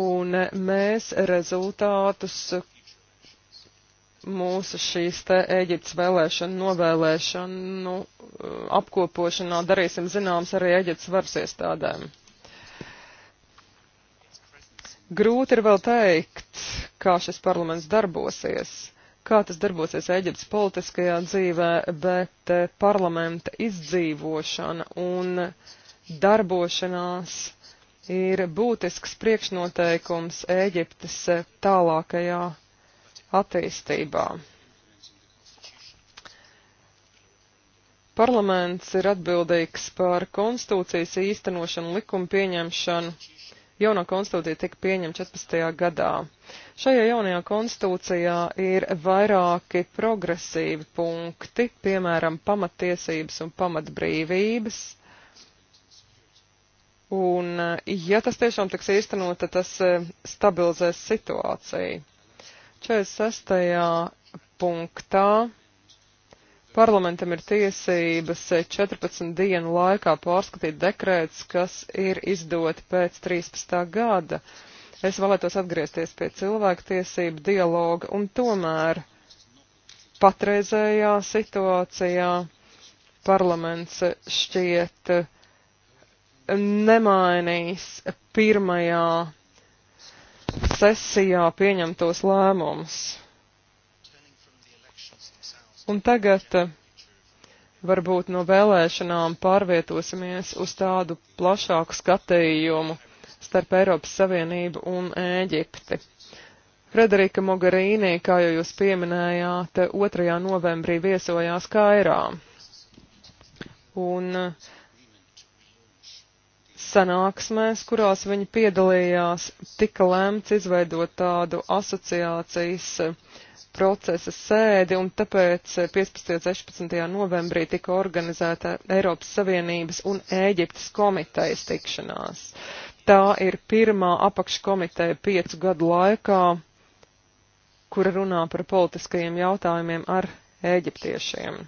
Un eh, mēs rezultātus, mūsu šīs te Ēģiptes vēlēšanu novēlēšanu nu, eh, apkopošanā darīsim zināms arī Ēģiptes varas iestādēm. Grūti ir vēl teikt, kā šis parlaments darbosies, kā tas darbosies Ēģiptes politiskajā dzīvē, bet eh, parlamenta izdzīvošana un darbošanās ir būtisks priekšnoteikums Ēģiptes eh, tālākajā attīstībā. Parlaments ir atbildīgs par konstitūcijas īstenošanu, likumu pieņemšanu. Jaunā konstitūcija tika pieņemta 14. gadā. Šajā jaunajā konstitūcijā ir vairāki progresīvi punkti, piemēram, pamatiesības un pamatbrīvības. Un, ja tas tiešām tiks īstenot, tad tas eh, stabilizēs situāciju. 46. punktā parlamentam ir tiesības 14 dienu laikā pārskatīt dekrēts, kas ir izdoti pēc 13. gada. Es vēlētos atgriezties pie cilvēktiesību dialoga un tomēr patreizējā situācijā parlaments šķiet nemainīs pirmajā sesijā pieņemtos lēmumus. Un tagad eh, varbūt no vēlēšanām pārvietosimies uz tādu plašāku skatījumu starp Eiropas Savienību un Ēģipti. Frederika Mogarīnī, kā jau jūs pieminējāt, 2. novembrī viesojās Kairā. Un uh, sanāksmēs, kurās viņi piedalījās, tika lemts izveidot tādu asociācijas eh, procesa sēdi, un tāpēc 15. un 16. novembrī tika organizēta Eiropas Savienības un Ēģiptes komitejas tikšanās. Tā ir pirmā apakškomiteja piecu gadu laikā, kura runā par politiskajiem jautājumiem ar ēģiptiešiem.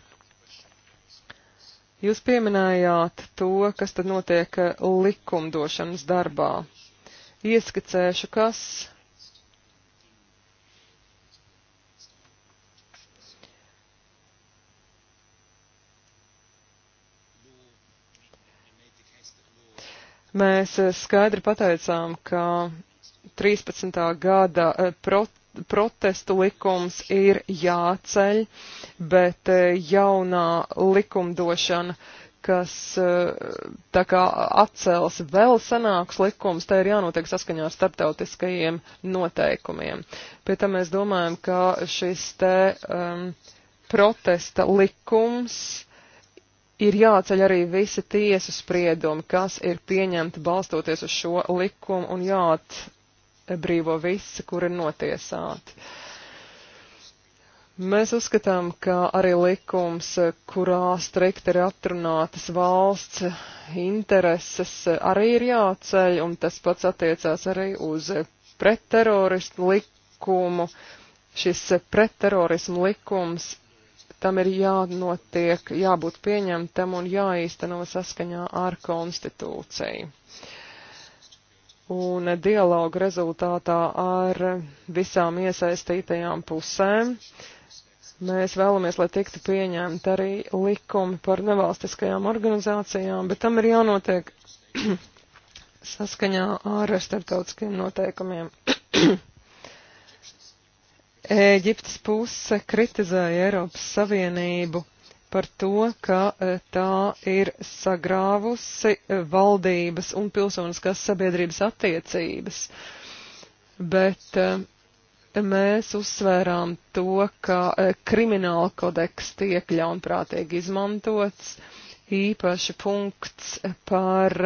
Jūs pieminējāt to, kas tad notiek eh, likumdošanas darbā. Ieskicēšu, kas. Mēs eh, skaidri pateicām, ka 13. gada eh, prot protestu likums ir jāceļ, bet eh, jaunā likumdošana, kas eh, tā kā atcels vēl senāks likums, tai ir jānotiek saskaņā ar starptautiskajiem noteikumiem. Pie tam mēs domājam, ka šis te um, protesta likums ir jāceļ arī visi tiesu spriedumi, kas ir pieņemti balstoties uz šo likumu un jāat brīvo visi, kuri ir notiesāti. Mēs uzskatām, ka arī likums, kurā strikt ir atrunātas valsts intereses, arī ir jāceļ, un tas pats attiecās arī uz pretteroristu likumu. Šis pretterorismu likums, tam ir jānotiek, jābūt pieņemtam un jāīsteno saskaņā ar konstitūciju. Uh, un dialogu rezultātā ar visām iesaistītajām pusēm. Mēs vēlamies, lai tiktu pieņemti arī likumi par nevalstiskajām organizācijām, bet tam ir jānotiek saskaņā ar starptautiskiem noteikumiem. Ēģiptes puse kritizēja Eiropas Savienību par to, ka e, tā ir sagrāvusi e, valdības un pilsoniskās sabiedrības attiecības. Bet e, mēs uzsvērām to, ka krimināla kodeks tiek ļaunprātīgi izmantots, īpaši punkts par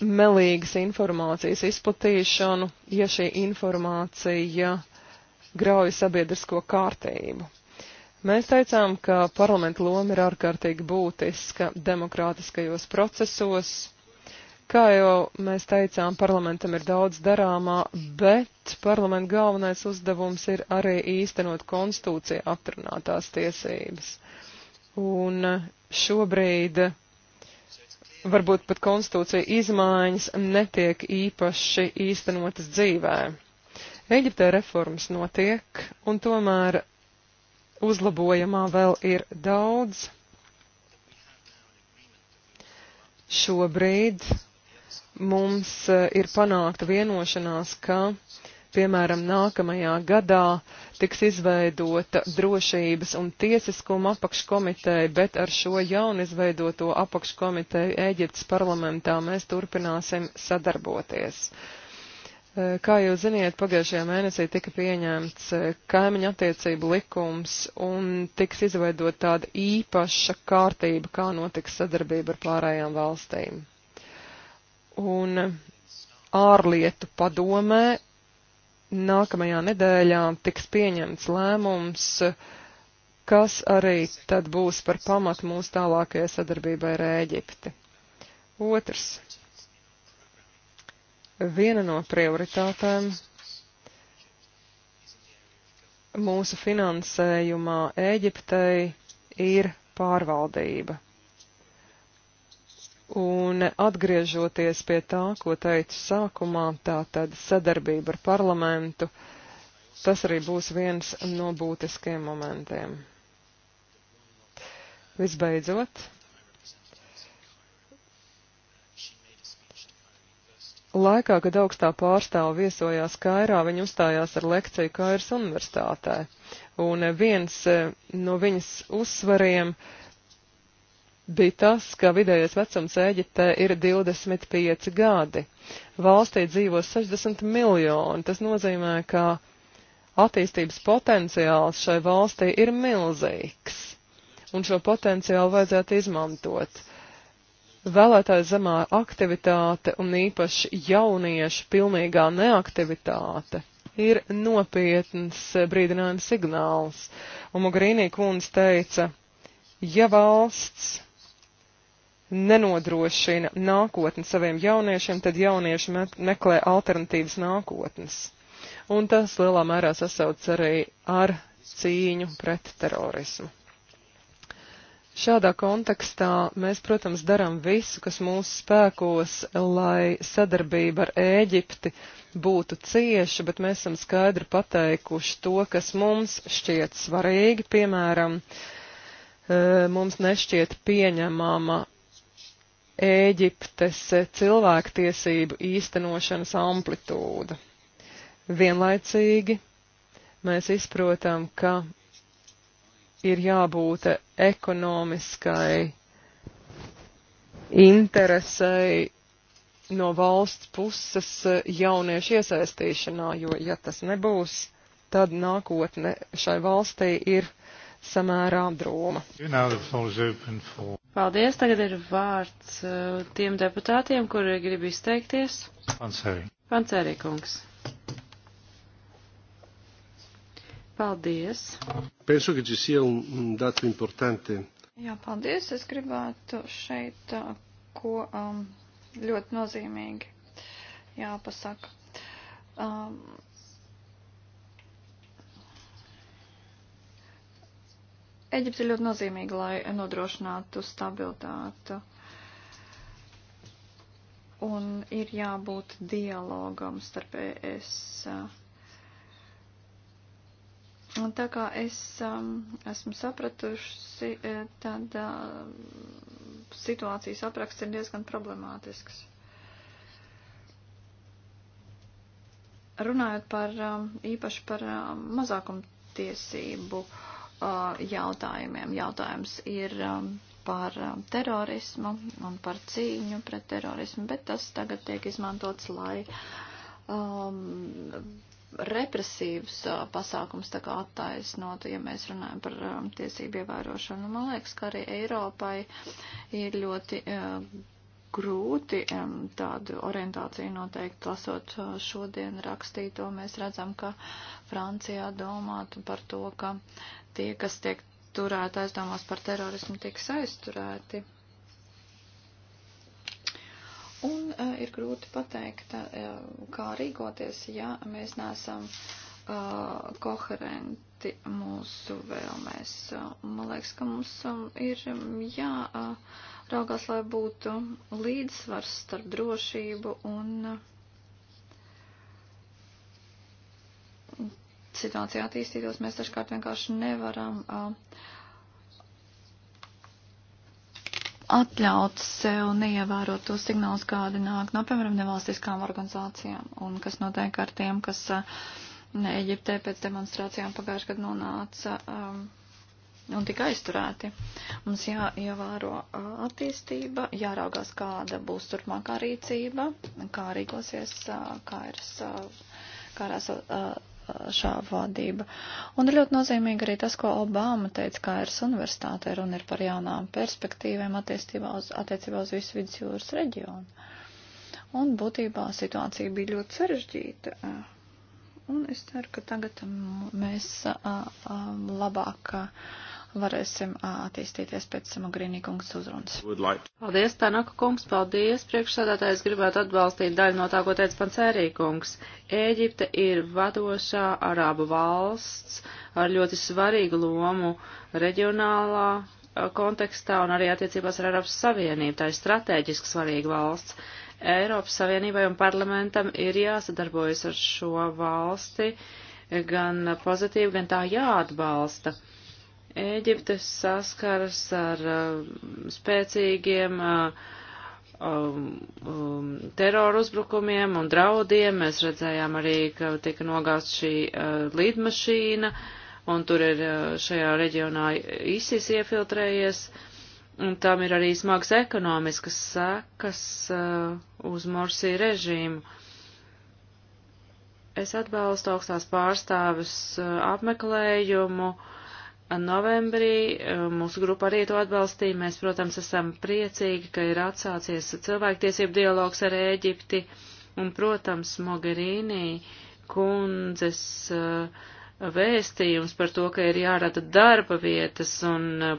melīgas informācijas izplatīšanu, ja šī informācija grauja sabiedrisko kārtību. Mēs teicām, ka parlamenta loma ir ārkārtīgi būtiska demokrātiskajos procesos. Kā jau mēs teicām, parlamentam ir daudz darāmā, bet parlamenta galvenais uzdevums ir arī īstenot konstitūcija aptrunātās tiesības. Un šobrīd varbūt pat konstitūcija izmaiņas netiek īpaši īstenotas dzīvē. Eģiptē reformas notiek, un tomēr uzlabojamā vēl ir daudz. Šobrīd mums eh, ir panākta vienošanās, ka, piemēram, nākamajā gadā tiks izveidota drošības un tiesiskuma apakškomiteja, bet ar šo jaunizveidoto apakškomiteju Ēģiptes parlamentā mēs turpināsim sadarboties. Uh, Eh, kā jau ziniet, pagājušajā mēnesī tika pieņemts eh, kaimiņu attiecību likums un tiks izveidot tāda īpaša kārtība, kā notiks sadarbība ar pārējām valstīm. Un ārlietu padomē nākamajā nedēļā tiks pieņemts lēmums, kas arī tad būs par pamatu mūsu tālākajai sadarbībai ar Ēģipti. Otrs viena no prioritātēm mūsu finansējumā Ēģiptei ir pārvaldība. Un atgriežoties pie tā, ko teicu sākumā, tā tad sadarbība ar parlamentu, tas arī būs viens no būtiskiem momentiem. Visbeidzot, laikā, kad augstā pārstāva viesojās Kairā, viņa uzstājās ar lekciju Kairas universitātē. Un viens eh, no viņas uzsvariem bija tas, ka vidējais vecums Ēģiptē ir 25 gadi. Valstī dzīvo 60 miljoni. Tas nozīmē, ka attīstības potenciāls šai valstī ir milzīgs. Un šo potenciālu vajadzētu izmantot. Vēlētāju zemā aktivitāte un īpaši jauniešu pilnīgā neaktivitāte ir nopietns brīdinājums signāls. Un Mugrīnī kundze teica, ja valsts nenodrošina nākotni saviem jauniešiem, tad jaunieši meklē alternatīvas nākotnes. Un tas lielā mērā sasauc arī ar cīņu pret terorismu. Šādā kontekstā mēs, protams, darām visu, kas mūsu spēkos, lai sadarbība ar Ēģipti būtu cieša, bet mēs esam skaidri pateikuši to, kas mums šķiet svarīgi, piemēram, e, mums nešķiet pieņemama Ēģiptes cilvēktiesību īstenošanas amplitūda. Vienlaicīgi mēs izprotam, ka ir jābūt ekonomiskai interesei no valsts puses jauniešu iesaistīšanā, jo, ja tas nebūs, tad nākotne šai valstī ir samērā droma. Paldies, tagad ir vārds uh, tiem deputātiem, kuri grib izteikties. Panceri. Panceri kungs. Paldies. Penso, ka ci sia un dato importante. Jā, paldies. Es gribētu šeit uh, ko um, ļoti nozīmīgi jāpasaka. Um, Eģipte ir ļoti nozīmīga, lai nodrošinātu stabilitātu. Un ir jābūt dialogam starp ES. Uh, Un tā kā es um, esmu sapratuši, e, tad uh, situācijas apraksts ir diezgan problemātisks. Runājot par um, īpaši par um, mazākumtiesību uh, jautājumiem, jautājums ir um, par um, terorismu un par cīņu pret terorismu, bet tas tagad tiek izmantots, lai um, represīvus uh, pasākums tā kā attaisnotu, ja mēs runājam par um, tiesību ievērošanu. Man liekas, ka arī Eiropai ir ļoti uh, grūti um, tādu orientāciju noteikti lasot uh, šodien rakstīto. Mēs redzam, ka Francijā domātu par to, ka tie, kas tiek turēt aizdomās par terorismu, tiks aizturēti. Un uh, ir grūti pateikt, uh, kā rīkoties, ja mēs nesam uh, eh, koherenti mūsu vēlmēs. Uh, man liekas, ka mums um, ir mm, jā. Uh, Raugās, lai būtu līdzsvars starp drošību un uh, situācija attīstītos, mēs dažkārt vienkārši nevaram uh, atļaut sev neievērot tos signālus, kādi nāk no, piemēram, nevalstiskām organizācijām un kas notiek ar tiem, kas eh, ne, Eģiptē pēc demonstrācijām pagājušajā gadā nonāca um, un tika aizturēti. Mums jāievēro eh, attīstība, jāraugās, kāda būs turpmākā rīcība, kā rīkosies, eh, kā ir, kā ir šā vadība. Un ir ļoti nozīmīgi arī tas, ko Obama teica, kā ir universitāte, runa ir par jaunām perspektīvēm attiecībā uz, attiecībā uz visu vidusjūras reģionu. Un būtībā situācija bija ļoti sarežģīta. Un es ceru, ka tagad mēs labāk varēsim attīstīties pēc Mogherini kungas uzrunas. Paldies, Tanaka kungs, paldies. Priekšsādātājs gribētu atbalstīt daļu no tā, ko teica Pancērī kungs. Ēģipte ir vadošā arābu valsts ar ļoti svarīgu lomu reģionālā kontekstā un arī attiecībās ar Eiropas Savienību. Tā ir strateģiski svarīga valsts. Eiropas Savienībai un parlamentam ir jāsadarbojas ar šo valsti gan pozitīvi, gan tā jāatbalsta. Uh, Ēģipte saskaras ar uh, spēcīgiem uh, um, um teroru uzbrukumiem un draudiem. Mēs redzējām arī, ka tika nogāzt šī uh, lidmašīna, un tur ir uh, šajā reģionā ISIS iefiltrējies. Un tam ir arī smags ekonomiskas sekas uh, uz Morsī režīmu. Es atbalstu augstās pārstāvis uh, apmeklējumu. Uh, novembrī. Eh, mūsu grupa arī to atbalstīja. Mēs, protams, esam priecīgi, ka ir atsācies cilvēktiesību dialogs ar Ēģipti. Un, protams, Mogherīnī kundzes eh, vēstījums par to, ka ir jārada darba vietas un eh,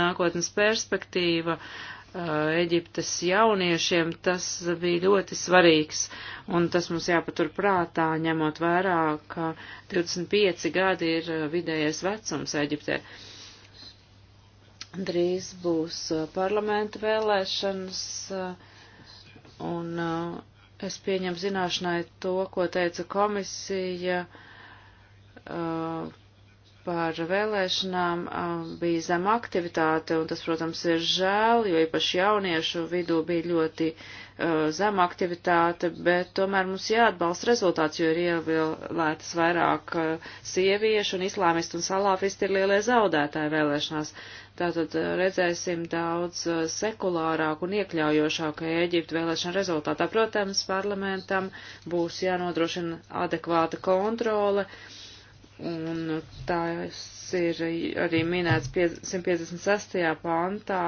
nākotnes perspektīva Uh, Eģiptes jauniešiem, tas bija ļoti svarīgs, un tas mums jāpatur prātā, ņemot vērā, ka 25 gadi ir uh, vidējais vecums Eģiptē. Drīz būs uh, parlamenta vēlēšanas, un es pieņemu zināšanai to, ko teica komisija par vēlēšanām um, bija zema aktivitāte, un tas, protams, ir žēl, jo īpaši jauniešu vidū bija ļoti uh, zema aktivitāte, bet tomēr mums jāatbalsta rezultāts, jo ir ievēlētas vairāk uh, sieviešu, un islāmisti un salāfisti ir lielie zaudētāji vēlēšanās. Tātad uh, redzēsim daudz uh, sekulārāku un iekļaujošāku Ēģiptu vēlēšanu rezultātā. Protams, parlamentam būs jānodrošina adekvāta kontrole. Uh, Un tas ir arī minēts 156. pāntā.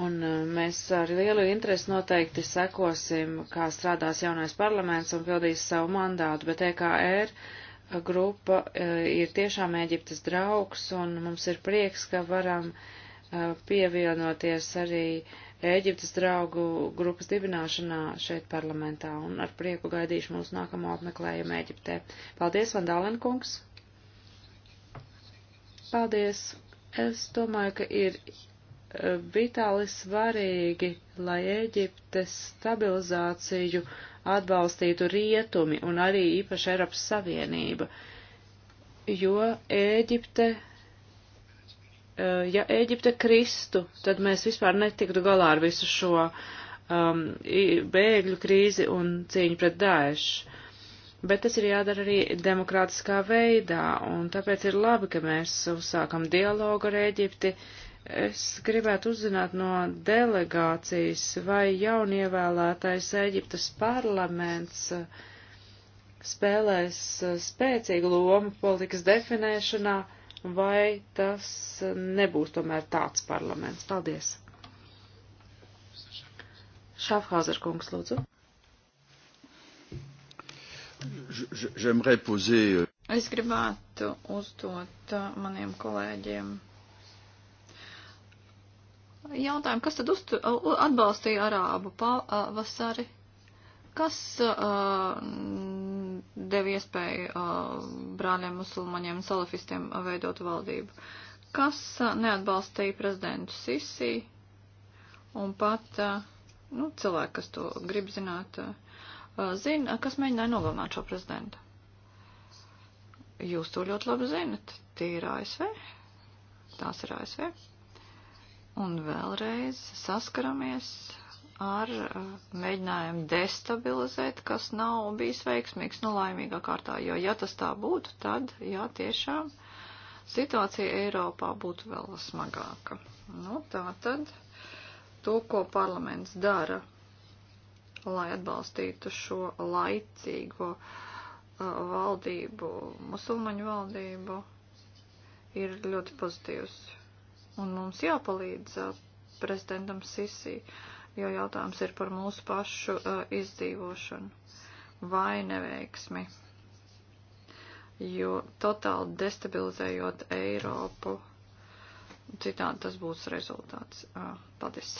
Un e, mēs ar lielu interesi noteikti sekosim, kā strādās jaunais parlaments un pildīs savu mandātu, bet EKR grupa e, ir tiešām Eģiptes draugs un mums ir prieks, ka varam e, pievienoties arī uh, Ēģiptes draugu grupas dibināšanā šeit parlamentā un ar prieku gaidīšu mūsu nākamo apmeklējumu Ēģiptē. Paldies, Vandālenkungs! Paldies! Es domāju, ka ir eh, vitāli svarīgi, lai Ēģiptes stabilizāciju atbalstītu rietumi un arī īpaši Eiropas Savienība, jo Ēģipte Eh, ja Ēģipte kristu, tad mēs vispār netiktu galā ar visu šo um, bēgļu krīzi un cīņu pret Daešu. Bet tas ir jādara arī demokrātiskā veidā, un tāpēc ir labi, ka mēs uzsākam dialogu ar Ēģipti. Es gribētu uzzināt no delegācijas, vai jaunievēlētais Ēģiptes parlaments eh, spēlēs eh, spēcīgu lomu politikas definēšanā vai tas nebūs tomēr tāds parlaments. Paldies! Šafhauser kungs, lūdzu. Euh, es gribētu uzdot uh, maniem kolēģiem jautājumu, kas tad uztu, uh, atbalstīja arābu pavasari? Kas uh, deva iespēju uh, brāļiem musulmaņiem un salafistiem veidot valdību, kas uh, neatbalstīja prezidentu Sisi un pat uh, nu, cilvēki, kas to grib zināt, uh, zina, kas mēģināja nogalināt šo prezidentu. Jūs to ļoti labi zinat. Tie ir ASV. Tās ir ASV. Un vēlreiz saskaramies ar uh, mēģinājumu destabilizēt, kas nav bijis veiksmīgs, nu laimīgā kārtā, jo ja tas tā būtu, tad, jā, tiešām situācija Eiropā būtu vēl smagāka. Nu, tā tad to, ko parlaments dara, lai atbalstītu šo laicīgo uh, valdību, musulmaņu valdību, ir ļoti pozitīvs. Un mums jāpalīdz uh, prezidentam Sisī. Uh, jo jautājums ir par mūsu pašu uh, izdzīvošanu vai neveiksmi. Jo totāli destabilizējot Eiropu, citādi tas būs rezultāts. Uh, paldies.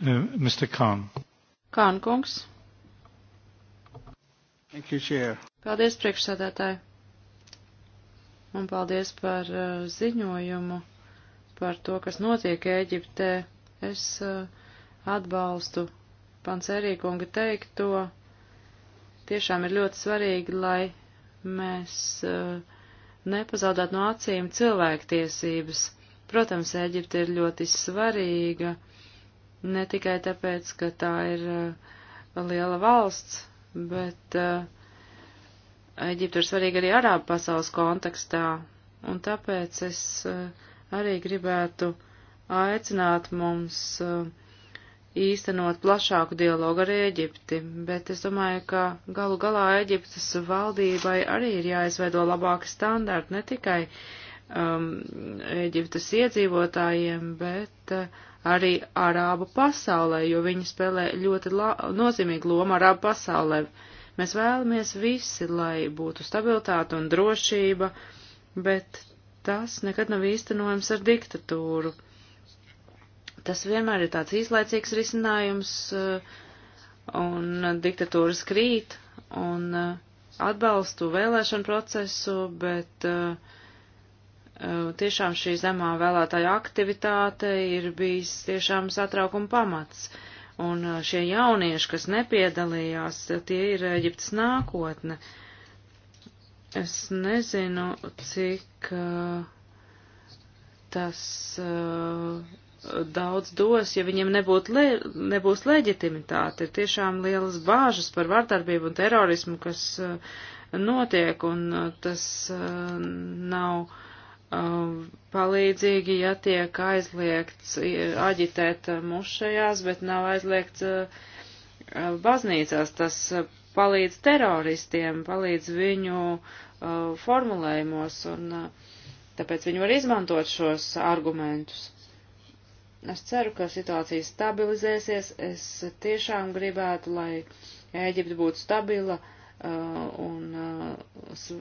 Uh, Mr. Kahn. Kahn kungs. Thank you, Chair. Paldies, priekšsēdētāji. Un paldies par uh, ziņojumu par to, kas notiek Ēģiptē. Es uh, atbalstu pancerīkunga teikto. Tiešām ir ļoti svarīgi, lai mēs uh, nepazaudētu no acīm cilvēktiesības. Protams, Eģipte ir ļoti svarīga, ne tikai tāpēc, ka tā ir uh, liela valsts, bet uh, Eģipte ir svarīga arī arābu pasaules kontekstā, un tāpēc es uh, arī gribētu aicināt mums uh, īstenot plašāku dialogu ar Ēģipti, bet es domāju, ka galu galā Ēģiptes valdībai arī ir jāizveido labāki standarti ne tikai um, Ēģiptes iedzīvotājiem, bet uh, arī Arābu pasaulē, jo viņi spēlē ļoti nozīmīgu lomu Arābu pasaulē. Mēs vēlamies visi, lai būtu stabilitāte un drošība, bet tas nekad nav īstenojams ar diktatūru Tas vienmēr ir tāds īslaicīgs risinājums, eh, un diktatūras krīt, un eh, atbalstu vēlēšanu procesu, bet eh, tiešām šī zemā vēlētāja aktivitāte ir bijis tiešām satraukuma pamats. Un šie jaunieši, kas nepiedalījās, tie ir Eģiptes nākotne. Es nezinu, cik uh, tas uh, daudz dos, ja viņiem le, nebūs leģitimitāte. Ir tiešām lielas bāžas par vardarbību un terorismu, kas uh, notiek, un uh, tas uh, nav palīdzīgi, ja tiek aizliegts aģitēt mušajās, bet nav aizliegts baznīcās. Tas palīdz teroristiem, palīdz viņu formulējumos, un tāpēc viņi var izmantot šos argumentus. Es ceru, ka situācija stabilizēsies. Es tiešām gribētu, lai Ēģipte būtu stabila uh, un uh,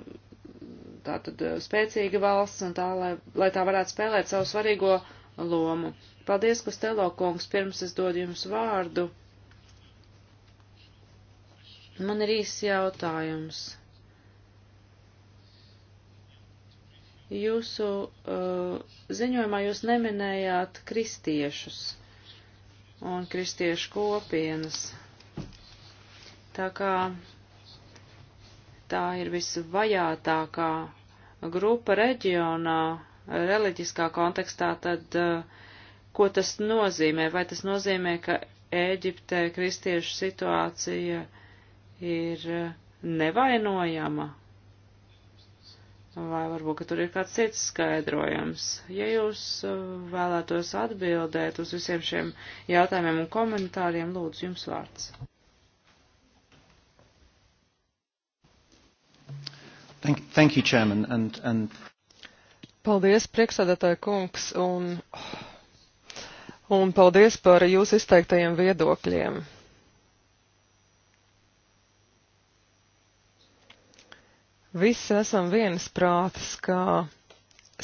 tātad uh, spēcīga valsts un tā, lai, lai tā varētu spēlēt savu svarīgo lomu. Paldies, Kustelo kungs, pirms es dodu jums vārdu. Man ir īsts jautājums. Jūsu uh, ziņojumā jūs neminējāt kristiešus un kristiešu kopienas. Tā kā tā ir visvajātākā grupa reģionā, reliģiskā kontekstā, tad uh, ko tas nozīmē? Vai tas nozīmē, ka Ēģiptē kristiešu situācija ir uh, nevainojama vai varbūt, ka tur ir kāds cits skaidrojums. Ja jūs uh, vēlētos atbildēt uz visiem šiem jautājumiem un komentāriem, lūdzu, jums vārds. Thank, thank you, Chairman, and, and... Paldies, priekšsēdētāja kungs, un, un paldies par jūsu izteiktajiem viedokļiem. Visi esam vienas prātas, kā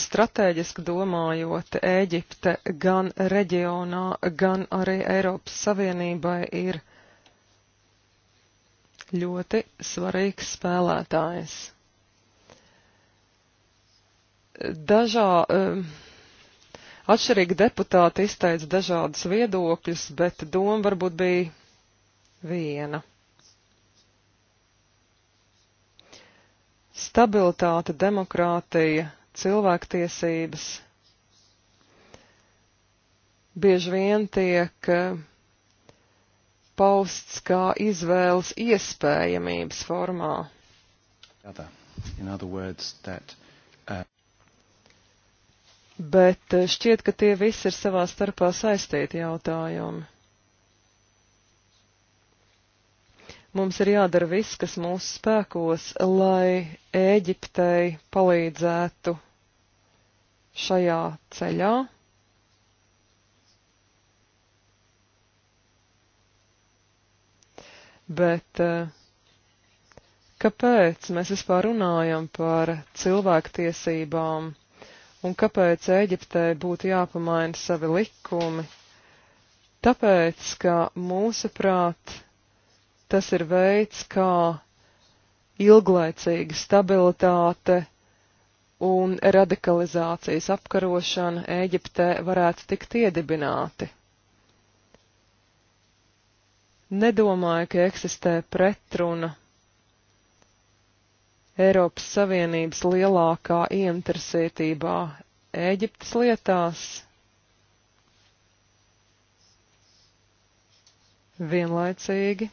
strateģiski domājot, Ēģipte gan reģionā, gan arī Eiropas Savienībai ir ļoti svarīgs spēlētājs. Dažā, um, atšķirīgi deputāti izteica dažādas viedokļas, bet doma varbūt bija viena. stabilitāte, demokrātija, cilvēktiesības bieži vien tiek eh, pausts kā izvēles iespējamības formā. Words, that, uh... Bet eh, šķiet, ka tie visi ir savā starpā saistīti jautājumi. Mums ir jādara viss, kas mūsu spēkos, lai Ēģiptei palīdzētu šajā ceļā. Bet eh, kāpēc mēs vispār runājam par cilvēktiesībām un kāpēc Ēģiptei būtu jāpamaina savi likumi? Tāpēc, ka mūsuprāt, Tas ir veids, kā ilglaicīga stabilitāte un radikalizācijas apkarošana Ēģiptē varētu tikt iedibināti. Nedomāju, ka eksistē pretruna Eiropas Savienības lielākā ieinteresētībā Ēģiptes lietās. Vienlaicīgi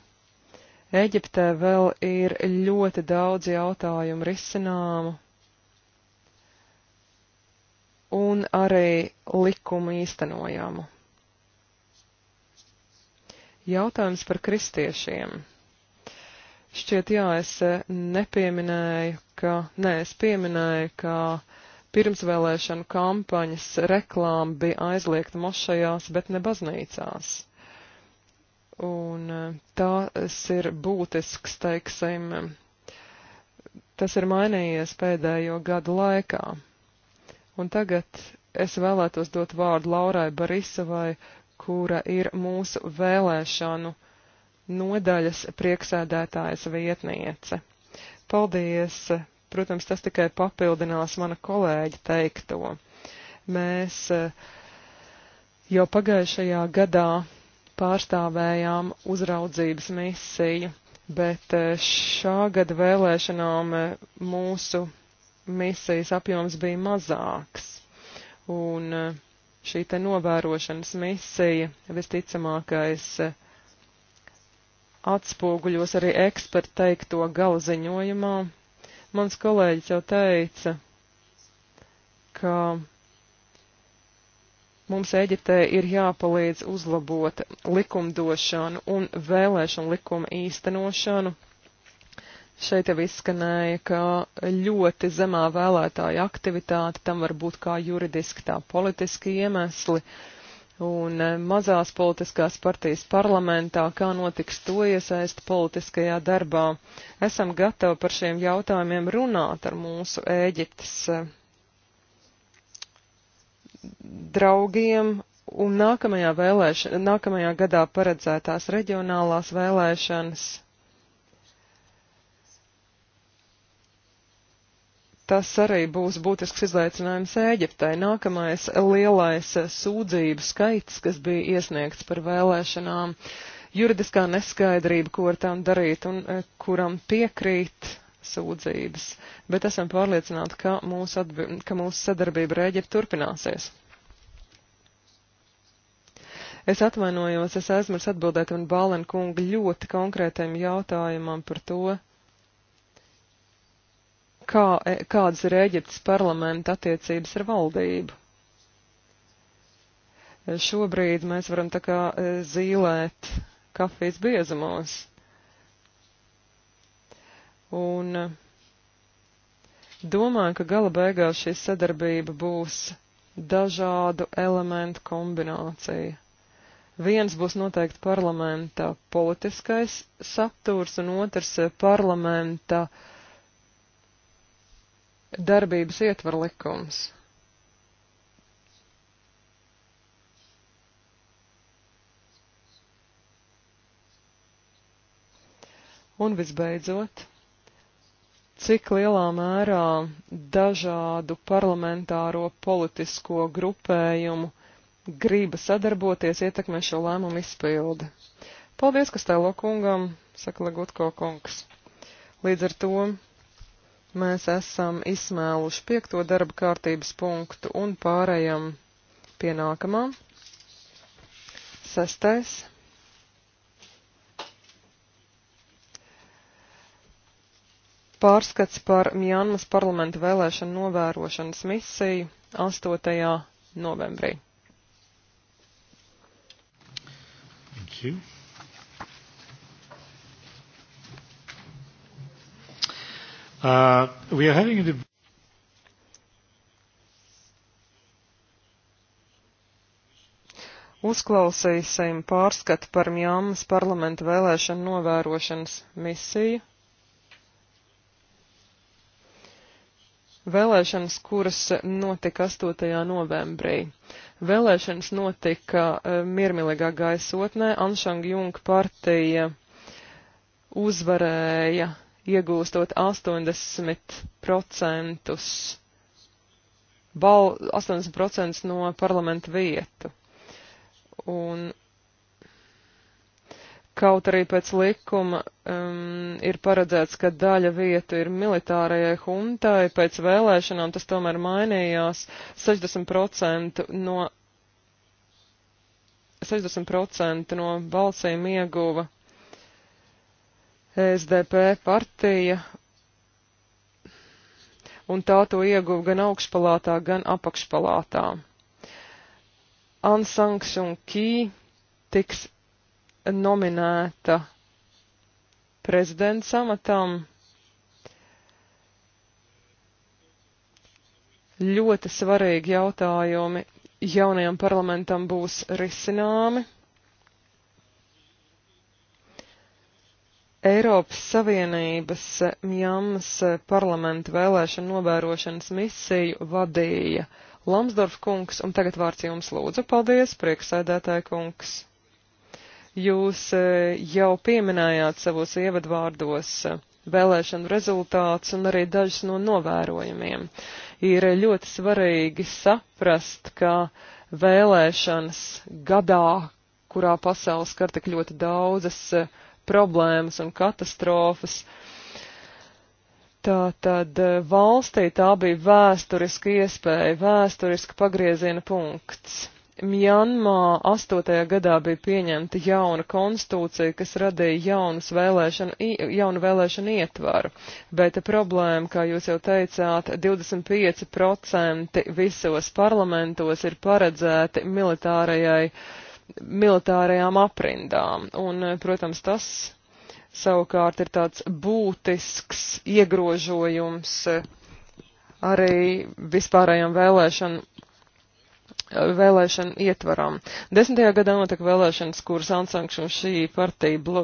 Eģiptē vēl ir ļoti daudz jautājumu risināmu, un arī likumu īstenojamu. Jautājums par kristiešiem. Šķiet, jā, es eh, nepieminēju, ka, nē, es pieminēju, ka pirmsvēlēšanu kampaņas reklāma bija aizliegta mošajās, bet ne baznīcās un e, tās ir būtisks, teiksim, tas ir mainījies pēdējo gadu laikā. Un tagad es vēlētos dot vārdu Laurai Barisavai, kura ir mūsu vēlēšanu nodaļas prieksēdētājas vietniece. Paldies! Protams, tas tikai papildinās mana kolēģa teikto. Mēs e, jau pagājušajā gadā pārstāvējām uzraudzības misiju, bet eh, šā gada vēlēšanām eh, mūsu misijas apjoms bija mazāks. Un eh, šī te novērošanas misija visticamākais atspoguļos arī ekspertu teikto gala ziņojumā. Mans kolēģis jau teica, ka Mums Eģiptē ir jāpalīdz uzlabot likumdošanu un vēlēšanu likuma īstenošanu. Šeit jau izskanēja, ka ļoti zemā vēlētāja aktivitāte tam var būt kā juridiski, tā politiski iemesli. Un eh, mazās politiskās partijas parlamentā, kā notiks to iesaist politiskajā darbā, esam gatavi par šiem jautājumiem runāt ar mūsu Ēģiptes eh, draugiem, un nākamajā, vēlēšana, nākamajā gadā paredzētās reģionālās vēlēšanas. Tas arī būs būtisks izaicinājums Ēģiptei. Nākamais lielais sūdzību skaits, kas bija iesniegts par vēlēšanām, juridiskā neskaidrība, ko ar tām darīt un eh, kuram piekrīt sūdzības, bet esam pārliecināti, ka mūsu, atbi, ka mūsu sadarbība ar Ēģiptu turpināsies. Es atvainojos, es aizmirsu atbildēt man Bālēna kunga ļoti konkrētajam jautājumam par to, kā, e- kādas ir Ēģiptes parlamenta attiecības ar valdību. Šobrīd mēs varam tā kā e, zīlēt kafijas biezumos un eh, domāju, ka gala beigās šī sadarbība būs dažādu elementu kombinācija. Viens būs noteikti parlamenta politiskais saturs, un otrs eh, parlamenta darbības ietvar likums. Un visbeidzot, cik lielā mērā dažādu parlamentāro politisko grupējumu griba sadarboties ietekmē šo lēmumu izpildi. Paldies, kas tēlo kungam, saka Legutko kungs. Līdz ar to mēs esam izsmēluši piekto darba kārtības punktu un pārējam pie nākamā. Sestais. Pārskats par Mjānmas parlamenta vēlēšanu novērošanas misiju 8. novembrī. Thank you. Uh, we are having a debate. Uzklausīsim pārskatu par Mjāmas parlamenta vēlēšanu novērošanas misiju Vēlēšanas, kuras notika 8. novembrī. Vēlēšanas notika e, miermīlīgā gaisotnē. Anšang Jung partija uzvarēja, iegūstot 80% bal, 80% no parlamenta vietu. Un Kaut arī pēc likuma um, ir paredzēts, ka daļa vietu ir militārajai huntai, pēc vēlēšanām tas tomēr mainījās 60% no. 60% no balsīm ieguva SDP partija, un tā to ieguva gan augšpalātā, gan apakšpalātā. Ansangs un Kī tiks nominēta prezidents amatam. Ļoti svarīgi jautājumi jaunajam parlamentam būs risināmi. Eiropas Savienības Mjāmas parlamenta vēlēšana novērošanas misiju vadīja Lamsdorf kungs, un tagad vārds jums lūdzu. Paldies, prieksēdētāja kungs! Jūs e, jau pieminējāt savos ievadvārdos e, vēlēšanu rezultāts un arī dažas no novērojumiem. Ir ļoti svarīgi saprast, ka vēlēšanas gadā, kurā pasaules kar tik ļoti daudzas e, problēmas un katastrofas, tā tad valstī tā bija vēsturiski iespēja, vēsturiski pagrieziena punkts Mjanmā 8. gadā bija pieņemta jauna konstitūcija, kas radīja jaunas vēlēšanu, jaunu vēlēšanu ietvaru, bet problēma, kā jūs jau teicāt, 25% visos parlamentos ir paredzēti militārajai, militārajām aprindām, un, protams, tas savukārt ir tāds būtisks iegrožojums arī vispārējām vēlēšanu vēlēšanu ietvaram. Desmitajā gadā notika vēlēšanas, kuras Ansangš un šī partija blo...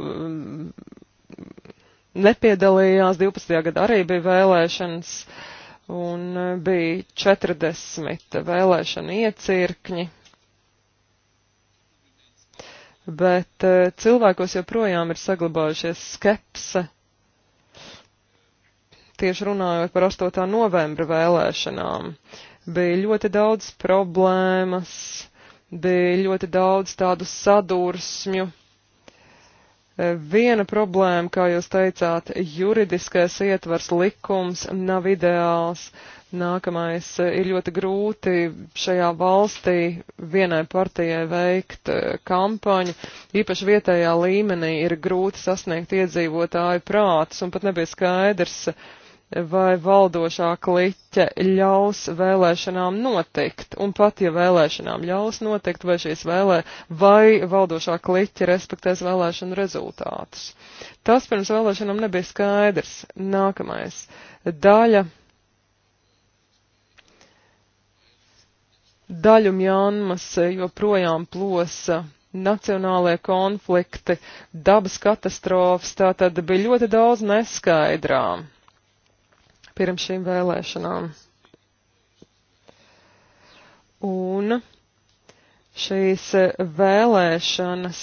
nepiedalījās, 12. gadā arī bija vēlēšanas, un e, bija 40 vēlēšana iecirkņi. Bet e, cilvēkos joprojām ir saglabājušies skepse, tieši runājot par 8. novembra vēlēšanām. Uh, bija ļoti daudz problēmas, bija ļoti daudz tādu sadursmju. E, viena problēma, kā jūs teicāt, juridiskais ietvars likums nav ideāls. Nākamais e, ir ļoti grūti šajā valstī vienai partijai veikt e, kampaņu. Īpaši vietējā līmenī ir grūti sasniegt iedzīvotāju prātus un pat nebija skaidrs, uh, vai valdošā kliķe ļaus vēlēšanām notikt, un pat ja vēlēšanām ļaus notikt, vai šīs vēlē, vai valdošā kliķe respektēs vēlēšanu rezultātus. Tas pirms vēlēšanām nebija skaidrs. Nākamais. Daļa. Daļu Mjanmas joprojām plosa nacionālie konflikti, dabas katastrofas, tātad bija ļoti daudz neskaidrām pirms šīm vēlēšanām. Un šīs vēlēšanas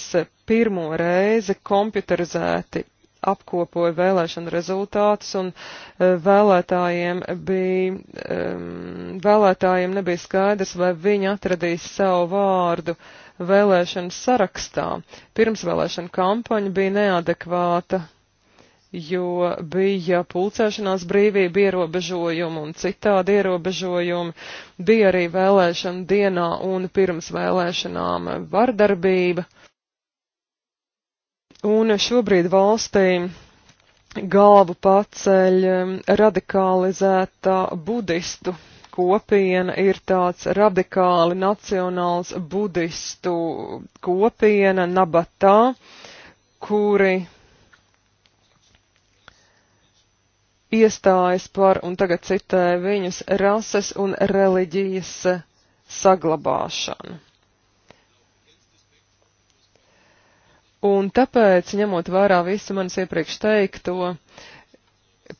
pirmo reizi kompjuterizēti apkopoja vēlēšana rezultātus, un e, vēlētājiem, bija, vēlētājiem nebija skaidrs, vai viņi atradīs savu vārdu vēlēšanu sarakstā. Pirmsvēlēšana kampaņa bija neadekvāta jo bija pulcēšanās brīvība ierobežojumi un citādi ierobežojumi, bija arī vēlēšana dienā un pirms vēlēšanām vardarbība. Un šobrīd valstī galvu paceļ radikalizēta budistu kopiena, ir tāds radikāli nacionāls budistu kopiena Nabatā, kuri iestājas par, un tagad citēju viņus, rases un reliģijas saglabāšanu. Un tāpēc, ņemot vērā visu manis iepriekš teikto,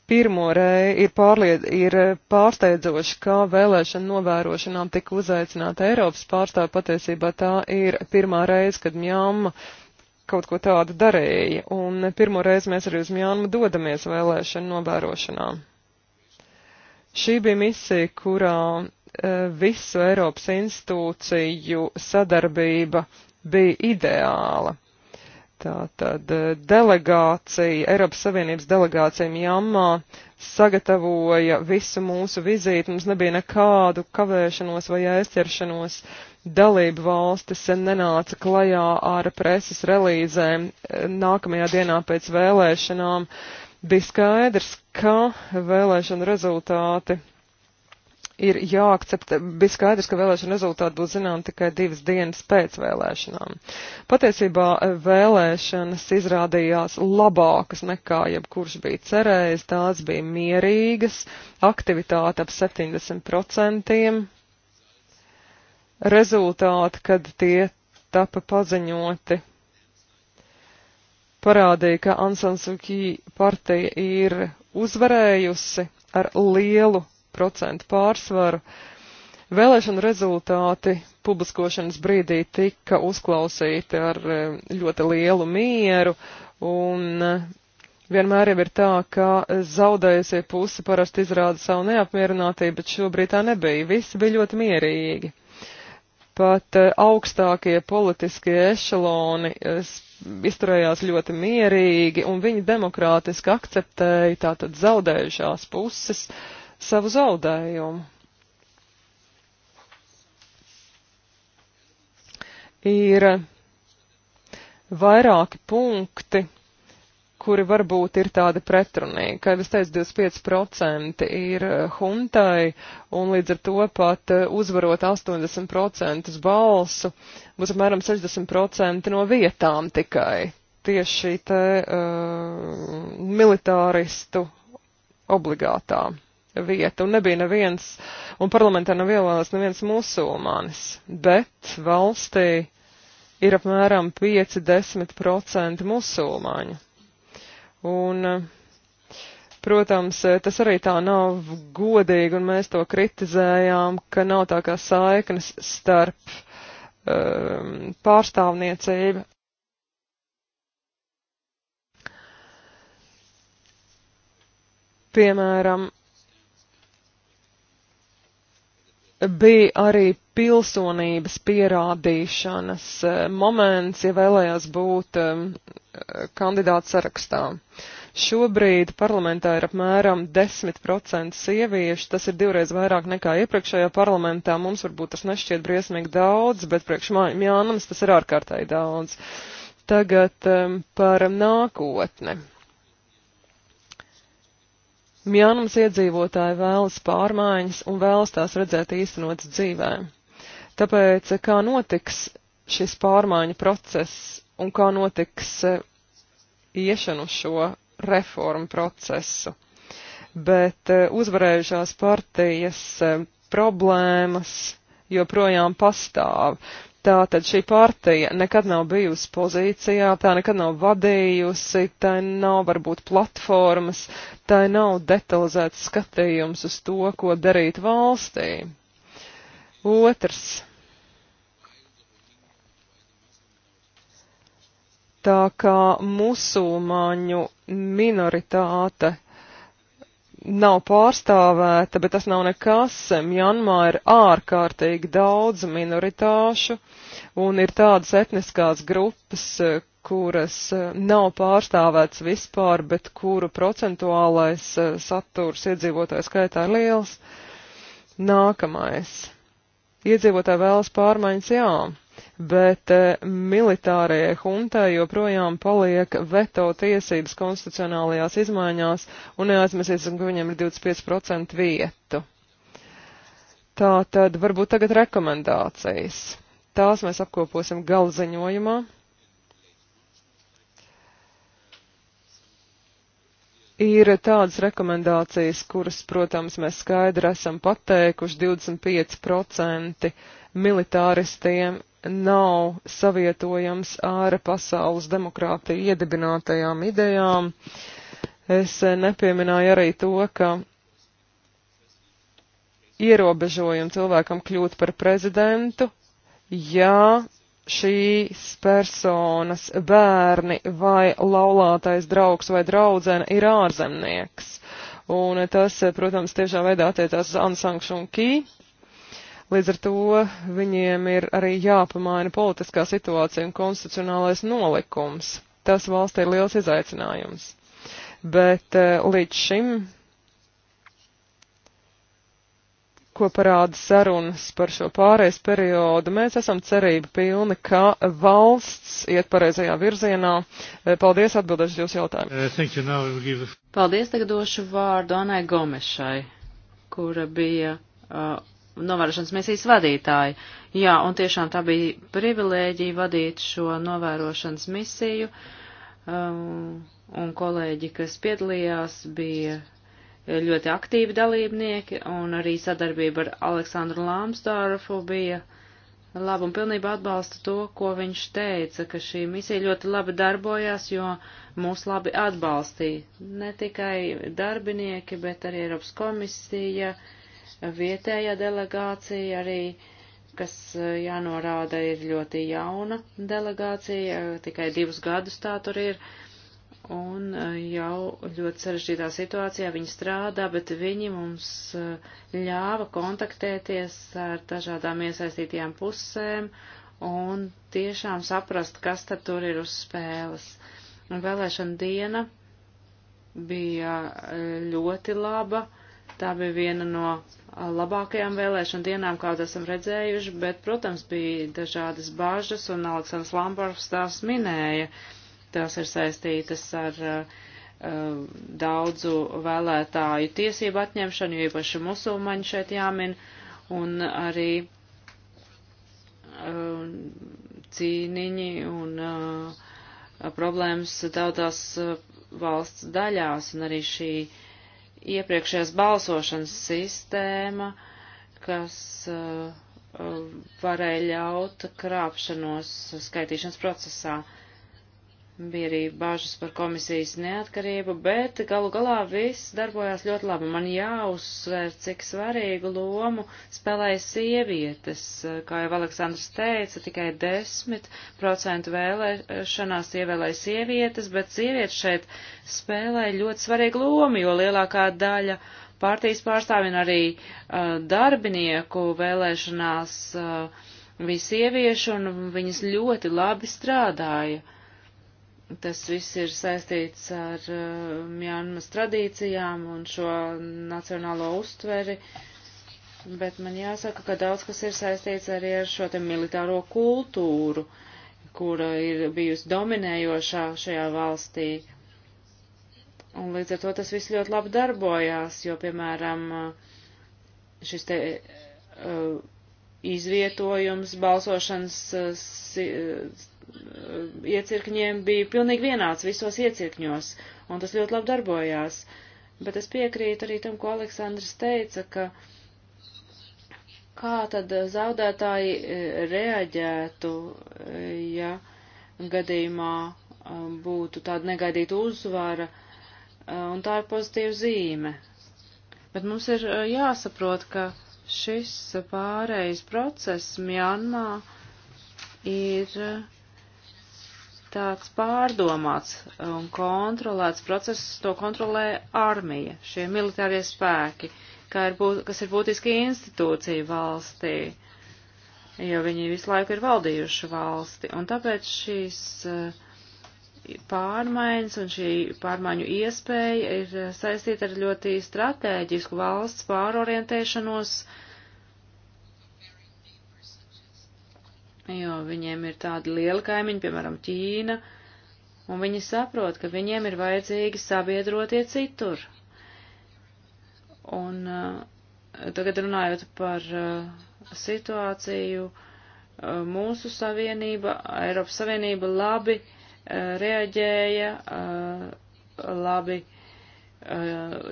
pirmo reizi ir, pārlied, ir pārsteidzoši, kā vēlēšana novērošanām tika uzaicināta Eiropas pārstāvja. Patiesībā tā ir pirmā reize, kad Mjāma uh, kaut ko tādu darīja, un pirmo reizi mēs arī uz Mjānmu dodamies vēlēšanu novērošanā. Šī bija misija, kurā e, visu Eiropas institūciju sadarbība bija ideāla. Tātad e, delegācija, Eiropas Savienības delegācija Mjānmā sagatavoja visu mūsu vizīti, mums nebija nekādu kavēšanos vai aizķeršanos. Uh, dalību valstis nenāca klajā ar preses relīzēm eh, nākamajā dienā pēc vēlēšanām, bija skaidrs, ka vēlēšana rezultāti ir jāakceptē, bija skaidrs, ka vēlēšana rezultāti būs zinām tikai divas dienas pēc vēlēšanām. Patiesībā eh, vēlēšanas izrādījās labākas nekā jebkurš bija cerējis, tās bija mierīgas, aktivitāte ap 70%, rezultāti, kad tie tapa paziņoti, parādīja, ka Ansansuki partija ir uzvarējusi ar lielu procentu pārsvaru. Vēlēšana rezultāti publiskošanas brīdī tika uzklausīti ar e, ļoti lielu mieru, un e, vienmēr jau ir tā, ka zaudējusie puse parasti izrāda savu neapmierinātību, bet šobrīd tā nebija. Visi bija ļoti mierīgi. Pat eh, augstākie politiskie ešaloni eh, izturējās ļoti mierīgi, un viņi demokrātiski akceptēja tātad zaudējušās puses savu zaudējumu. Ir vairāki punkti, kuri varbūt ir tādi pretrunīgi. Kā jau es teicu, 25% ir eh, huntai, un līdz ar to pat eh, uzvarot 80% balsu, būs apmēram 60% no vietām tikai tieši te uh, militāristu obligātā vieta, un nebija neviens, un parlamentā nav ievēlēts neviens musulmanis, bet valstī ir apmēram 5-10% musulmaņu. Un, protams, tas arī tā nav godīgi, un mēs to kritizējām, ka nav tā kā saiknes starp um, pārstāvniecību. Piemēram, bija arī pilsonības pierādīšanas e, moments, ja vēlējās būt e, kandidāts sarakstā. Šobrīd parlamentā ir apmēram 10% sieviešu, tas ir divreiz vairāk nekā iepriekšējā parlamentā. Mums varbūt tas nešķiet briesmīgi daudz, bet priekš Jānams tas ir ārkārtēji daudz. Tagad um, par nākotni. Mjānums iedzīvotāji vēlas pārmaiņas un vēlas tās redzēt īstenotas dzīvēm. Tāpēc, kā notiks šis pārmaiņu process un kā notiks eh, iešanu šo reformu procesu. Bet eh, uzvarējušās partijas eh, problēmas joprojām pastāv. Tātad šī partija nekad nav bijusi pozīcijā, tā nekad nav vadījusi, tā nav varbūt platformas, tā nav detalizēts skatījums uz to, ko darīt valstī. Otrs. Tā kā musulmaņu minoritāte nav pārstāvēta, bet tas nav nekas. Mjanmā ir ārkārtīgi daudz minoritāšu un ir tādas etniskās grupas, kuras nav pārstāvētas vispār, bet kuru procentuālais saturs iedzīvotāju skaitā ir liels. Nākamais iedzīvotāji vēlas pārmaiņas, jā, bet eh, militārajai huntai joprojām paliek veto tiesības konstitucionālajās izmaiņās un neaizmirsīsim, ka viņiem ir 25% vietu. Tā tad varbūt tagad rekomendācijas. Tās mēs apkoposim galziņojumā. ir tādas rekomendācijas, kuras, protams, mēs skaidri esam pateikuši, 25% militāristiem nav savietojams ar pasaules demokrātiju iedibinātajām idejām. Es nepieminēju arī to, ka ierobežojumu cilvēkam kļūt par prezidentu, ja šīs personas bērni vai laulātais draugs vai draudzene ir ārzemnieks. Un tas, protams, tiešā veidā attiecās uz Ansangšun Kī. Līdz ar to viņiem ir arī jāpamaina politiskā situācija un konstitucionālais nolikums. Tas valstī ir liels izaicinājums. Bet eh, līdz šim ko parāda sarunas par šo pārējais periodu, mēs esam cerība pilni, ka valsts iet pareizajā virzienā. Eh, paldies, atbildēšu jūs jautājumu. Uh, paldies, tagad došu vārdu Anai Gomešai, kura bija uh, novērošanas misijas vadītāja. Jā, un tiešām tā bija privilēģija vadīt šo novērošanas misiju. Um, un kolēģi, kas piedalījās, bija ļoti aktīvi dalībnieki, un arī sadarbība ar Aleksandru Lāmsdorfu bija laba un pilnībā atbalsta to, ko viņš teica, ka šī misija ļoti labi darbojās, jo mūs labi atbalstīja ne tikai darbinieki, bet arī Eiropas komisija, vietējā delegācija arī kas eh, jānorāda ir ļoti jauna delegācija, tikai divus gadus tā tur ir, un e, jau ļoti sarežģītā situācijā viņi strādā, bet viņi mums e, ļāva kontaktēties ar dažādām iesaistītajām pusēm un tiešām saprast, kas tad tur ir uz spēles. Un vēlēšana diena bija e, ļoti laba. Tā bija viena no labākajām vēlēšana dienām, kādu esam redzējuši, bet, protams, bija dažādas bāžas, un Aleksandrs Lambārs tās minēja. Uh, Tās ir saistītas ar uh, daudzu vēlētāju tiesību atņemšanu, jo īpaši musulmaņi šeit jāmin, un arī uh, cīniņi un uh, problēmas daudzās valsts daļās, un arī šī iepriekšējās balsošanas sistēma, kas uh, varēja ļaut krāpšanos skaitīšanas procesā. Uh, Bija arī bažas par komisijas neatkarību, bet galu galā viss darbojās ļoti labi. Man jāuzsver, cik svarīgu lomu spēlēja sievietes. Kā jau Aleksandrs teica, tikai 10% vēlēšanās ievēlēja sievietes, bet sievietes šeit spēlēja ļoti svarīgu lomu, jo lielākā daļa partijas pārstāvju un arī uh, darbinieku vēlēšanās uh, bija sieviešu, un viņas ļoti labi strādāja. Tas viss ir saistīts ar uh, Mjanmas tradīcijām un šo nacionālo uztveri, bet man jāsaka, ka daudz kas ir saistīts arī ar šo te militāro kultūru, kura ir bijusi dominējošā šajā valstī. Un līdz ar to tas viss ļoti labi darbojās, jo, piemēram, uh, šis te uh, izvietojums balsošanas uh, uh iecirkņiem bija pilnīgi vienāds visos iecirkņos, un tas ļoti labi darbojās. Bet es piekrītu arī tam, ko Aleksandrs teica, ka kā tad zaudētāji e, reaģētu, e, ja gadījumā e, būtu tāda negaidīta uzvara, un tā ir pozitīva zīme. Bet mums ir jāsaprot, ka šis pārējais process Mjanmā ir tāds pārdomāts un kontrolēts process, to kontrolē armija, šie militārie spēki, ir būt, kas ir būtiski institūcija valstī, jo viņi visu laiku ir valdījuši valsti. Un tāpēc šīs eh, pārmaiņas un šī pārmaiņu iespēja ir saistīta ar ļoti strateģisku valsts pārorientēšanos uh, jo viņiem ir tādi lieli kaimiņi, piemēram, Ķīna, un viņi saprot, ka viņiem ir vajadzīgi sabiedrotie citur. Un uh, tagad runājot par uh, situāciju, uh, mūsu savienība, Eiropas savienība labi reaģēja, labi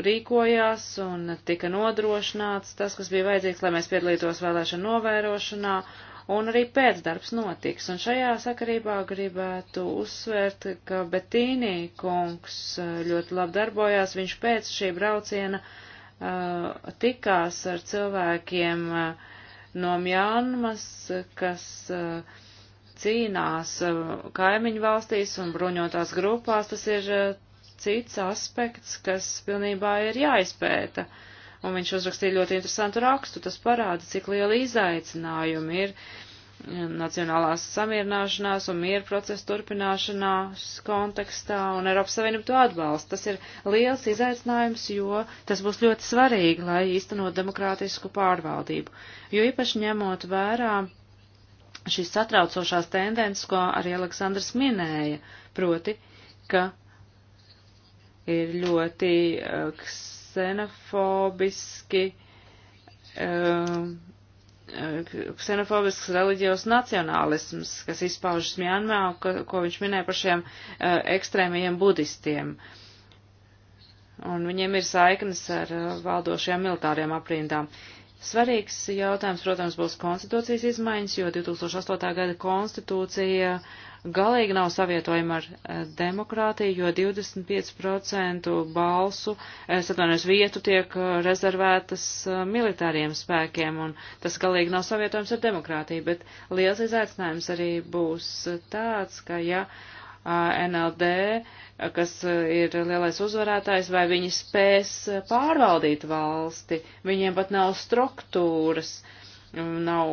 rīkojās un tika nodrošināts tas, kas bija vajadzīgs, lai mēs piedalītos vēlēšana novērošanā, uh, un arī pēcdarbs notiks. Un šajā sakarībā gribētu uzsvērt, ka Betīnī kungs eh, ļoti labi darbojās, viņš pēc šī brauciena uh, tikās ar cilvēkiem uh, no Mjānmas, kas uh, cīnās kaimiņu valstīs un bruņotās grupās. Tas ir cits aspekts, kas pilnībā ir jāizpēta. Uh, un viņš uzrakstīja ļoti interesantu rakstu. Tas parāda, cik liela izaicinājumi ir eh, nacionālās samierināšanās un mieru procesu turpināšanās kontekstā, un Eiropas Savienība to atbalsta. Tas ir liels izaicinājums, jo tas būs ļoti svarīgi, lai īstenot demokrātisku pārvaldību, jo īpaši ņemot vērā šīs satraucošās tendences, ko arī Aleksandrs minēja, proti, ka ir ļoti uh, ksenofobiski, um, ksenofobisks reliģijos nacionālisms, kas izpaužas Mjanmā, ko, ko viņš minēja par šiem uh, ekstrēmajiem budistiem. Un viņiem ir saiknes ar uh, valdošajām militāriem aprindām. Svarīgs jautājums, protams, būs konstitūcijas izmaiņas, jo 2008. gada konstitūcija uh, galīgi nav savietojama ar eh, demokrātiju, jo 25% balsu, eh, es atvainojos, vietu tiek eh, rezervētas militāriem spēkiem, un tas galīgi nav savietojams ar demokrātiju, bet liels izaicinājums arī būs tāds, ka ja NLD, kas ir lielais uzvarētājs, vai viņi spēs pārvaldīt valsti, viņiem pat nav struktūras, nav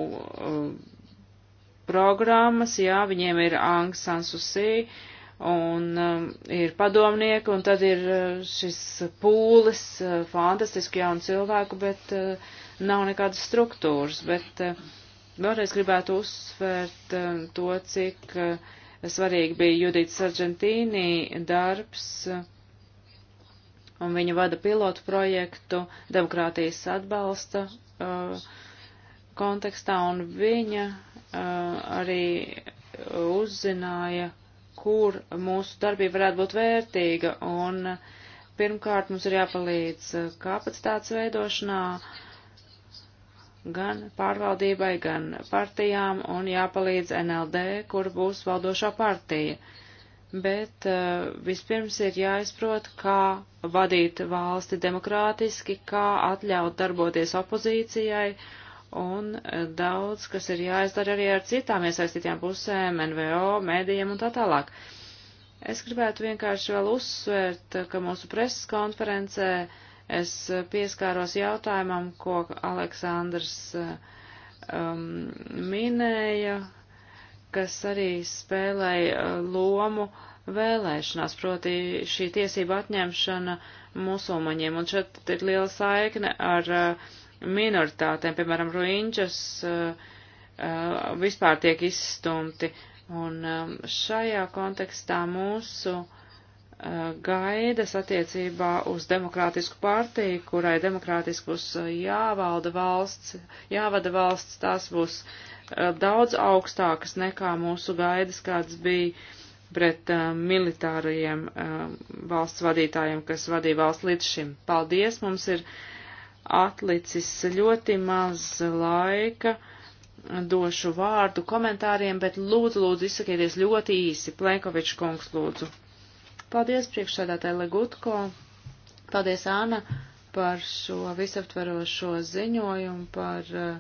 programmas, jā, viņiem ir Aung San Suu Kyi un um, ir padomnieki, un tad ir uh, šis pūlis uh, fantastiski jaunu cilvēku, bet uh, nav nekādas struktūras. Bet uh, vēlreiz gribētu uzsvērt uh, to, cik uh, svarīgi bija Judītas Argentīnī darbs. Uh, un viņa vada pilotu projektu demokrātijas atbalsta uh, kontekstā, un viņa arī uzzināja, kur mūsu darbība varētu būt vērtīga. Un pirmkārt mums ir jāpalīdz kapacitātes veidošanā gan pārvaldībai, gan partijām un jāpalīdz NLD, kur būs valdošā partija. Bet uh, vispirms ir jāizprot, kā vadīt valsti demokrātiski, kā atļaut darboties opozīcijai un e, daudz, kas ir jāizdara arī ar citām iesaistītām pusēm, NVO, mēdījiem un tā tālāk. Es gribētu vienkārši vēl uzsvērt, ka mūsu preses konferencē es pieskāros jautājumam, ko Aleksandrs e, um, minēja, kas arī spēlēja e, lomu vēlēšanās, proti šī tiesība atņemšana musulmaņiem. Un šeit ir liela saikne ar uh, minoritātēm, piemēram, ruīņķas eh, eh, vispār tiek izstumti. Un eh, šajā kontekstā mūsu gaidas attiecībā uz demokrātisku partiju, kurai demokrātiski būs jāvalda valsts, jāvada valsts, tās būs daudz augstākas nekā mūsu gaidas, kāds bija pret uh, militārajiem uh, valsts vadītājiem, kas vadīja valsts līdz šim. Paldies, mums ir atlicis ļoti maz laika. Došu vārdu komentāriem, bet lūdzu, lūdzu, izsakieties ļoti īsi. Plenkovičs kungs, lūdzu. Paldies priekšsēdētāji Legutko. Paldies, Āna, par šo visaptverošo ziņojumu, par uh,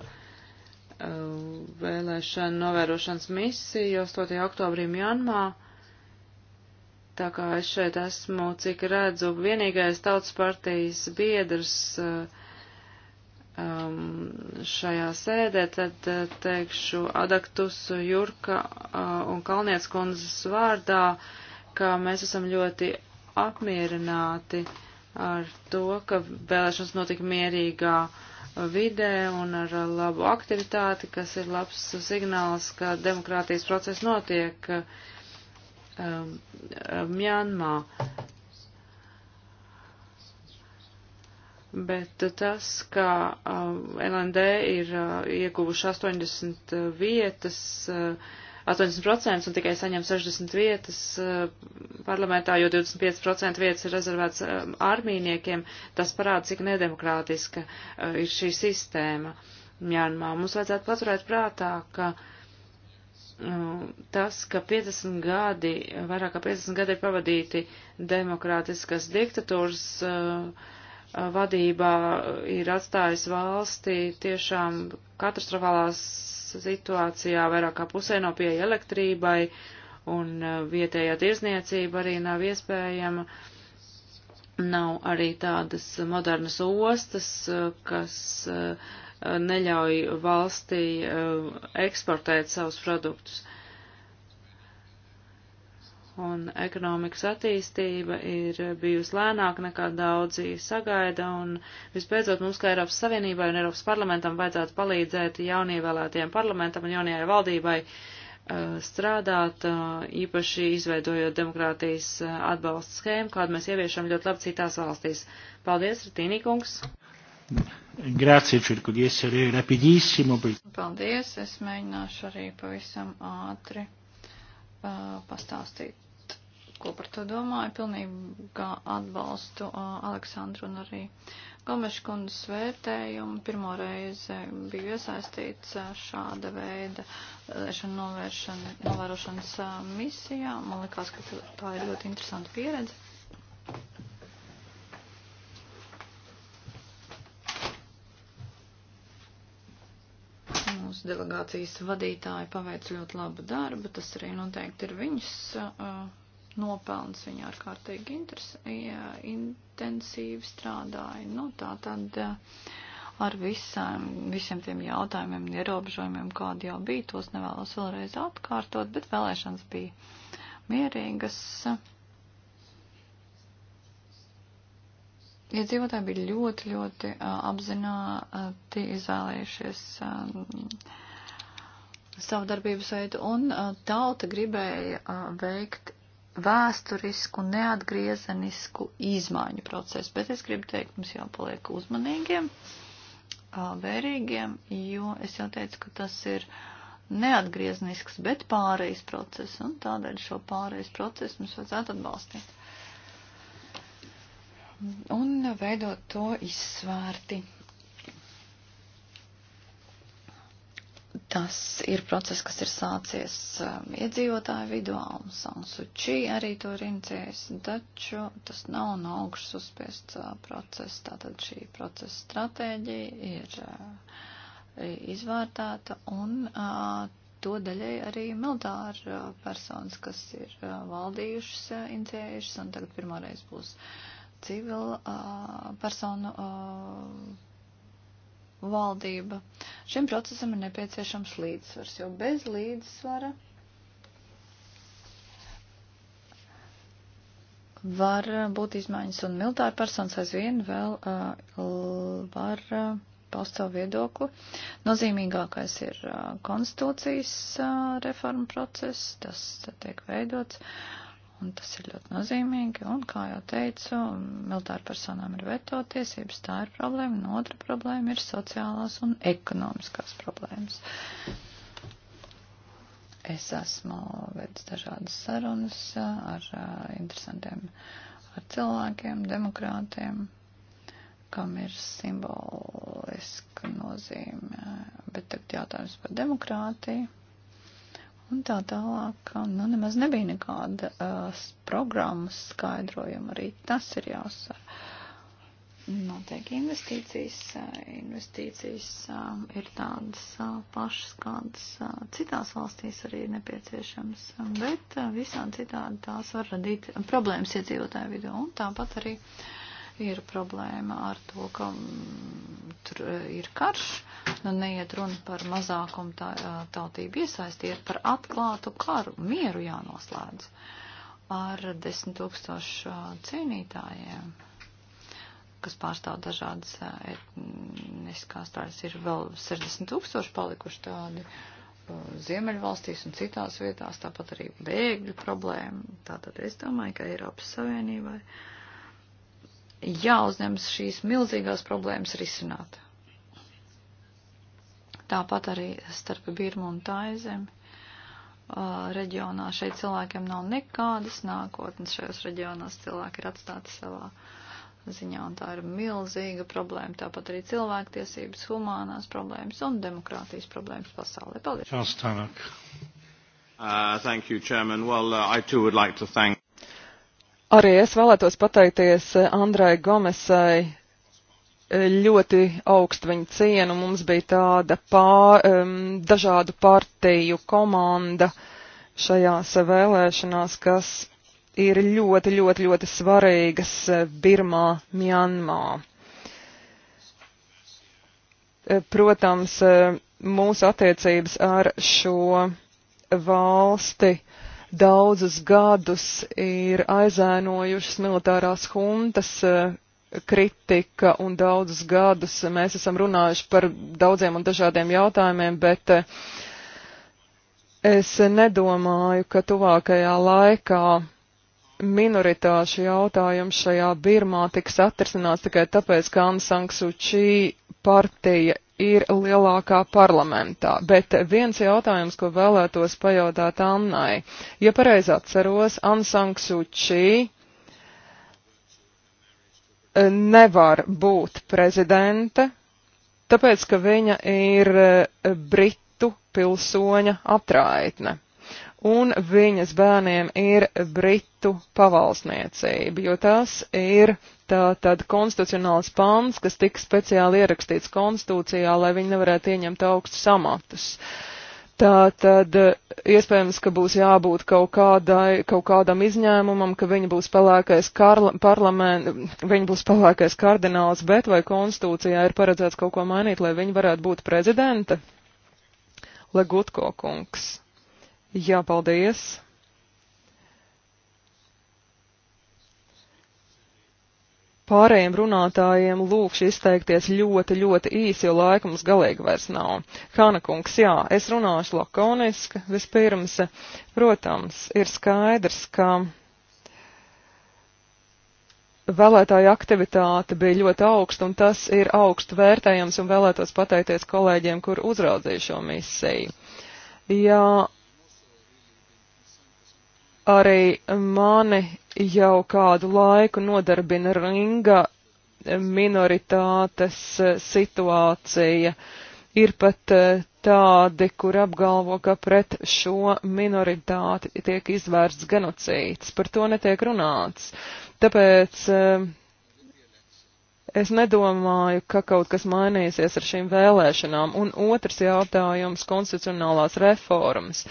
vēlēšanu novērošanas misiju 8. oktobrī Mjanmā. Tā kā es šeit esmu, cik redzu, vienīgais tautas partijas biedrs uh, um, šajā sēdē, tad uh, teikšu Adaktus, Jurka uh, un Kalniec kundzes vārdā, ka mēs esam ļoti apmierināti ar to, ka vēlēšanas notika mierīgā vidē un ar labu aktivitāti, kas ir labs signāls, ka demokrātijas process notiek um, Mjanmā. bet tas, ka uh, LND ir uh, ieguvuši 80 uh, vietas, 80% un tikai saņem 60 vietas parlamentā, jo 25% vietas ir rezervēts armīniekiem, tas parāda, cik nedemokrātiska ir šī sistēma Mjānmā. Mums vajadzētu paturēt prātā, ka tas, ka 50 gadi, vairāk kā 50 gadi ir pavadīti demokrātiskas diktatūras, uh, vadībā ir atstājis valsti tiešām katastrofālā situācijā, vairāk kā pusē nav no pieeja elektrībai, un uh, vietējā tirzniecība arī nav iespējama. Nav arī tādas modernas ostas, uh, kas uh, neļauj valstī eksportēt savus produktus un ekonomikas attīstība ir bijusi lēnāka nekā daudzi sagaida, un vispēcot mums, kā Eiropas Savienībai un Eiropas parlamentam, vajadzētu palīdzēt jaunievēlētajiem parlamentam un jaunajai valdībai uh, strādāt, uh, īpaši izveidojot demokrātijas uh, atbalsta schēmu, kādu mēs ieviešam ļoti labi citās valstīs. Paldies, Ritīnī kungs! Grazie, cerco di essere rapidissimo. Paldies, es mēģināšu arī pavisam ātri uh, pastāstīt ko par to domāju. Pilnībā atbalstu Aleksandru un arī Gomešu kundas vērtējumu. Pirmo reizi biju iesaistīts šāda veida vēlēšana novērošanas misijā. Man likās, ka tā ir ļoti interesanta pieredze. Mūsu delegācijas vadītāji paveic ļoti labu darbu, tas arī noteikti ir viņas uh, nopelns. Viņa ārkārtīgi interes, jā, intensīvi strādāja. Nu, tā tad eh, ar visām, visiem tiem jautājumiem un ierobežojumiem, kādi jau bija, tos nevēlos vēlreiz atkārtot, bet vēlēšanas bija mierīgas. Iedzīvotāji ja bija ļoti, ļoti eh, apzināti izvēlējušies eh, savu darbības veidu, un tauta gribēja veikt vēsturisku, neatgriezenisku izmaiņu procesu, bet es gribu teikt, mums jāpaliek uzmanīgiem, vērīgiem, jo es jau teicu, ka tas ir neatgriezenisks, bet pārejas process, un tādēļ šo pārejas procesu mums vajadzētu atbalstīt. Un veidot to izsvērti. Tas ir process, kas ir sācies um, iedzīvotāju vidū, un Sansuči arī to ir inicijējis, taču tas nav no augšas uzspiests uh, process, tātad šī procesa stratēģija ir uh, izvērtēta, un uh, to daļai arī militāri uh, personas, kas ir uh, valdījušas, uh, inicijējušas, un tagad pirmoreiz būs civila uh, personu. Uh, valdība. Šim procesam ir nepieciešams līdzsvars, jo bez līdzsvara var būt izmaiņas, un militāra persona aizvien vēl uh, var uh, paust savu viedokli. Nozīmīgākais ir uh, konstitūcijas uh, reforma process, tas tiek veidots. Uh, Un tas ir ļoti nozīmīgi. Un, kā jau teicu, militāra personām ir veto tiesības, tā ir problēma. Un otra problēma ir sociālās un ekonomiskās problēmas. Es esmu veids dažādas sarunas ar interesantiem ar cilvēkiem, demokrātiem, kam ir simboliska nozīme. Bet tagad jautājums par demokrātiju Un tā tālāk, nu, nemaz nebija nekāda uh, programmas skaidrojuma, arī tas ir jāuzsver. Notiek investīcijas, investīcijas uh, ir tādas uh, pašas, kādas uh, citās valstīs arī ir nepieciešams, bet uh, visām citādi tās var radīt problēmas iedzīvotāju vidū. Un tāpat arī uh, ir problēma ar to, ka mm, tur ir karš, nu neiet runa par mazākumu tā, tautību iesaistiet, par atklātu karu, mieru jānoslēdz ar desmit tūkstošu cīnītājiem kas pārstāv dažādas etniskās tādas, ir vēl 60 tūkstoši palikuši tādi Ziemeļvalstīs un citās vietās, tāpat arī bēgļu problēma. Tātad es domāju, ka Eiropas Savienībai uh, jāuzņems šīs milzīgās problēmas risināt. Tāpat arī starp Birmu un Taizemi reģionā šeit cilvēkiem nav nekādas nākotnes. Šajos reģionās cilvēki ir atstāti savā ziņā, un tā ir milzīga problēma. Tāpat arī cilvēktiesības, humānās problēmas un demokrātijas problēmas pasaulē. Paldies! Charles Tannock. Uh, thank you, Chairman. Well, uh, I too would like to thank Arī es vēlētos pateikties eh, Andrai Gomesai. Ļoti augstu viņu cienu. Mums bija tāda pār, um, dažādu partiju komanda šajās vēlēšanās, kas ir ļoti, ļoti, ļoti svarīgas eh, Birmā, Mjanmā. Eh, protams, mūsu attiecības ar šo valsti uh, daudzus gadus ir aizēnojušas militārās huntas eh, kritika un daudzus gadus mēs esam runājuši par daudziem un dažādiem jautājumiem, bet eh, es nedomāju, ka tuvākajā laikā minoritāšu jautājums šajā Birmā tiks atrisināts tikai tāpēc, ka Ansangs Učī partija ir lielākā parlamentā, bet viens jautājums, ko vēlētos pajautāt Annai. Ja pareizi atceros, Ansang Suči eh, nevar būt prezidente, tāpēc, ka viņa ir eh, Britu pilsoņa atraitne un viņas bērniem ir Britu pavalsniecība, jo tas ir tā tad konstitucionāls pants, kas tika speciāli ierakstīts konstitūcijā, lai viņi nevarētu ieņemt augstus amatus. Tā tad iespējams, ka būs jābūt kaut, kādai, kaut kādam izņēmumam, ka viņi būs pelēkais parlaments, viņi būs pelēkais kardināls, bet vai konstitūcijā ir paredzēts kaut ko mainīt, lai viņi varētu būt prezidenta? Legutko kungs. Jā, paldies. Pārējiem runātājiem lūkšu izteikties ļoti, ļoti īsi, jo laika mums galīgi vairs nav. Hānakungs, jā, es runāšu lakoniski. Vispirms, protams, ir skaidrs, ka vēlētāja aktivitāte bija ļoti augsta, un tas ir augstu vērtējams, un vēlētos pateikties kolēģiem, kur uzraudzīja šo misiju. Jā, Arī mani jau kādu laiku nodarbina ringa minoritātes eh, situācija. Ir pat eh, tādi, kur apgalvo, ka pret šo minoritāti tiek izvērsts genocīds. Par to netiek runāts. Tāpēc eh, es nedomāju, ka kaut kas mainīsies ar šīm vēlēšanām. Un otrs jautājums - konstitucionālās reformas.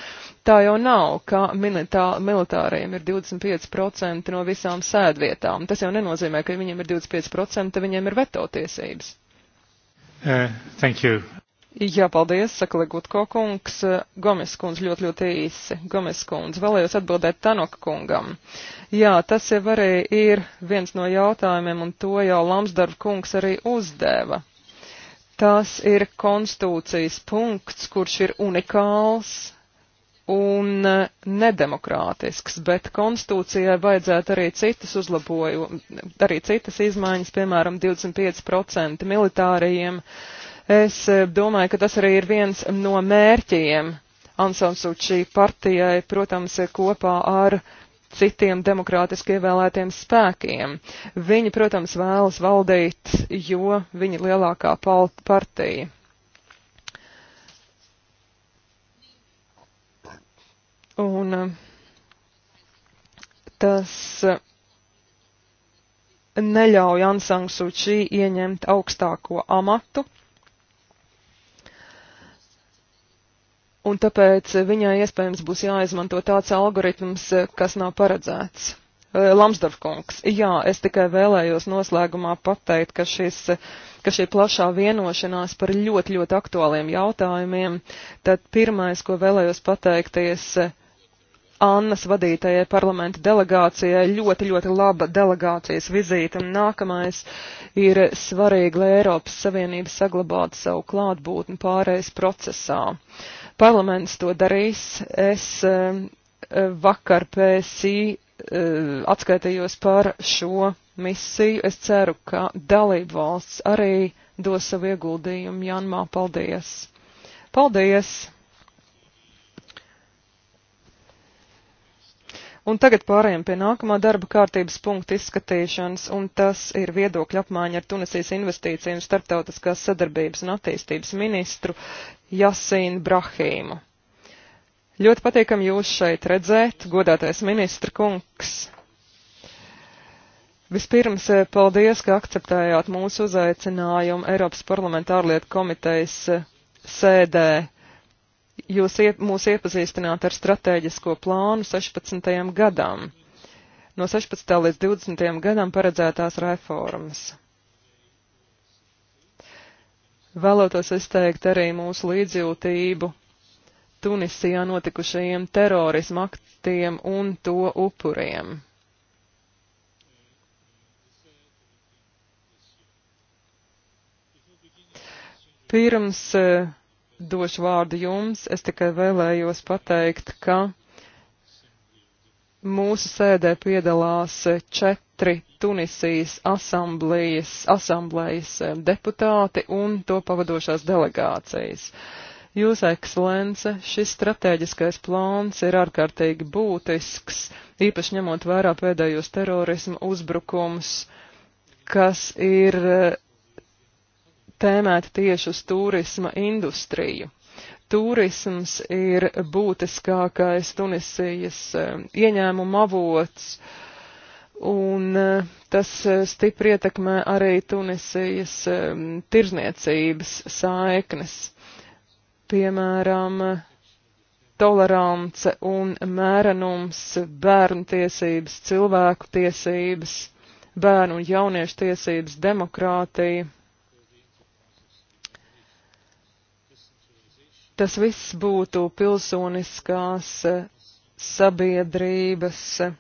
Tā jau nav, ka militā, militāriem ir 25% no visām sēdvietām. Tas jau nenozīmē, ka viņiem ir 25%, viņiem ir veto tiesības. Uh, thank you. Jā, paldies, saka Ligutko kungs. Gomes kundz ļoti, ļoti īsi. Gomes kundz, vēlējos atbildēt Tanoka kungam. Jā, tas jau arī ir viens no jautājumiem, un to jau Lamsdarba kungs arī uzdēva. Tas ir konstitūcijas punkts, kurš ir unikāls un e, nedemokrātisks, bet konstitūcijai vajadzētu arī citas uzlaboju, arī citas izmaiņas, piemēram, 25% militārajiem. Es e, domāju, ka tas arī ir viens no mērķiem Ansonsučī partijai, protams, e, kopā ar citiem demokrātiski ievēlētiem spēkiem. Viņi, protams, vēlas valdīt, jo viņi lielākā partija. Un eh, tas eh, neļauj Ansang Suči ieņemt augstāko amatu, un tāpēc eh, viņai iespējams būs jāizmanto tāds algoritms, kas nav paredzēts. Lamsdorfkungs, jā, es tikai vēlējos noslēgumā pateikt, ka, šis, ka šī plašā vienošanās par ļoti, ļoti aktuāliem jautājumiem, tad pirmais, ko vēlējos pateikties, ir Annas vadītajai parlamenta delegācijai ļoti, ļoti laba delegācijas vizīte. Un nākamais ir svarīgi, lai Eiropas Savienība saglabātu savu klātbūtni pārējais procesā. Parlaments to darīs. Es eh, vakar PSI eh, atskaitījos par šo misiju. Es ceru, ka dalību valsts arī dos savu ieguldījumu. Janmā, paldies! Paldies! Un tagad pārējām pie nākamā darba kārtības punkta izskatīšanas, un tas ir viedokļa apmaiņa ar Tunisijas investīciju un starptautiskās sadarbības un attīstības ministru Jasīnu Brahīmu. Ļoti patīkam jūs šeit redzēt, godātais ministra kungs. Vispirms, eh, paldies, ka akceptējāt mūsu uzaicinājumu Eiropas parlamenta ārlietu komitejas eh, sēdē jūs iep, mūs iepazīstināt ar strateģisko plānu 16. gadam, no 16. līdz 20. gadam paredzētās reformas. Vēlētos izteikt arī mūsu līdzjūtību Tunisijā notikušajiem terorismu aktiem un to upuriem. Pirms uh, došu vārdu jums. Es tikai vēlējos pateikt, ka mūsu sēdē piedalās četri Tunisijas asamblējas, asamblējas deputāti un to pavadošās delegācijas. Jūs, ekscelence, šis strateģiskais plāns ir ārkārtīgi būtisks, īpaši ņemot vērā pēdējos terorismu uzbrukums, kas ir tēmēta tieši uz turisma industriju. Turisms ir būtiskākais Tunisijas eh, ieņēmuma avots, un eh, tas eh, stipri ietekmē arī Tunisijas tirzniecības saiknes. Piemēram, tolerance un mērenums, bērnu tiesības, cilvēku tiesības, bērnu un jauniešu tiesības, demokrātija. tas viss būtu pilsoniskās eh, sabiedrības eh,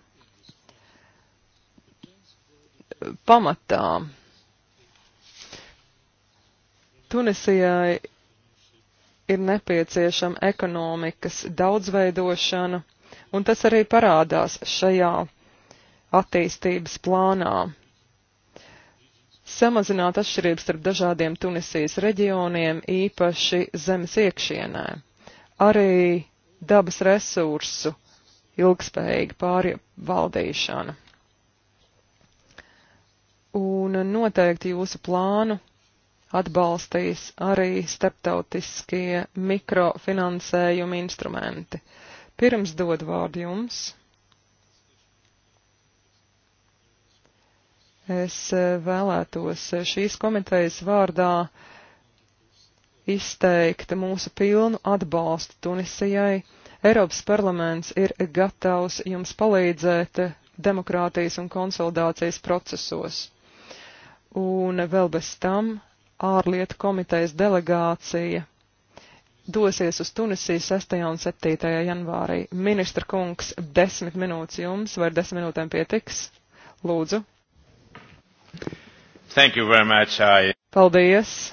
pamatā. Tunisijai ir nepieciešama ekonomikas daudzveidošana, un tas arī parādās šajā attīstības plānā samazināt atšķirības starp dažādiem Tunisijas reģioniem, īpaši zemes iekšienē. Arī dabas resursu ilgspējīga pārvaldīšana. Un noteikti jūsu plānu atbalstīs arī starptautiskie mikrofinansējuma instrumenti. Pirms dod vārdu jums. Es eh, vēlētos eh, šīs komitejas vārdā izteikt mūsu pilnu atbalstu Tunisijai. Eiropas parlaments ir gatavs jums palīdzēt eh, demokrātijas un konsolidācijas procesos. Un vēl bez tam ārlietu komitejas delegācija dosies uz Tunisiju 6. un 7. janvārī. Ministra kungs, desmit minūtes jums, vai desmit minūtēm pietiks? Lūdzu. Thank you very much. I... Paldies.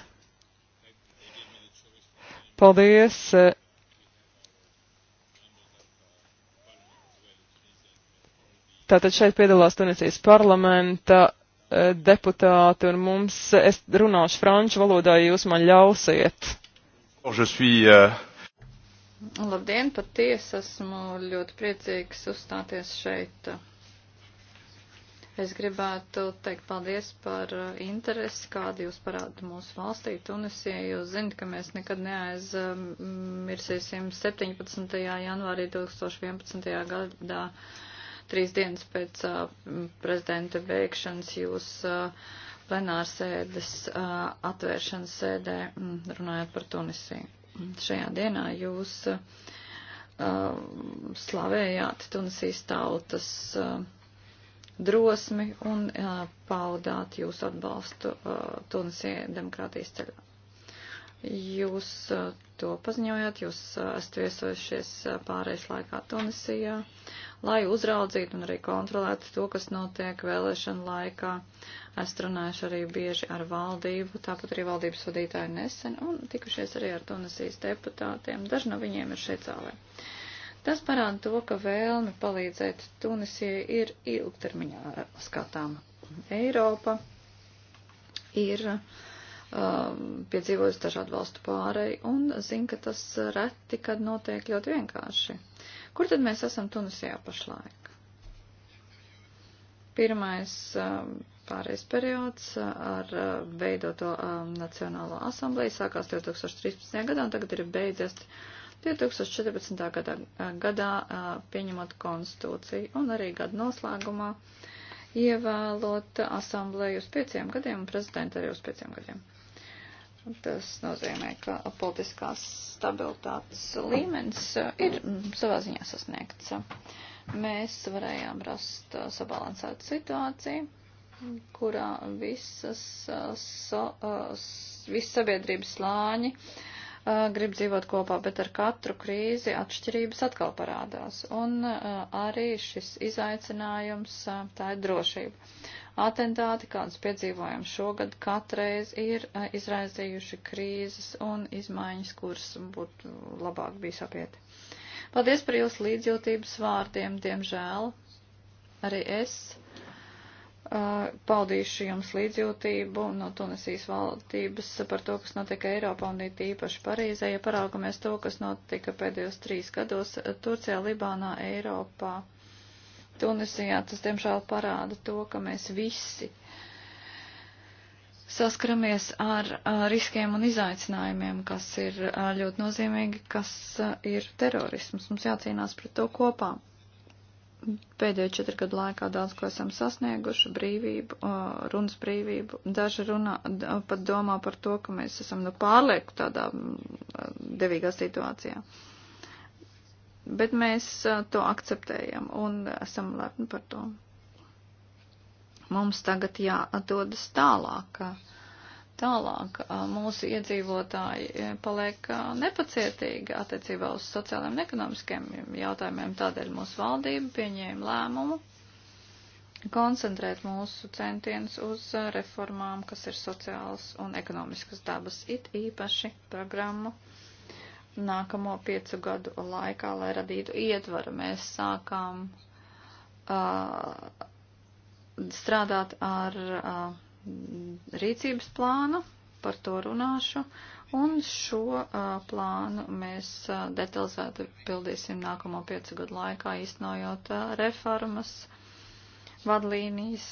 Paldies. Eh, Tātad šeit piedalās Tunisijas parlamenta eh, deputāti un mums, eh, es runāšu franču valodā, ja jūs man ļausiet. Oh, suis, uh... Labdien, patiesi esmu ļoti priecīgs uzstāties šeit Es gribētu teikt paldies par uh, interesi, kādu jūs parādāt mūsu valstī, Tunisijai. Jūs zinat, ka mēs nekad neaizmirsīsim 17. janvārī 2011. gadā, trīs dienas pēc uh, prezidenta beigšanas, jūs uh, plenārsēdes atvēršanas sēdē mm, runājot par Tunisiju. Šajā dienā jūs slavēja Tunisijas tautas uh, drosmi un uh, paudāt jūsu atbalstu uh, Tunisie demokrātijas ceļā. Jūs uh, to paziņojāt, jūs uh, esat viesojušies uh, pārējais laikā Tunisijā, lai uzraudzītu un arī kontrolētu to, kas notiek vēlēšana laikā. Esat runājuši arī bieži ar valdību, tāpat arī valdības vadītāju nesen, un tikušies arī ar Tunisijas deputātiem. Daži no viņiem ir šeit zālē. Uh, Tas parāda to, ka vēlme palīdzēt Tunisijai ir ilgtermiņā skatāma. Eiropa ir um, piedzīvojusi dažādu valstu pārēju un zina, ka tas reti, kad notiek ļoti vienkārši. Kur tad mēs esam Tunisijā pašlaik? Pirmais um, pārējais periods ar um, veidoto um, Nacionālo asambleju sākās 2013. gadā un tagad ir beidzies. Uh, 2014. gadā, gadā pieņemot konstitūciju un arī gada noslēgumā ievēlot asamblēju uz pieciem gadiem un prezidentu arī uz pieciem gadiem. Tas nozīmē, ka politiskās stabilitātes līmenis ir savā ziņā sasniegts. Mēs varējām rast sabalansētu situāciju, kurā visas, so, visas sabiedrības slāņi uh, Uh, grib dzīvot kopā, bet ar katru krīzi atšķirības atkal parādās. Un uh, arī šis izaicinājums, uh, tā ir drošība. Atentāti, kādus piedzīvojam šogad, katreiz ir izraisījuši krīzes un izmaiņas, kuras būtu labāk bijis apiet. Paldies par jūsu līdzjūtības vārdiem, diemžēl. Arī es Uh, Paldīšu jums līdzjūtību no Tunisijas valdības par to, kas notika Eiropā un it īpaši Parīzē. Ja paraugamies to, kas notika pēdējos trīs gados Turcijā, Libānā, Eiropā, Tunisijā, tas diemžēl parāda to, ka mēs visi saskaramies ar riskiem un izaicinājumiem, kas ir uh, ļoti nozīmīgi, kas uh, ir terorisms. Mums jācīnās pret to kopā pēdējo četru gadu laikā daudz ko esam sasnieguši, brīvību, runas brīvību. Daži runā, pat domā par to, ka mēs esam nu pārlieku tādā devīgā situācijā. Bet mēs to akceptējam un esam lepni par to. Mums tagad jādodas tālāk. Ka Tālāk mūsu iedzīvotāji paliek nepacietīgi attiecībā uz sociālajiem un ekonomiskiem jautājumiem. Tādēļ mūsu valdība pieņēma lēmumu koncentrēt mūsu centienus uz reformām, kas ir sociālas un ekonomiskas dabas, it īpaši programmu nākamo piecu gadu laikā, lai radītu ietvaru. Mēs sākām uh, strādāt ar. Uh, Mm, rīcības plānu, par to runāšu, un šo plānu mēs detalizēti pildīsim nākamo piecu gadu laikā, īstenojot reformas, vadlīnijas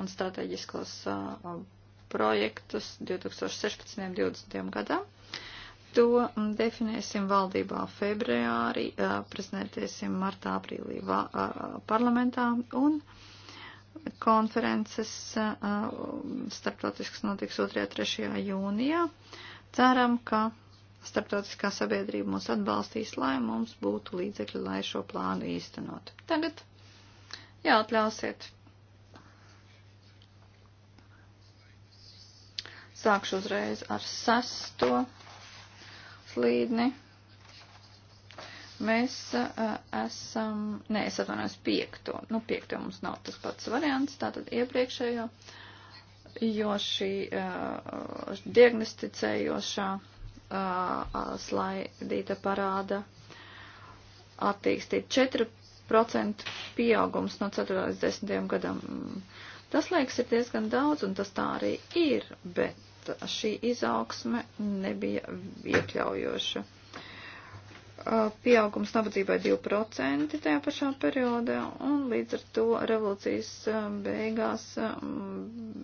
un strateģiskos projektus 2016. un 2020. gadam. To mm, definēsim valdībā februārī, prezentēsim martā, aprīlī parlamentā un. Uh, konferences starptautiskas notiks 2.3. jūnijā. Ceram, ka starptautiskā sabiedrība mūs atbalstīs, lai mums būtu līdzekļi, lai šo plānu īstenot. Tagad jāatļausiet. Sākšu uzreiz ar sesto slīdni. Mēs uh, esam, nē, es atvainojos piekto, nu piekto mums nav tas pats variants, tātad iepriekšējo, jo šī uh, diagnosticējošā uh, slaidīta parāda attīstīt 4% pieaugums no 4. līdz 10. gadam. Tas liekas ir diezgan daudz, un tas tā arī ir, bet šī izaugsme nebija iekļaujoša Uh, pieaugums nabadzībai 2% tajā pašā periodā, un līdz ar to revolūcijas um, beigās um,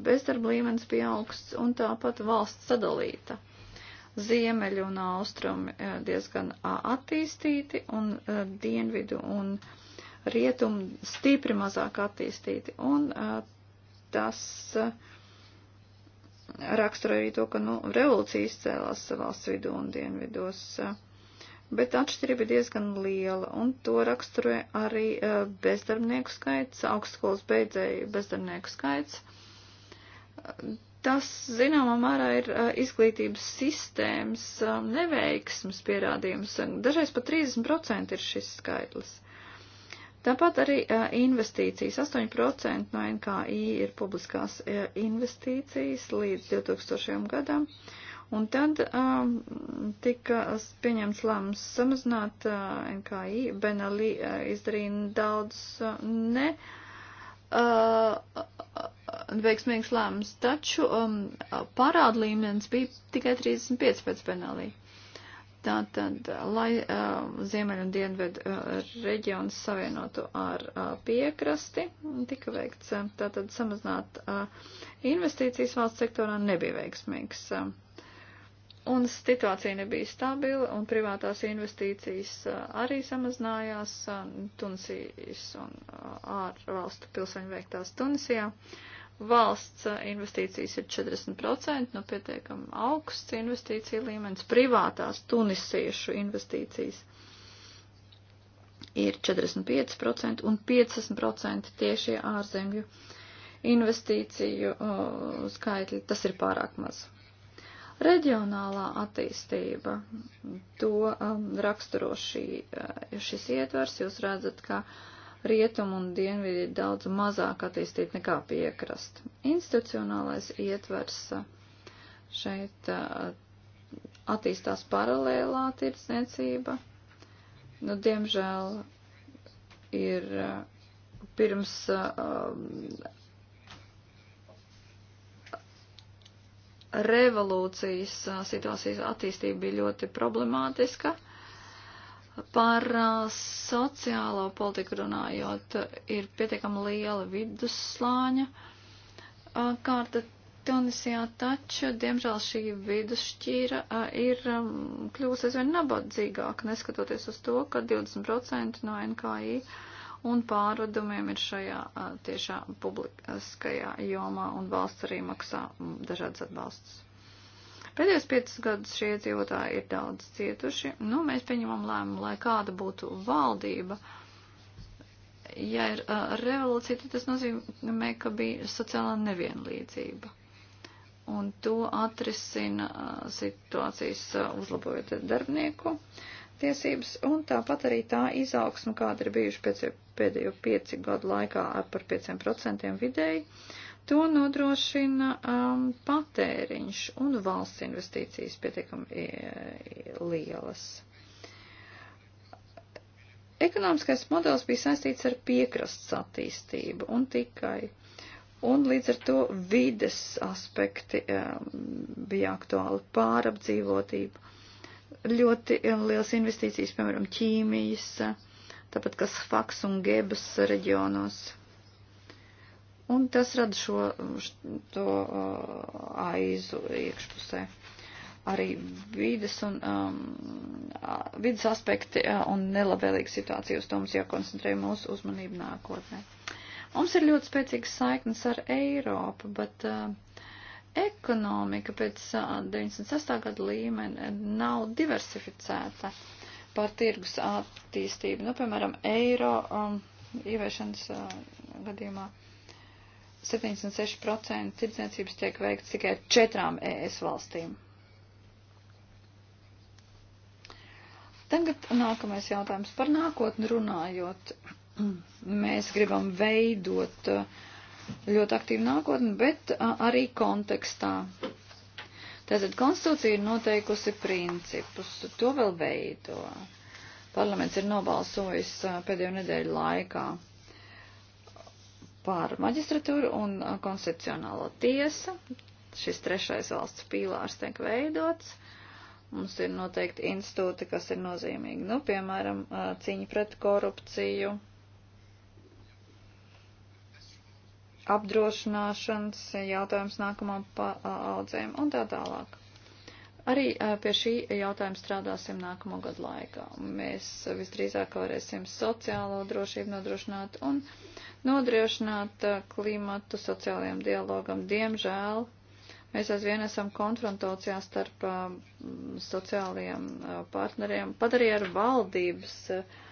bezdarba līmenis pieaugsts un tāpat valsts sadalīta. Ziemeļi un austrumi uh, diezgan uh, attīstīti, un dienvidu un rietumu stipri mazāk attīstīti. Un tas raksturo arī to, ka nu, revolūcija izcēlās valsts vidū un dienvidos. Uh, bet atšķirība ir diezgan liela, un to raksturē arī e, bezdarbnieku skaits, augstskolas beidzēju bezdarbnieku skaits. Tas, zināmā mērā, ir e, izglītības sistēmas e, neveiksmes pierādījums. Dažreiz pat 30% ir šis skaitlis. Tāpat arī investīcijas. 8% no NKI ir publiskās investīcijas līdz 2000. gadam, Un tad um, tika pieņemts lēmums samazināt uh, NKI. Benali uh, izdarīja daudz uh, ne uh, veiksmīgs lēmums, taču um, parāda līmenis bija tikai 35 pēc Benali. Tātad, lai uh, ziemeļu un dienvedu uh, reģionus savienotu ar uh, piekrasti, tika veikts, uh, tātad samazināt uh, investīcijas valsts sektorā nebija veiksmīgs. Uh, Un situācija nebija stabila, un privātās investīcijas arī samazinājās Tunisijas un ārvalstu pilsēņu veiktās Tunisijā. Valsts investīcijas ir 40%, nu pietiekam augsts investīcija līmenis, privātās tunisiešu investīcijas ir 45% un 50% tieši ārzemju investīciju uh, skaitļi, tas ir pārāk maz. Reģionālā attīstība, to um, raksturo šī, uh, šis ietvers, jūs redzat, ka rietumu un dienvidi ir daudz mazāk attīstīti nekā piekrast. Institucionālais ietvers uh, šeit uh, attīstās paralēlā tirdzniecība. Nu, diemžēl ir uh, pirms uh, revolūcijas situācijas attīstība bija ļoti problemātiska. Par sociālo politiku runājot, ir pietiekami liela vidusslāņa kārta Tunisijā, taču, diemžēl, šī vidusšķīra ir kļūst aizvien nabadzīgāka, neskatoties uz to, ka 20% no NKI uh, un pārvedumiem ir šajā tiešā publiskajā jomā, un valsts arī maksā dažādas atbalstus. Pēdējos piecus gadus šie iedzīvotāji ir daudz cietuši. Nu, mēs pieņemam lēmumu, lai kāda būtu valdība. Ja ir uh, revolūcija, tad tas nozīmē, ka bija sociālā nevienlīdzība. Un to atrisina uh, situācijas uh, uzlabojot darbnieku. Uh, tiesības, un tāpat arī tā izaugsme, kāda ir bijuši pēc, pēdējo pieci gadu laikā par 5% vidēji, to nodrošina um, patēriņš un valsts investīcijas pietiekami e, lielas. Ekonomiskais modelis bija saistīts ar piekrasts attīstību un tikai. Un līdz ar to vides aspekti um, bija aktuāli pārapdzīvotība ļoti eh, liels investīcijas, piemēram, ķīmijas, tāpat kas Faks un Gebas reģionos. Un tas rada šo, šo eh, aizu iekšpusē. Arī vides, un, um, vides aspekti eh, un nelabvēlīga situācija uz to mums jākoncentrē mūsu uzmanību nākotnē. Mums ir ļoti spēcīgas saiknes ar Eiropu, bet uh, ekonomika pēc 96. gada līmeni nav diversificēta par tirgus attīstību. Nu, piemēram, eiro um, ieviešanas uh, gadījumā 76% tirdzniecības tiek veikts tikai četrām ES valstīm. Tagad nākamais jautājums par nākotni runājot. Mēs gribam veidot uh, ļoti aktīvu nākotni, bet arī kontekstā. Tātad konstitūcija ir noteikusi principus, to vēl veido. Parlaments ir nobalsojis pēdējo nedēļu laikā par maģistratūru un konstitucionālo tiesu. Šis trešais valsts pīlārs tiek veidots. Mums ir noteikti institūti, kas ir nozīmīgi. Nu, piemēram, cīņa pret korupciju, apdrošināšanas jautājums nākamām paudzēm un tā tālāk. Arī pie šī jautājuma strādāsim nākamo gadu laikā. Mēs visdrīzāk varēsim sociālo drošību nodrošināt un nodrošināt klimatu sociālajiem dialogam. Diemžēl mēs aizvien esam konfrontācijā starp sociālajiem partneriem, pat arī ar valdības uh,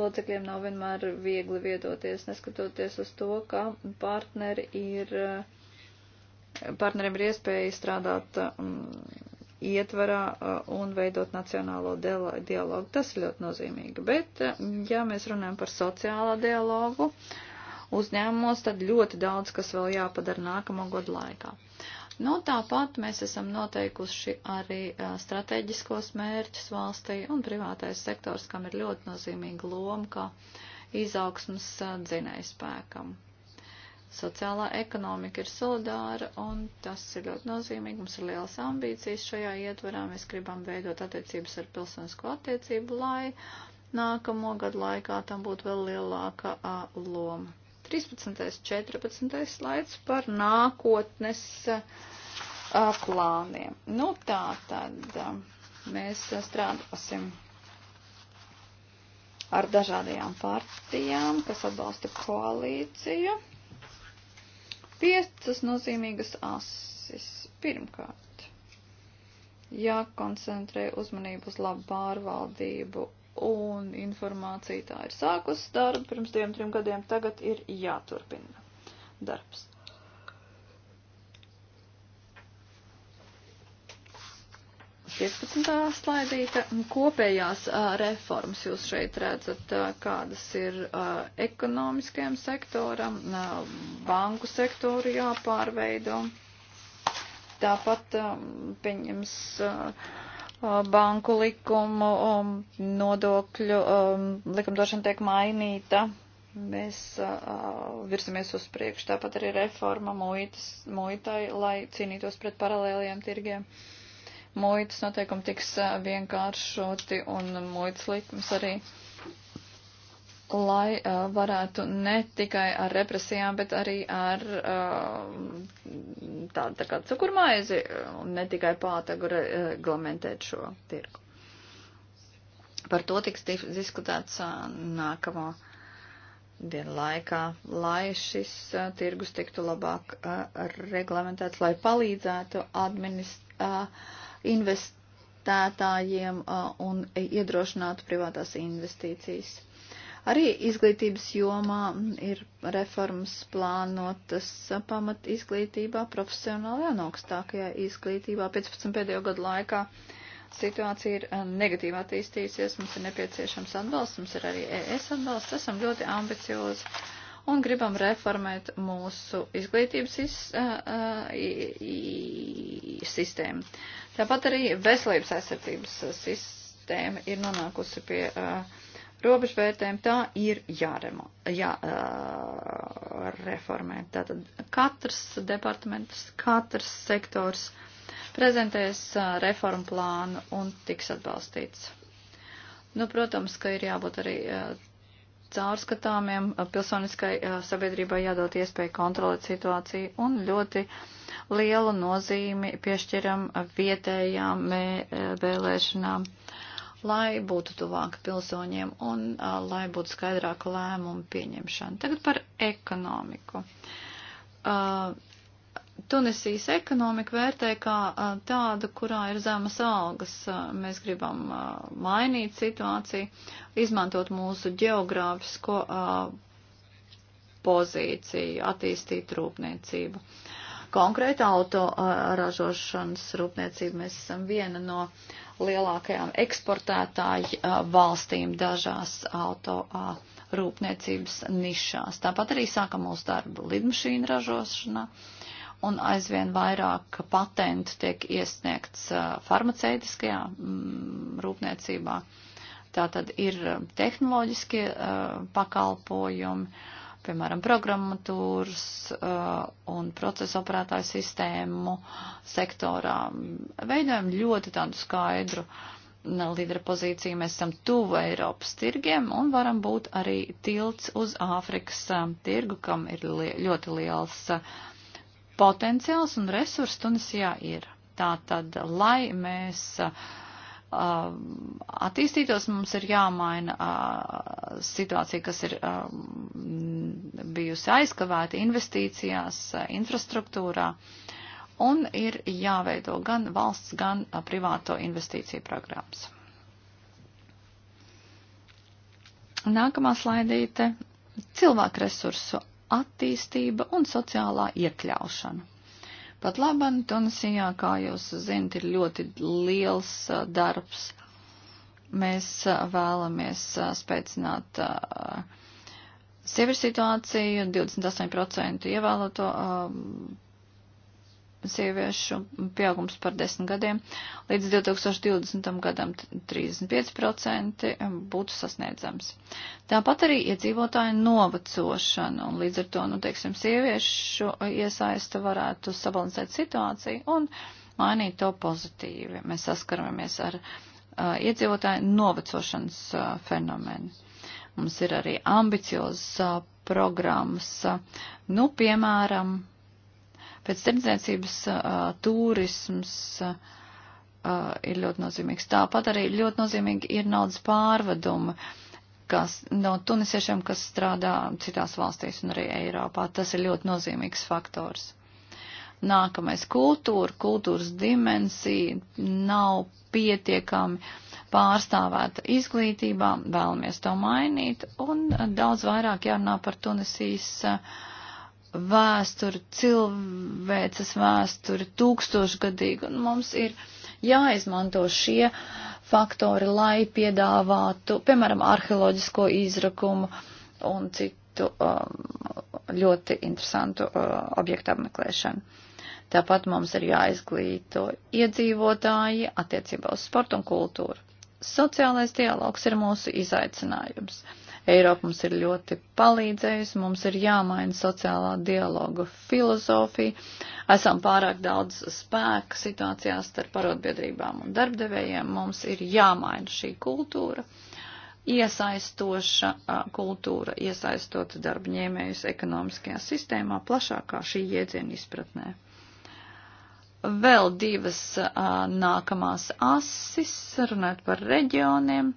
locekļiem nav vienmēr viegli viedoties, neskatoties uz to, ka partneri ir, partneriem ir iespēja strādāt mm, ietvarā eh, un veidot nacionālo dialogu. Tas ir ļoti nozīmīgi. Bet, eh, ja mēs runājam par sociālo dialogu uzņēmumos, tad ļoti daudz, kas vēl jāpadara nākamo gadu laikā. Nu, tāpat mēs esam noteikuši arī strateģiskos mērķus valstī un privātais sektors, kam ir ļoti nozīmīga loma, kā izaugsmas dzinējspēkam. Sociālā ekonomika ir solidāra, un tas ir ļoti nozīmīgi. Mums ir lielas ambīcijas šajā ietvarā. Mēs gribam veidot attiecības ar pilsonisko attiecību, lai nākamo gadu laikā tam būtu vēl lielāka a, loma. 13. 14. slaids par nākotnes plāniem. Nu tā tad mēs strādāsim ar dažādajām partijām, kas atbalsta koalīciju. Piecas nozīmīgas asis. Pirmkārt, jākoncentrē uzmanību uz labu pārvaldību un informācija tā ir sākus darbu pirms diviem, trim gadiem, tagad ir jāturpina darbs. Piecpadsmitā slaidīta kopējās a, reformas jūs šeit redzat, a, kādas ir a, ekonomiskajam sektoram, a, banku sektoru jāpārveido. Tāpat a, pieņems. A, banku likumu, nodokļu likumdošana tiek mainīta. Mēs virsamies uz priekšu, tāpat arī reforma muitas, muitai, lai cīnītos pret paralēliem tirgiem. Muitas noteikumi tiks vienkāršoti un muitas likums arī uh, lai uh, varētu ne tikai ar represijām, bet arī ar uh, tādu tā kā cukurmaizi un ne tikai pātagu reglamentēt šo tirgu. Par to tiks diskutēts uh, nākamo dienu laikā, lai šis uh, tirgus tiktu labāk uh, reglamentēts, lai palīdzētu administ, uh, investētājiem uh, un iedrošinātu privātās investīcijas Arī izglītības jomā ir reformas plānotas pamat izglītībā, profesionālajā un augstākajā izglītībā. 15 pēdējo gadu laikā situācija ir eh, negatīvi attīstījusies, mums ir nepieciešams atbalsts, mums ir arī ES atbalsts, esam ļoti ambiciozi un gribam reformēt mūsu izglītības is, uh, eh, uh, eh, sistēmu. Tāpat arī veselības aizsardzības sistēma ir nonākusi pie uh, robežvērtēm, tā ir jāremo, jāreformē. Uh, Tātad katrs departaments, katrs sektors prezentēs uh, reformu plānu un tiks atbalstīts. Nu, protams, ka ir jābūt arī uh, caurskatāmiem, pilsoniskai sabiedrībai jādod iespēju kontrolēt situāciju un ļoti lielu nozīmi piešķiram vietējām vēlēšanām. Mē, lai būtu tuvāk pilsoņiem un uh, lai būtu skaidrāka lēmuma pieņemšana. Tagad par ekonomiku. Uh, Tunisijas ekonomika vērtē kā uh, tādu, kurā ir zemas algas. Uh, mēs gribam uh, mainīt situāciju, izmantot mūsu geogrāfisko uh, pozīciju, attīstīt rūpniecību. Konkrēta auto uh, ražošanas rūpniecība mēs esam viena no uh, lielākajām eksportētāju valstīm dažās auto rūpniecības nišās. Tāpat arī sākam mūsu darbu lidmašīnu ražošanā un aizvien vairāk patentu tiek iesniegts farmaceitiskajā mm, rūpniecībā. Tātad ir tehnoloģiskie pakalpojumi piemēram, programmatūras uh, un procesa operētāju sistēmu sektorā. Veidojam ļoti tādu skaidru mm, līdera pozīciju. Mēs esam tuvu Eiropas tirgiem un varam būt arī tilts uz Āfrikas uh, tirgu, kam ir li ļoti liels uh, potenciāls un resurs Tunisijā ir. Tātad, lai mēs uh, Um, attīstītos, mums ir jāmaina uh, situācija, kas ir um, bijusi aizkavēta investīcijās, uh, infrastruktūrā, un ir jāveido gan valsts, gan uh, privāto investīciju programmas. Nākamā slaidīte - cilvēku resursu attīstība un sociālā iekļaušana. Pat labam Tunisijā, kā jūs zinat, ir ļoti liels darbs. Mēs vēlamies spēcināt sieviešu situāciju, 28% ievēloto sieviešu pieaugums par desmit gadiem. Līdz 2020. gadam 35% būtu sasniedzams. Tāpat arī iedzīvotāju novecošana un līdz ar to, nu, teiksim, sieviešu iesaista varētu sabalansēt situāciju un mainīt to pozitīvi. Mēs saskaramies ar uh, iedzīvotāju novecošanas uh, fenomenu. Mums ir arī ambiciozas uh, programmas, uh, nu, piemēram, Pēc tirdzniecības turisms ir ļoti nozīmīgs. Tāpat arī ļoti nozīmīgi ir naudas pārvadumi kas, no tunisiešiem, kas strādā citās valstīs un arī Eiropā. Tas ir ļoti nozīmīgs faktors. Nākamais - kultūra, kultūras dimensija nav pietiekami pārstāvēta izglītībā, vēlamies to mainīt, un daudz vairāk jārunā par Tunisijas uh, vēsturi, cilvēces vēsturi, tūkstošgadīgi, un mums ir jāizmanto šie faktori, lai piedāvātu, piemēram, arheoloģisko izrakumu un citu um, ļoti interesantu uh, objektu apmeklēšanu. Tāpat mums ir jāizglīto iedzīvotāji attiecībā uz sportu un kultūru. Sociālais dialogs ir mūsu izaicinājums. Uh, Eiropa mums ir ļoti palīdzējusi, mums ir jāmaina sociālā dialoga filozofija. Esam pārāk daudz spēka situācijās starp parotbiedrībām un darbdevējiem. Mums ir jāmaina šī kultūra, iesaistoša kultūra, iesaistot darbņēmējus ekonomiskajā sistēmā plašākā šī jēdziena izpratnē vēl divas a, nākamās asis, runāt par reģioniem.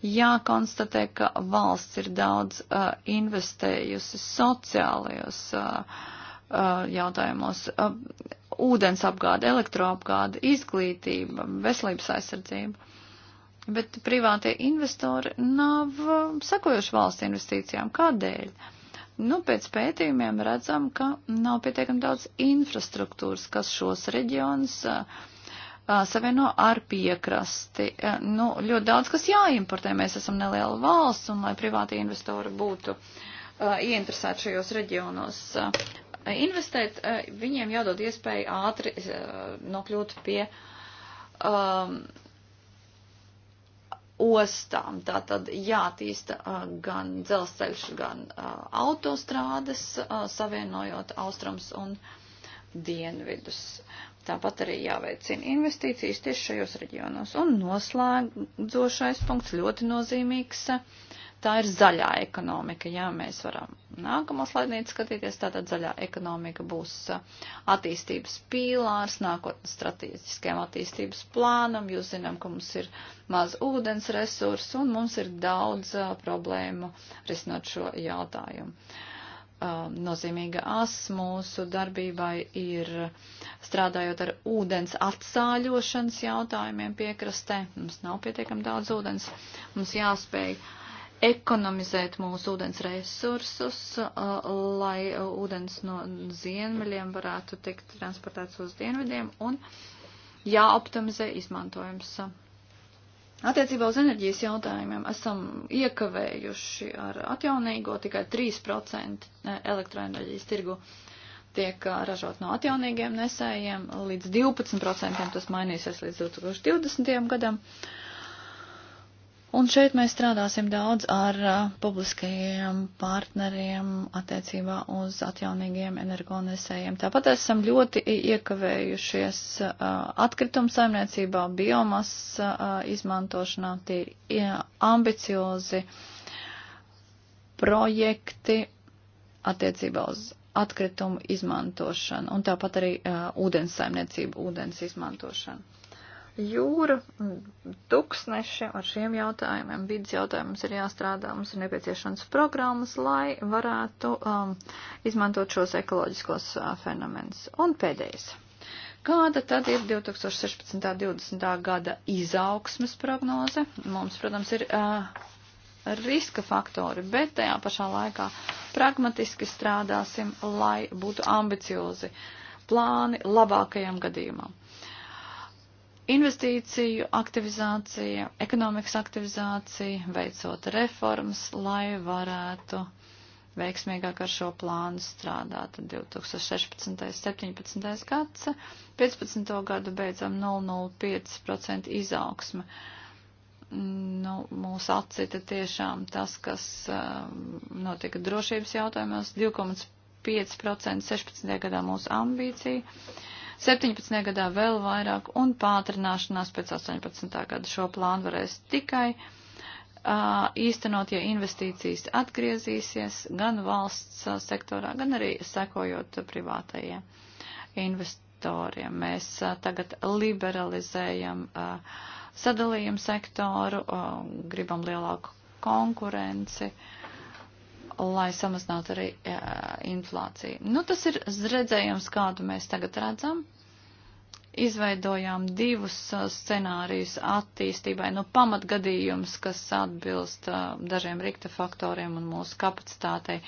Jākonstatē, ka valsts ir daudz uh, investējusi sociālajos uh, uh, jautājumos. Uh, ūdens apgāde, elektroapgāde, izglītība, veselības aizsardzība. Bet privātie investori nav sekojuši valsts investīcijām. Kādēļ? Nu, pēc pētījumiem redzam, ka nav pietiekami daudz infrastruktūras, kas šos reģionus uh, savieno ar piekrasti. Nu, ļoti daudz, kas jāimportē. Mēs esam neliela valsts, un lai privāti investori būtu uh, ieinteresēti šajos reģionos uh, investēt, uh, viņiem jādod iespēju ātri nokļūt pie um, ostām. Tā tad jātīsta gan dzelzceļš, gan autostrādes, savienojot austrums un dienvidus. Tāpat arī jāveicina investīcijas tieši šajos reģionos. Un noslēdzošais punkts ļoti nozīmīgs. Tā ir zaļā ekonomika. Jā, mēs varam nākamo slaidnīti skatīties. Tātad zaļā ekonomika būs attīstības pīlārs, nākotnes strateģiskajam attīstības plānam. Jūs zinām, ka mums ir maz ūdens resursu un mums ir daudz problēmu risinot šo jautājumu. Uh, Um, nozīmīga as mūsu darbībai ir strādājot ar ūdens atsāļošanas jautājumiem piekrastē. Mums nav pietiekam daudz ūdens. Mums jāspēj ekonomizēt mūsu ūdens resursus, uh, lai ūdens no ziemeļiem varētu tikt transportēts uz dienvidiem un jāoptimizē izmantojums Attiecībā uz enerģijas jautājumiem esam iekavējuši ar atjaunīgo tikai 3% eh, elektroenerģijas tirgu tiek eh, ražot no atjaunīgiem nesējiem, līdz 12% tas mainīsies līdz 2020. gadam. Uh, Un šeit mēs strādāsim daudz ar publiskajiem partneriem attiecībā uz atjaunīgiem energonesējiem. Tāpat esam ļoti iekavējušies atkritumu saimniecībā, biomas izmantošanā, tie ambiciozi projekti attiecībā uz atkritumu izmantošanu un tāpat arī ūdens saimniecību, ūdens izmantošanu jūra, mm, tuksneši ar šiem jautājumiem, vidas jautājumiem ir jāstrādā, mums ir nepieciešams programmas, lai varētu um, izmantot šos ekoloģiskos uh, fenomenus. Un pēdējais. Kāda tad ir 2016. 20. gada izaugsmes prognoze? Mums, protams, ir uh, riska faktori, bet tajā pašā laikā pragmatiski strādāsim, lai būtu ambiciozi plāni labākajam gadījumam investīciju aktivizācija, ekonomikas aktivizācija, veicot reformas, lai varētu veiksmīgāk ar šo plānu strādāt. 2016. 17. gads, 15. gadu beidzam 0,05% izaugsme. Nu, mūs atcita tiešām tas, kas um, notika drošības jautājumos, 2,5% 16. gadā mūsu ambīcija 17. gadā vēl vairāk un pātrināšanās pēc 18. gada šo plānu varēs tikai uh, īstenot, ja investīcijas atgriezīsies gan valsts sektorā, gan arī sekojot privātajiem investoriem. Mēs uh, tagad liberalizējam uh, sadalījumu sektoru, gribam lielāku konkurenci. Uh, lai samazinātu arī inflāciju. Nu, tas ir redzējums, kādu mēs tagad redzam. Izveidojām divus scenārijus attīstībai, nu, pamatgadījums, kas atbilst dažiem rikta faktoriem un mūsu kapacitātei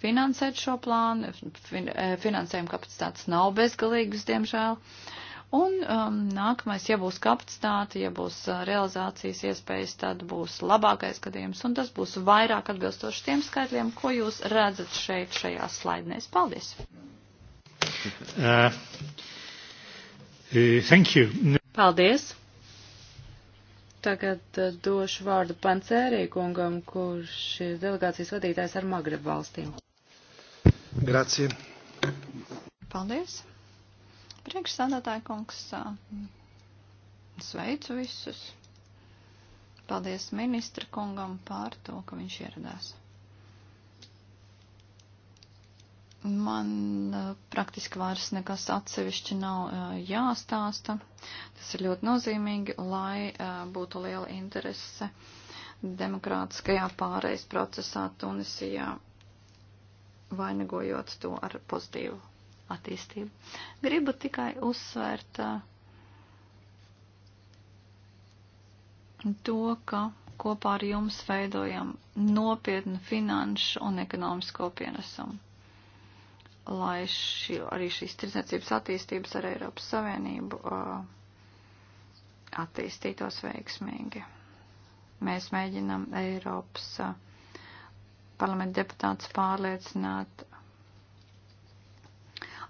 finansēt šo plānu. Fin e, finansējuma kapacitātes nav bezgalīgas, diemžēl. Uh, Un um, nākamais, ja būs kapacitāte, ja būs uh, realizācijas iespējas, tad būs labākais gadījums, un tas būs vairāk atbilstoši tiem skaitļiem, ko jūs redzat šeit šajā slaidnēs. Paldies! Uh, uh, thank you. Paldies! Tagad uh, došu vārdu Pancērī kungam, kurš ir delegācijas vadītājs ar Magreb valstīm. Grazie. Paldies! Priekšsādātāja kungs, sveicu visus. Paldies ministra kungam par to, ka viņš ieradās. Man praktiski vairs nekas atsevišķi nav jāstāsta. Tas ir ļoti nozīmīgi, lai būtu liela interese demokrātiskajā pārejas procesā Tunisijā, vainagojot to ar pozitīvu attīstību. Gribu tikai uzsvērt uh, to, ka kopā ar jums veidojam nopietnu finanšu un ekonomisko pienesumu, lai šī, arī šīs tirdzniecības attīstības ar Eiropas Savienību uh, attīstītos veiksmīgi. Mēs mēģinam Eiropas uh, parlamenta deputātus pārliecināt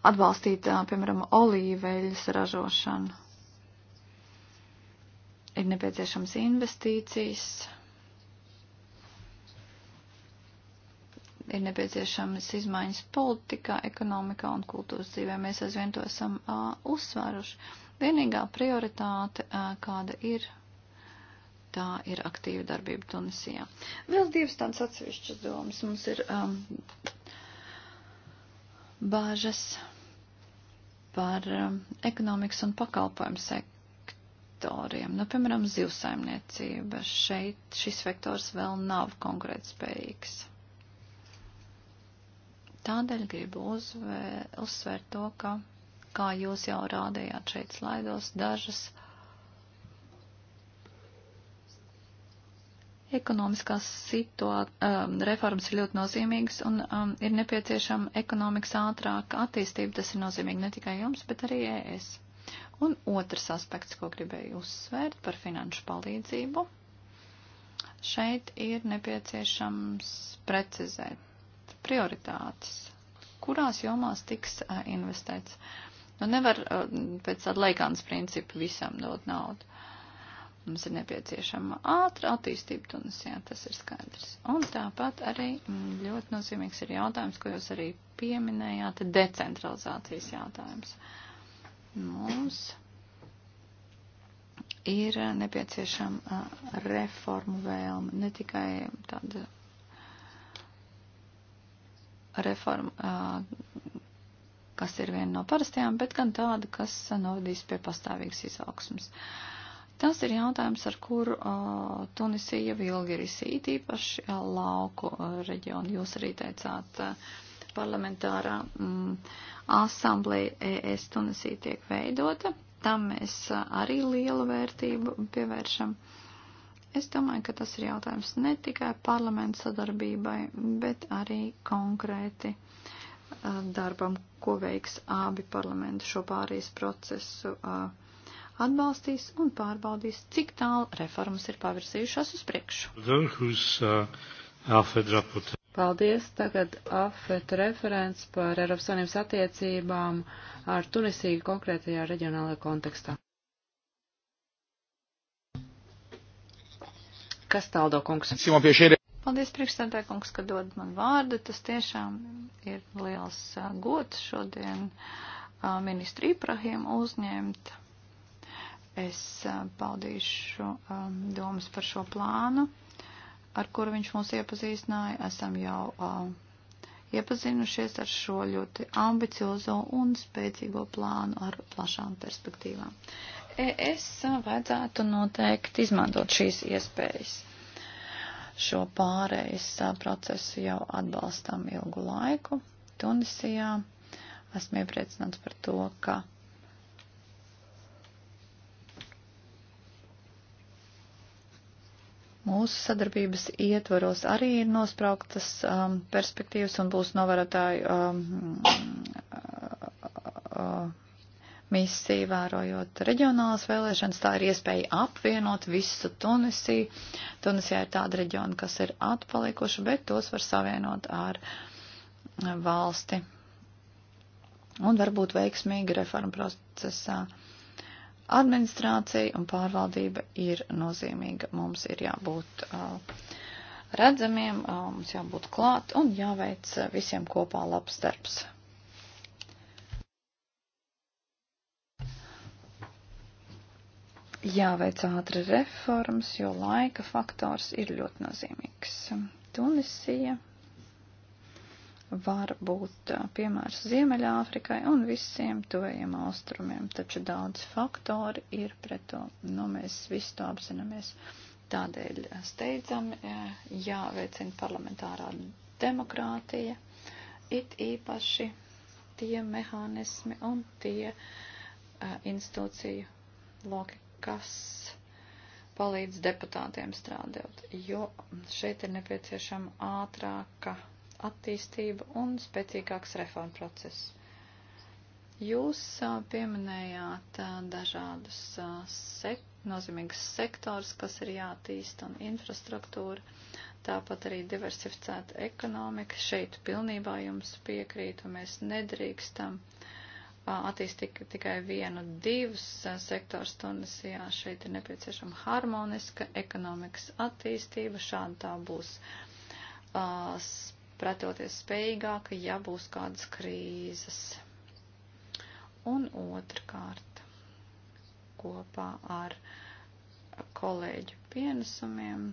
atbalstīt, piemēram, olīveļas ražošanu. Ir nepieciešams investīcijas, ir nepieciešamas izmaiņas politikā, ekonomikā un kultūras dzīvē. Mēs aizvien to esam uh, uzsvēruši. Vienīgā prioritāte, uh, kāda ir, tā ir aktīva darbība Tunisijā. Vēl divas tādas atsevišķas domas. Mums ir um, bāžas par um, ekonomikas un pakalpojumu sektoriem. Nu, piemēram, zivsaimniecība. Šeit šis vektors vēl nav konkurētspējīgs. Tādēļ gribu uzvē, uzsvērt to, ka, kā jūs jau rādījāt šeit slaidos, dažas Ekonomiskās situā, um, reformas ir ļoti nozīmīgas un um, ir nepieciešama ekonomikas ātrāka attīstība. Tas ir nozīmīgi ne tikai jums, bet arī ES. Un otrs aspekts, ko gribēju uzsvērt par finanšu palīdzību, šeit ir nepieciešams precizēt prioritātes, kurās jomās tiks uh, investēts. Nu, nevar uh, pēc tāda leikānas principa visam dot naudu. Mums ir nepieciešama ātra attīstība Tunisijā, tas ir skaidrs. Un tāpat arī mm, ļoti nozīmīgs ir jautājums, ko jūs arī pieminējāt, decentralizācijas jautājums. Mums ir nepieciešama reformu vēlme, ne tikai tāda reforma, kas ir viena no parastajām, bet gan tāda, kas novadīs pie pastāvīgas izaugsmas. Uh, Tas ir jautājums, ar kuru uh, Tunisija vilgi ir izsīt, īpaši uh, lauku uh, reģionu. Jūs arī teicāt, uh, parlamentārā mm, asamblēja ES Tunisija tiek veidota. Tam mēs uh, arī lielu vērtību pievēršam. Es domāju, ka tas ir jautājums ne tikai parlamentu sadarbībai, bet arī konkrēti uh, darbam, ko veiks abi parlamentu šo pārējais procesu. Uh, atbalstīs un pārbaudīs, cik tālu reformas ir pavirsījušās uz priekšu. Uh, Paldies. Tagad AFET referents par Eiropas Savienības attiecībām ar Tunisiju konkrētajā reģionālajā kontekstā. Kas tāldo, kungs? Paldies, priekšstādā kungs, ka dod man vārdu. Tas tiešām ir liels uh, gods šodien uh, ministru Ibrahim uzņemt Es paldīšu domas par šo plānu, ar kuru viņš mūs iepazīstināja. Esam jau iepazinušies ar šo ļoti ambiciozo un spēcīgo plānu ar plašām perspektīvām. Es vajadzētu noteikti izmantot šīs iespējas. Šo pārejas procesu jau atbalstām ilgu laiku Tunisijā. Esmu iepriecināts par to, ka Mūsu sadarbības ietvaros arī ir nosprauktas um, perspektīvas un būs novērotāju um, um, misija, vērojot reģionālas vēlēšanas. Tā ir iespēja apvienot visu Tunisiju. Tunisijā ir tāda reģiona, kas ir atpalikuši, bet tos var savienot ar uh, valsti. Un varbūt veiksmīgi reforma procesā. Uh, administrācija un pārvaldība ir nozīmīga. Mums ir jābūt uh, redzamiem, uh, mums jābūt klāt un jāveic uh, visiem kopā labs darbs. Jāveic ātri reformas, jo laika faktors ir ļoti nozīmīgs. Tunisija, var būt piemērs Ziemeļāfrikai un visiem tuvējiem austrumiem, taču daudz faktori ir pret to, nu mēs visu to apzināmies. Tādēļ steidzami jāveicina parlamentārā demokrātija, it īpaši tie mehānismi un tie institūciju loki, kas palīdz deputātiem strādāt, jo šeit ir nepieciešama ātrāka attīstība un spēcīgāks reforma process. Jūs pieminējāt dažādus sek nozīmīgus sektors, kas ir jātīst un infrastruktūra, tāpat arī diversificēta ekonomika. Šeit pilnībā jums piekrītu, mēs nedrīkstam attīstīt tikai vienu, divus sektors Tunisijā. Šeit ir nepieciešama harmoniska ekonomikas attīstība, šāda tā būs pretoties spējīgāka, ja būs kādas krīzes. Un otrkārt, kopā ar kolēģu pienesumiem,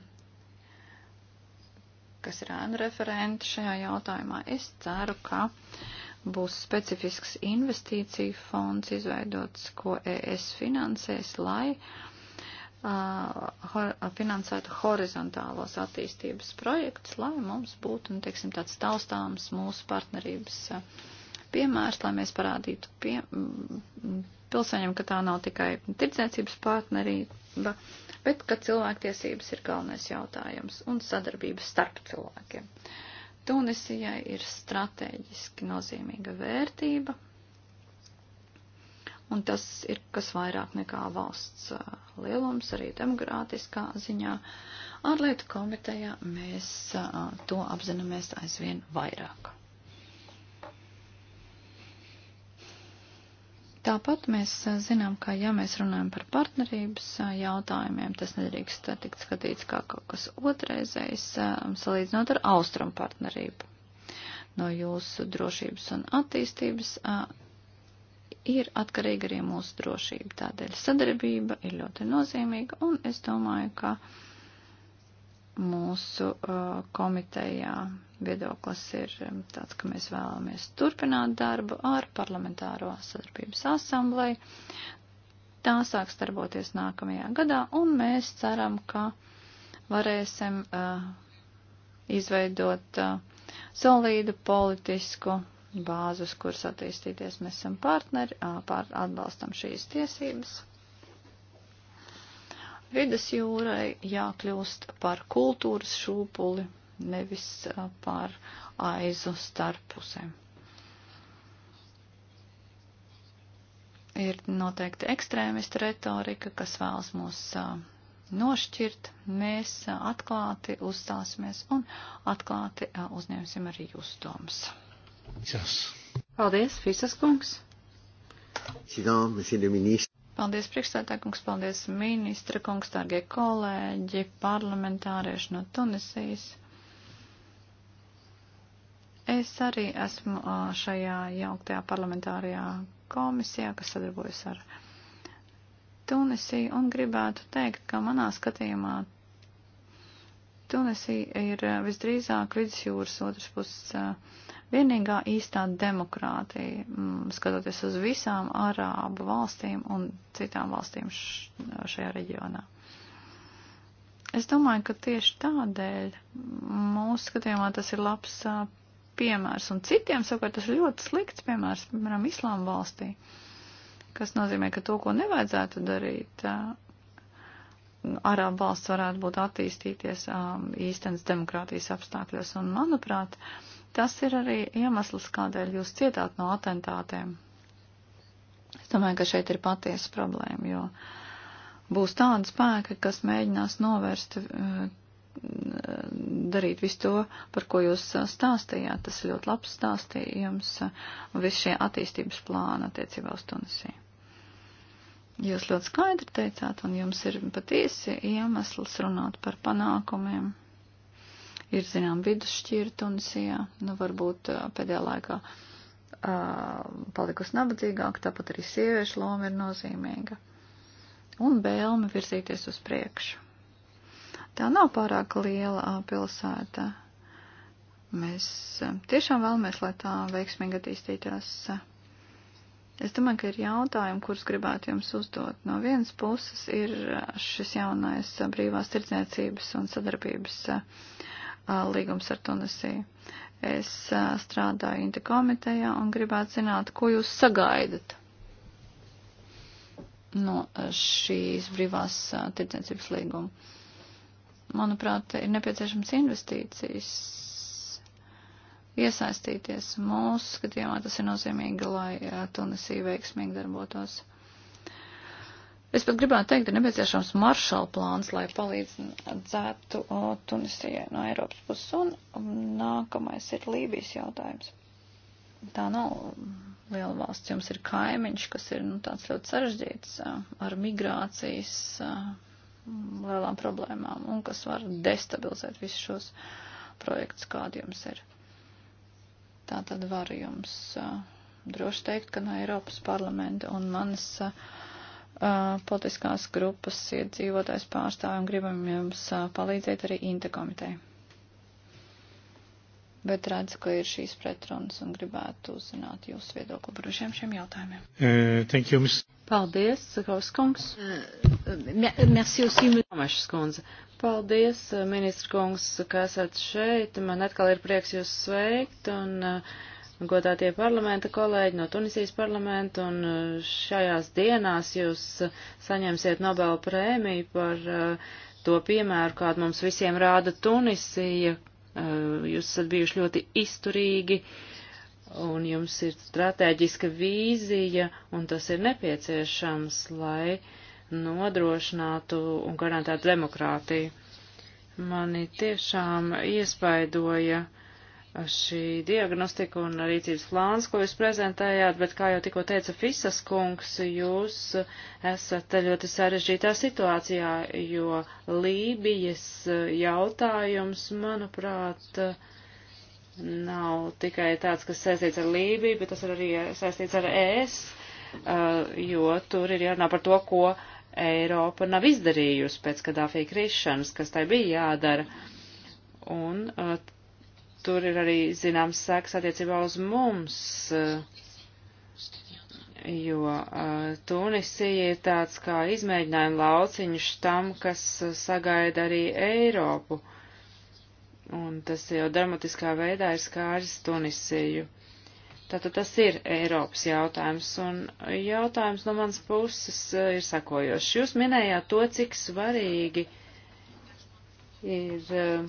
kas ir ēnu referenti šajā jautājumā, es ceru, ka būs specifisks investīciju fonds izveidots, ko ES finansēs, lai uh, finansētu horizontālos attīstības projektus, lai mums būtu, nu, teiksim, tāds taustāms mūsu partnerības piemērs, lai mēs parādītu pie, pilsēņiem, ka tā nav tikai tirdzniecības partnerība, bet ka cilvēktiesības ir galvenais jautājums un sadarbības starp cilvēkiem. Tunisijai ir strateģiski nozīmīga vērtība, Un tas ir kas vairāk nekā valsts lielums, arī demokrātiskā ziņā. Ārlietu komitejā mēs to apzināmies aizvien vairāk. Tāpat mēs zinām, ka ja mēs runājam par partnerības jautājumiem, tas nedrīkst tikt skatīts kā kaut kas otrreizējs, salīdzinot ar austrumu partnerību. No jūsu drošības un attīstības ir atkarīga arī mūsu drošība. Tādēļ sadarbība ir ļoti nozīmīga, un es domāju, ka mūsu uh, komitejā viedoklis ir um, tāds, ka mēs vēlamies turpināt darbu ar parlamentāro sadarbības asambleju. Tā sāks darboties nākamajā gadā, un mēs ceram, ka varēsim uh, izveidot uh, solīdu politisku bāzes, kuras attīstīties mēs esam partneri, pār, atbalstam šīs tiesības. Vides jūrai jākļūst par kultūras šūpuli, nevis par aizu starppusēm. Ir noteikti ekstrēmista retorika, kas vēlas mūs nošķirt, mēs atklāti uzstāsimies un atklāti uzņemsim arī jūsu domas. Yes. Paldies, Fisas kungs. Paldies, priekšstādā kungs, paldies, ministra kungs, tārgie kolēģi, parlamentārieši no Tunisijas. Es arī esmu šajā jauktajā parlamentārajā komisijā, kas sadarbojas ar Tunisiju, un gribētu teikt, ka manā skatījumā Tunisija ir visdrīzāk vidusjūras otras puses Vienīgā īstā demokrātija, mm, skatoties uz visām arābu valstīm un citām valstīm šajā reģionā. Es domāju, ka tieši tādēļ mūsu skatījumā tas ir labs piemērs, un citiem savukārt tas ir ļoti slikts piemērs, piemēram, Islāma valstī, kas nozīmē, ka to, ko nevajadzētu darīt, Arābu valsts varētu būt attīstīties īstenas demokrātijas apstākļos, un manuprāt, uh, Tas ir arī iemesls, kādēļ jūs cietāt no atentātiem. Es domāju, ka šeit ir patiesa problēma, jo būs tāda spēka, kas mēģinās novērst, eh, darīt visu to, par ko jūs stāstījāt. Tas ļoti labs stāstījums, visi šie attīstības plāni attiecībā uz Tunisiju. Jūs ļoti skaidri teicāt, un jums ir patiesi iemesls runāt par panākumiem Ir, zinām, vidusšķira Tunisijā, nu varbūt pēdējā laikā palikusi nabadzīgāka, tāpat arī sieviešu loma ir nozīmīga. Un vēlme virzīties uz priekšu. Tā nav pārāk liela pilsēta. Mēs tiešām vēlamies, lai tā veiksmīgi attīstītos. Es domāju, ka ir jautājumi, kurus gribētu jums uzdot. No vienas puses ir šis jaunais brīvās tirdzniecības un sadarbības uh, līgums ar Tunisiju. Es strādāju Inta komitejā un gribētu zināt, ko jūs sagaidat no šīs brīvās tirdzniecības līguma. Manuprāt, ir nepieciešams investīcijas, iesaistīties. Mūsu skatījumā tas ir nozīmīgi, lai Tunisija veiksmīgi darbotos. Es pat gribētu teikt, ir nepieciešams maršala plāns, lai palīdzētu Tunisijai no Eiropas puses. Un um, nākamais ir Lībijas jautājums. Tā nav liela valsts. Jums ir kaimiņš, kas ir nu, tāds ļoti sarežģīts ar migrācijas lielām problēmām un kas var destabilizēt visus šos projektus, kādi jums ir. Tā tad var jums droši teikt, ka no Eiropas parlamenta un manas. Uh, uh, politiskās grupas iedzīvotājs pārstāvjiem gribam jums uh, palīdzēt arī interkomitei. Bet redzu, ka ir šīs pretrunas un gribētu uzzināt jūsu viedokli par šiem šiem jautājumiem. Uh, thank you, Ms. Paldies, Kauskungs. Merci aussi, Tomašas kundze. Paldies, ministra kungs, ka esat šeit. Man atkal ir prieks jūs sveikt un uh, godātie parlamenta kolēģi no Tunisijas parlamenta, un uh, šajās dienās jūs uh, saņemsiet Nobela prēmiju par uh, to piemēru, kādu mums visiem rāda Tunisija. Jūs esat bijuši ļoti izturīgi, un jums ir strateģiska vīzija, un tas ir nepieciešams, lai nodrošinātu un garantētu demokrātiju. Mani tiešām iespaidoja uh, šī diagnostika un rīcības plāns, ko jūs prezentējāt, bet, kā jau tikko teica Fisas kungs, jūs esat ļoti sarežģītā situācijā, jo Lībijas jautājums, manuprāt, nav tikai tāds, kas saistīts ar Lībiju, bet tas ir arī saistīts ar ES, eh, jo tur ir jārunā par to, ko Eiropa nav izdarījusi pēc Kadāfija krišanas, kas tai bija jādara. Un eh, tur ir arī zināms sēks attiecībā uz mums, eh, jo eh, Tunisija ir tāds kā izmēģinājuma lauciņš tam, kas eh, sagaida arī Eiropu. Un tas jau dramatiskā veidā ir skāris Tunisiju. Tātad tas ir Eiropas jautājums, un jautājums no manas puses ir sakojošs. Jūs minējāt to, cik svarīgi ir uh,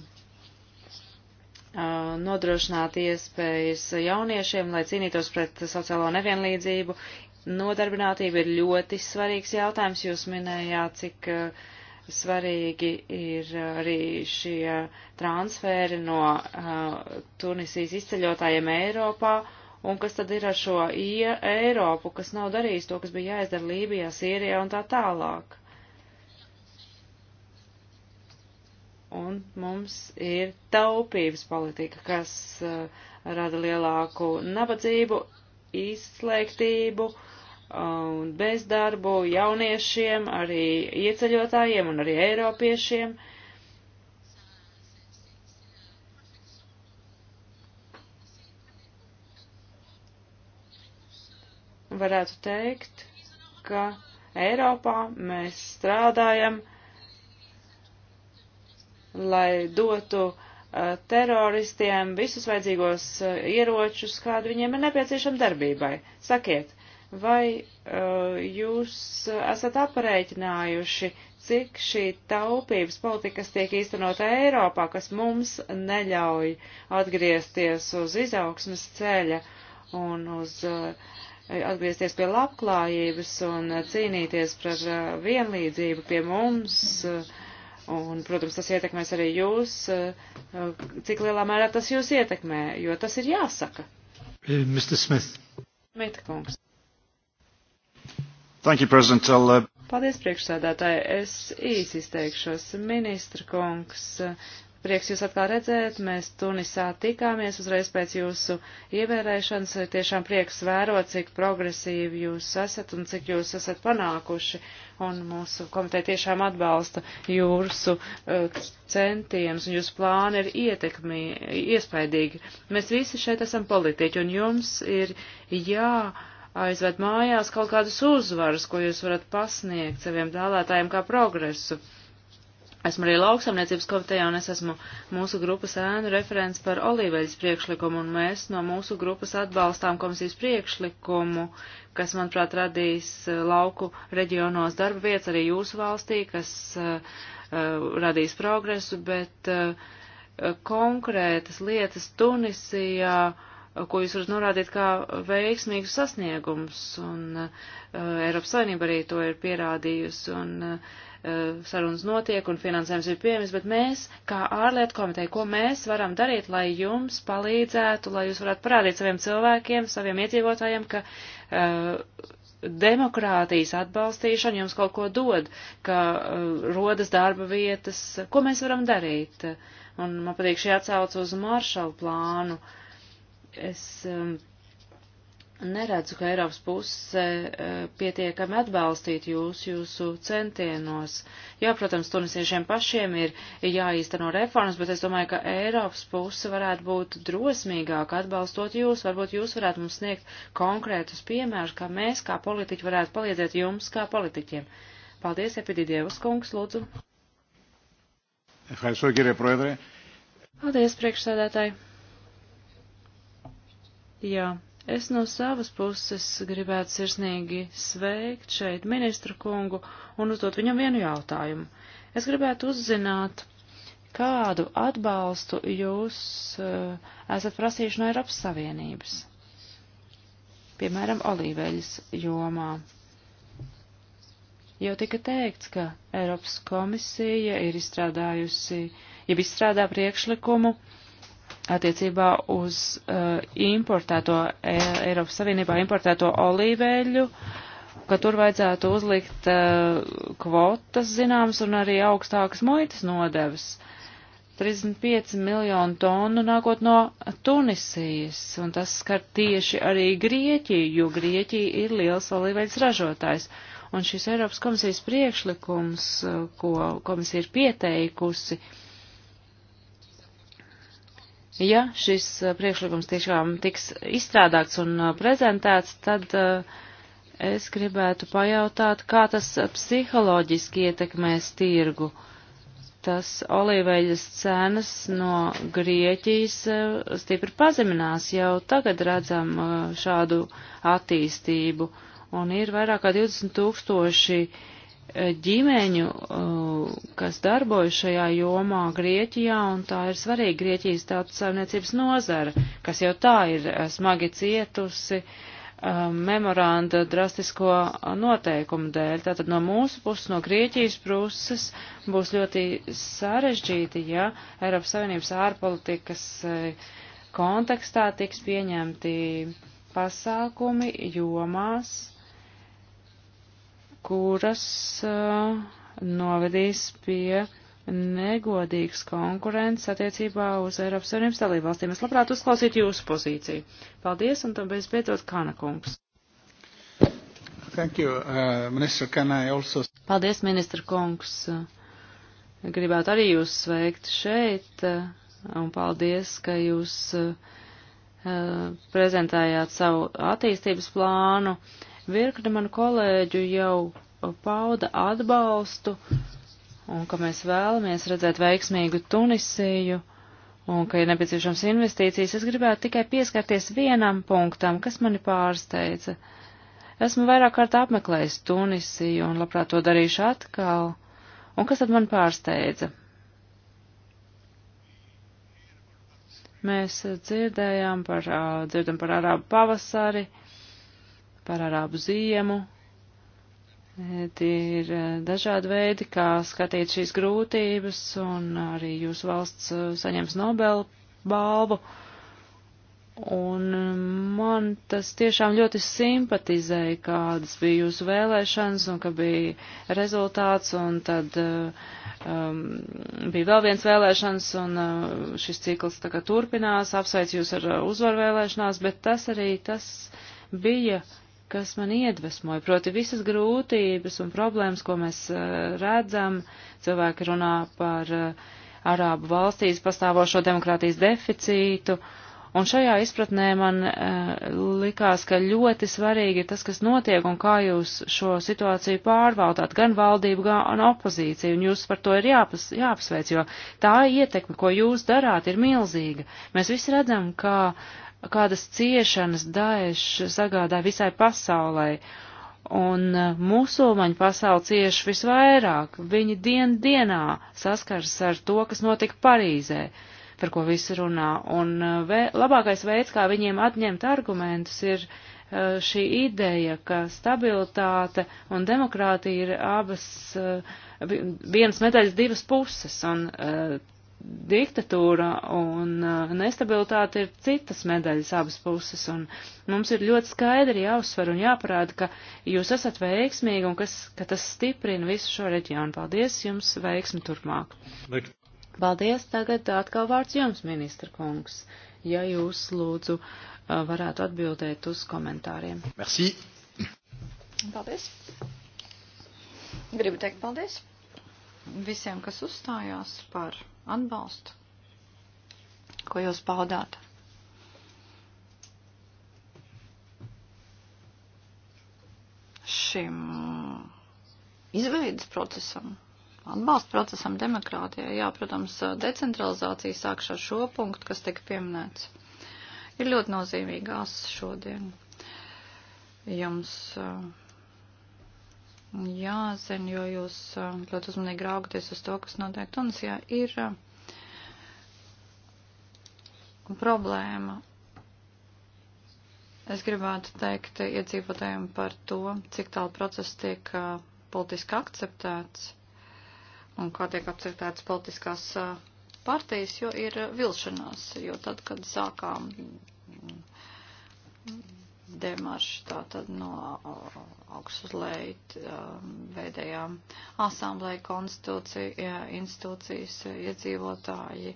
nodrošināt iespējas jauniešiem, lai cīnītos pret sociālo nevienlīdzību. Nodarbinātība ir ļoti svarīgs jautājums. Jūs minējāt, cik uh, svarīgi ir arī šie transferi no uh, Tunisijas izceļotājiem Eiropā, un kas tad ir ar šo Ie Eiropu, kas nav darījis to, kas bija jāizdara Lībijā, Sīrijā un tā tālāk. un mums ir taupības politika, kas uh, rada lielāku nabadzību, izslēgtību eh, un uh, bezdarbu jauniešiem, arī ieceļotājiem un arī eiropiešiem. Varētu teikt, ka Eiropā mēs strādājam uh, lai dotu uh, teroristiem visus vajadzīgos uh, ieročus, kādu viņiem ir nepieciešama darbībai. Sakiet, vai uh, jūs esat aprēķinājuši, cik šī taupības politikas tiek īstenota Eiropā, kas mums neļauj atgriezties uz izaugsmas ceļa un uz uh, atgriezties pie labklājības un cīnīties par uh, vienlīdzību pie mums. Uh, Un, protams, tas ietekmēs arī jūs, eh, cik lielā mērā tas jūs ietekmē, jo tas ir jāsaka. Eh, Mr. Smith. Mita kungs. Thank you, President. I'll, uh... Paldies, priekšsēdētāji. Es īsi izteikšos. Ministra kungs, Prieks jūs atkal redzēt, mēs Tunisā tikāmies uzreiz pēc jūsu ievērēšanas. Ir tiešām prieks vērot, cik progresīvi jūs esat un cik jūs esat panākuši. Un mūsu komiteja tiešām atbalsta jūsu eh, centienus un jūsu plāni ir ietekmi, iespaidīgi. Mēs visi šeit esam politiķi un jums ir jā aizved mājās kaut kādus uzvarus, ko jūs varat pasniegt saviem dēlētājiem kā progresu. Esmu arī lauksamniecības komitejā un es esmu mūsu grupas ēnu referents par olīveļas priekšlikumu un mēs no mūsu grupas atbalstām komisijas priekšlikumu, kas, manuprāt, radīs eh, lauku reģionos darba vietas arī jūsu valstī, kas uh, radīs progresu, bet uh, konkrētas lietas Tunisijā ko jūs varat norādīt kā veiksmīgus sasniegumus, un uh, Eiropas Savienība arī to ir pierādījusi, un uh, Eh, sarunas notiek un finansējums ir pieejams, bet mēs, kā ārlietu komiteja, ko mēs varam darīt, lai jums palīdzētu, lai jūs varētu parādīt saviem cilvēkiem, saviem iedzīvotājiem, ka uh, demokrātijas atbalstīšana jums kaut ko dod, ka uh, rodas darba vietas, ko mēs varam darīt. Un man patīk šī atsauca uz maršalu plānu. Es, um, uh, neredzu, ka Eiropas puse eh, pietiekami atbalstīt jūs jūsu centienos. Jā, protams, tunisiešiem pašiem ir jāīsteno reformas, bet es domāju, ka Eiropas puse varētu būt drosmīgāk atbalstot jūs. Varbūt jūs varētu mums sniegt konkrētus piemērus, kā mēs, kā politiķi, varētu palīdzēt jums, kā politiķiem. Paldies, Epididievas kungs, lūdzu. Paldies, priekšsēdētāji. Jā. Yeah. Es no savas puses gribētu sirsnīgi sveikt šeit ministru kungu un uzdot viņam vienu jautājumu. Es gribētu uzzināt, kādu atbalstu jūs uh, esat prasījuši no Eiropas Savienības, piemēram, olīveļas jomā. Jau tika teikts, ka Eiropas komisija ir izstrādājusi, jeb izstrādā priekšlikumu uh, attiecībā uz uh, importēto, e, Eiropas Savienībā importēto olīveļu, ka tur vajadzētu uzlikt uh, kvotas zināmas un arī augstākas muitas nodevas. 35 miljonu tonu nākot no Tunisijas, un tas skar tieši arī Grieķiju, jo Grieķija ir liels olīveļas ražotājs. Un šis Eiropas komisijas priekšlikums, uh, ko komisija ir pieteikusi, uh, Ja šis uh, priekšlikums tiešām tiks izstrādāts un uh, prezentēts, tad uh, es gribētu pajautāt, kā tas psiholoģiski ietekmēs tirgu. Tas olīveļas cenas no Grieķijas stipri pazeminās, jau tagad redzam šādu attīstību, un ir vairāk kā 20 tūkstoši 000 ģimeņu, uh, kas darbojas šajā jomā Grieķijā, un tā ir svarīga Grieķijas tautas saimniecības nozara, kas jau tā ir uh, smagi cietusi uh, memoranda drastisko noteikumu dēļ. Tātad no mūsu puses, no Grieķijas puses, būs ļoti sarežģīti, ja Eiropas Savienības ārpolitikas kontekstā tiks pieņemti pasākumi jomās, kuras uh, novedīs pie negodīgas konkurences attiecībā uz Eiropas Savienības dalībvalstīm. Es labprāt uzklausītu jūsu pozīciju. Paldies, un tam bezbeidzot Kanakungs. Thank you, uh, minister, can I also... Paldies, ministra kungs. Gribētu arī jūs sveikt šeit, uh, un paldies, ka jūs uh, prezentējāt savu attīstības plānu. Uh, Virkne manu kolēģu jau pauda atbalstu un ka mēs vēlamies redzēt veiksmīgu Tunisiju un ka ir nepieciešams investīcijas. Es gribētu tikai pieskarties vienam punktam, kas mani pārsteidza. Esmu vairāk kārt apmeklējis Tunisiju un labprāt to darīšu atkal. Un kas tad man pārsteidza? Mēs dzirdējām par, dzirdam par arābu pavasari. Uh, par arābu ziemu. Tie ir eh, dažādi veidi, kā skatīt šīs grūtības, un arī jūsu valsts eh, saņems Nobel balvu. Un eh, man tas tiešām ļoti simpatizēja, kādas bija jūsu vēlēšanas un ka bija rezultāts, un tad um, bija vēl viens vēlēšanas, un uh, šis cikls tā kā turpinās, apsveic jūs ar uzvaru vēlēšanās, bet tas arī tas bija kas man iedvesmoja. Proti visas grūtības un problēmas, ko mēs eh, redzam, cilvēki runā par eh, Arābu valstīs pastāvošo demokrātijas deficītu. Un šajā izpratnē man eh, likās, ka ļoti svarīgi ir tas, kas notiek un kā jūs šo situāciju pārvaldāt, gan valdību, gan opozīciju, un jūs par to ir jāpas, jāpasveic, jo tā ietekme, ko jūs darāt, ir milzīga. Mēs visi redzam, ka uh, kādas ciešanas Daesh sagādāja visai pasaulē. Un uh, musulmaņu pasauli cieši visvairāk. Viņi dien dienā saskars ar to, kas notika Parīzē, par ko visi runā. Un uh, vē, labākais veids, kā viņiem atņemt argumentus, ir uh, šī ideja, ka stabilitāte un demokrātija ir abas, vienas medaļas divas puses, un diktatūra un eh, nestabilitāte ir citas medaļas abas puses, un mums ir ļoti skaidri jāuzsver un jāparāda, ka jūs esat veiksmīgi un kas, ka tas stiprina visu šo reģionu. Paldies jums, veiksmi turpmāk! Paldies, tagad atkal vārds jums, ministra kungs, ja jūs lūdzu eh, varētu atbildēt uz komentāriem. Merci! Paldies! Gribu teikt paldies visiem, kas uzstājās par atbalstu, ko jūs paudāt. Šim izveidas procesam, atbalsta procesam demokrātijai, jā, protams, decentralizācija sākš ar šo punktu, kas tika pieminēts, ir ļoti nozīmīgās šodien. Jums uh, jāzina, jo jūs um, ļoti uzmanīgi raugaties uz to, kas notiek Tunisijā, ir um, problēma. Es gribētu teikt iedzīvotājiem par to, cik tālu process tiek uh, politiski akceptēts un kā tiek akceptēts politiskās uh, partijas, jo ir vilšanās, jo tad, kad sākām demaršu, tā tad no augšas uz leju veidējām asamblēju konstitūciju, institūcijas iedzīvotāji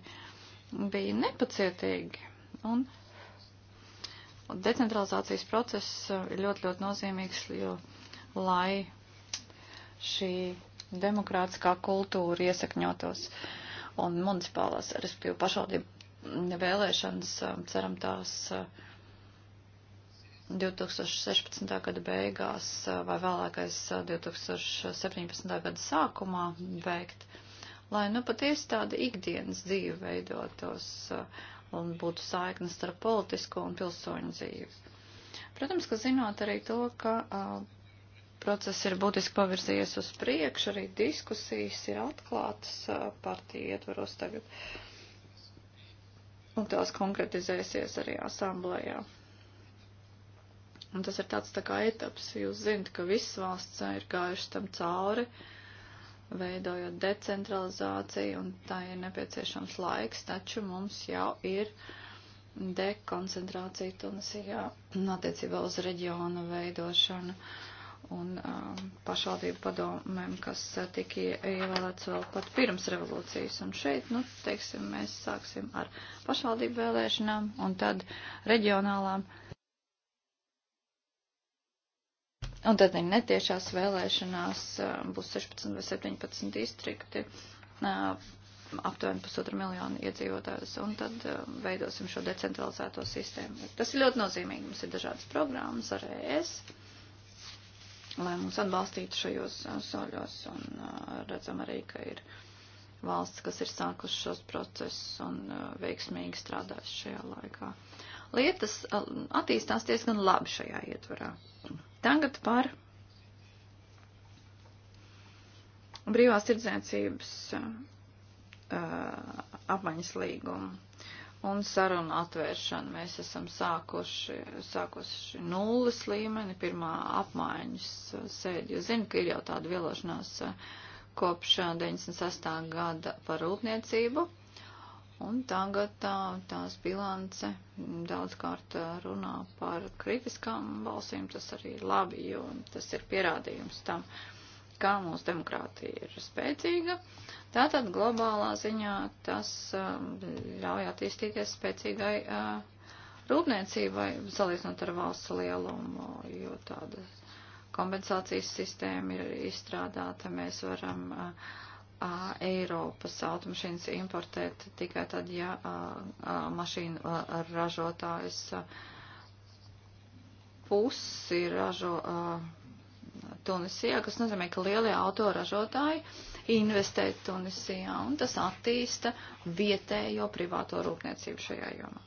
bija nepacietīgi. Un decentralizācijas process ir ļoti, ļoti nozīmīgs, jo, lai šī demokrātiskā kultūra iesakņotos un municipālās, respektīvi pašvaldību vēlēšanas, ceram, tās uh, 2016. gada beigās eh, vai vēlākais 2017. Eh, gada sākumā veikt, lai nu patiesi tāda ikdienas dzīve veidotos eh, un būtu saiknes starp politisko un pilsoņu dzīvi. Protams, ka zinot arī to, ka process ir būtiski pavirzījies uz priekšu, arī diskusijas ir atklātas partija ietvaros tagad. Un tās konkretizēsies arī asamblējā. Un tas ir tāds tā kā etaps, jūs zinat, ka visas valsts ir gājušas tam cauri, veidojot decentralizāciju, un tā ir nepieciešams laiks, taču mums jau ir dekoncentrācija Tunisijā attiecībā uz reģiona veidošanu un um, pašvaldību padomēm, kas uh, tika ievēlēts vēl pat pirms revolūcijas. Un šeit, nu, teiksim, mēs sāksim ar pašvaldību vēlēšanām un tad reģionālām vēlēšanām Un tad ir netiešās vēlēšanās, būs 16 vai 17 distrikti, aptuveni pusotru miljonu iedzīvotājus, un tad veidosim šo decentralizēto sistēmu. Tas ir ļoti nozīmīgi. Mums ir dažādas programmas ar ES, lai mums atbalstītu šajos soļos, un redzam arī, ka ir valsts, kas ir sākusi šos procesus un veiksmīgi strādājusi šajā laikā. Lietas attīstās diezgan labi šajā ietvarā. Tagad par brīvās tirdzniecības uh, apmaiņas līgumu un sarunu atvēršanu. Mēs esam sākuši, sākuši nulles līmeni, pirmā apmaiņas sēdi. Jūs zinu, ka ir jau tāda vielošanās kopš 98. gada par rūpniecību. Un tagad tā, tās bilance daudzkārt runā par kritiskām balsīm. Tas arī ir labi, jo tas ir pierādījums tam, kā mūsu demokrātija ir spēcīga. Tātad globālā ziņā tas ļauj attīstīties spēcīgai rūpniecībai, salīdzinot ar valsts lielumu, jo tāda kompensācijas sistēma ir izstrādāta. Mēs varam uh, a, Eiropas automašīnas importēt tikai tad, ja a, a, mašīnu a, ražotājs a, pusi ražo a, Tunisijā, kas nozīmē, ka lielie autoražotāji investē Tunisijā un tas attīsta vietējo privāto rūpniecību šajā jomā.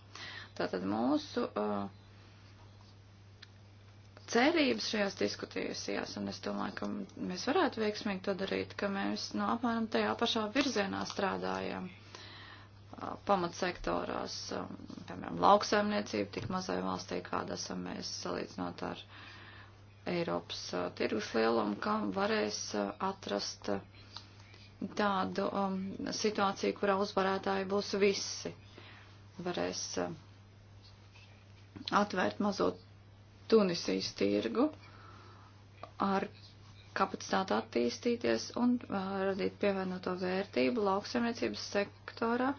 Tātad mūsu uh, cerības šajās diskusijās, un es domāju, ka mēs varētu veiksmīgi to darīt, ka mēs no nu, apmēram tajā pašā virzienā strādājam pamatsektorās, piemēram, lauksaimniecība, tik mazai valstī, kāda esam mēs salīdzinot ar Eiropas tirgus lielumu, kam varēs atrast tādu um, situāciju, kurā uzvarētāji būs visi. Varēs uh, atvērt mazot Tunisijas tirgu ar kapacitāti attīstīties un uh, radīt pievienoto vērtību lauksaimniecības sektorā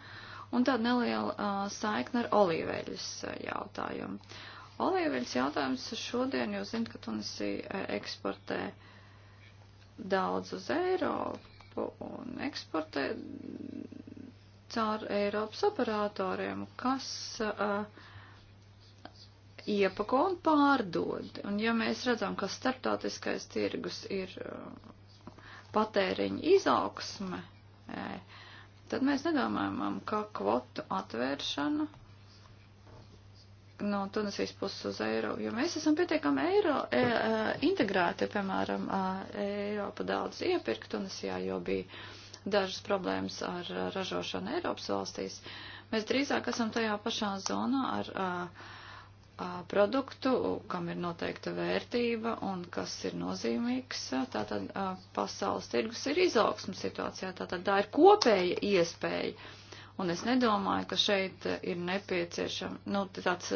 un tāda neliela uh, saikna ar olīveļas uh, jautājumu. Olīveļas jautājums šodien, jūs zinat, ka Tunisija uh, eksportē daudz uz Eiropu un eksportē caur Eiropas operatoriem, kas uh, iepako un pārdod. Un ja mēs redzam, ka starptautiskais tirgus ir uh, patēriņa izaugsme, tad mēs nedomājam, ka kvotu atvēršana no Tunisijas puses uz eiro, jo mēs esam pietiekami eiro e, e, integrēti, piemēram, e, Eiropa daudz iepirka Tunisijā, jo bija dažas problēmas ar ražošanu Eiropas valstīs. Mēs drīzāk esam tajā pašā zonā ar. E, produktu, kam ir noteikta vērtība un kas ir nozīmīgs. Tātad pasaules tirgus ir izaugsmas situācijā, tātad tā ir kopēja iespēja. Un es nedomāju, ka šeit ir nepieciešama, nu, tāds,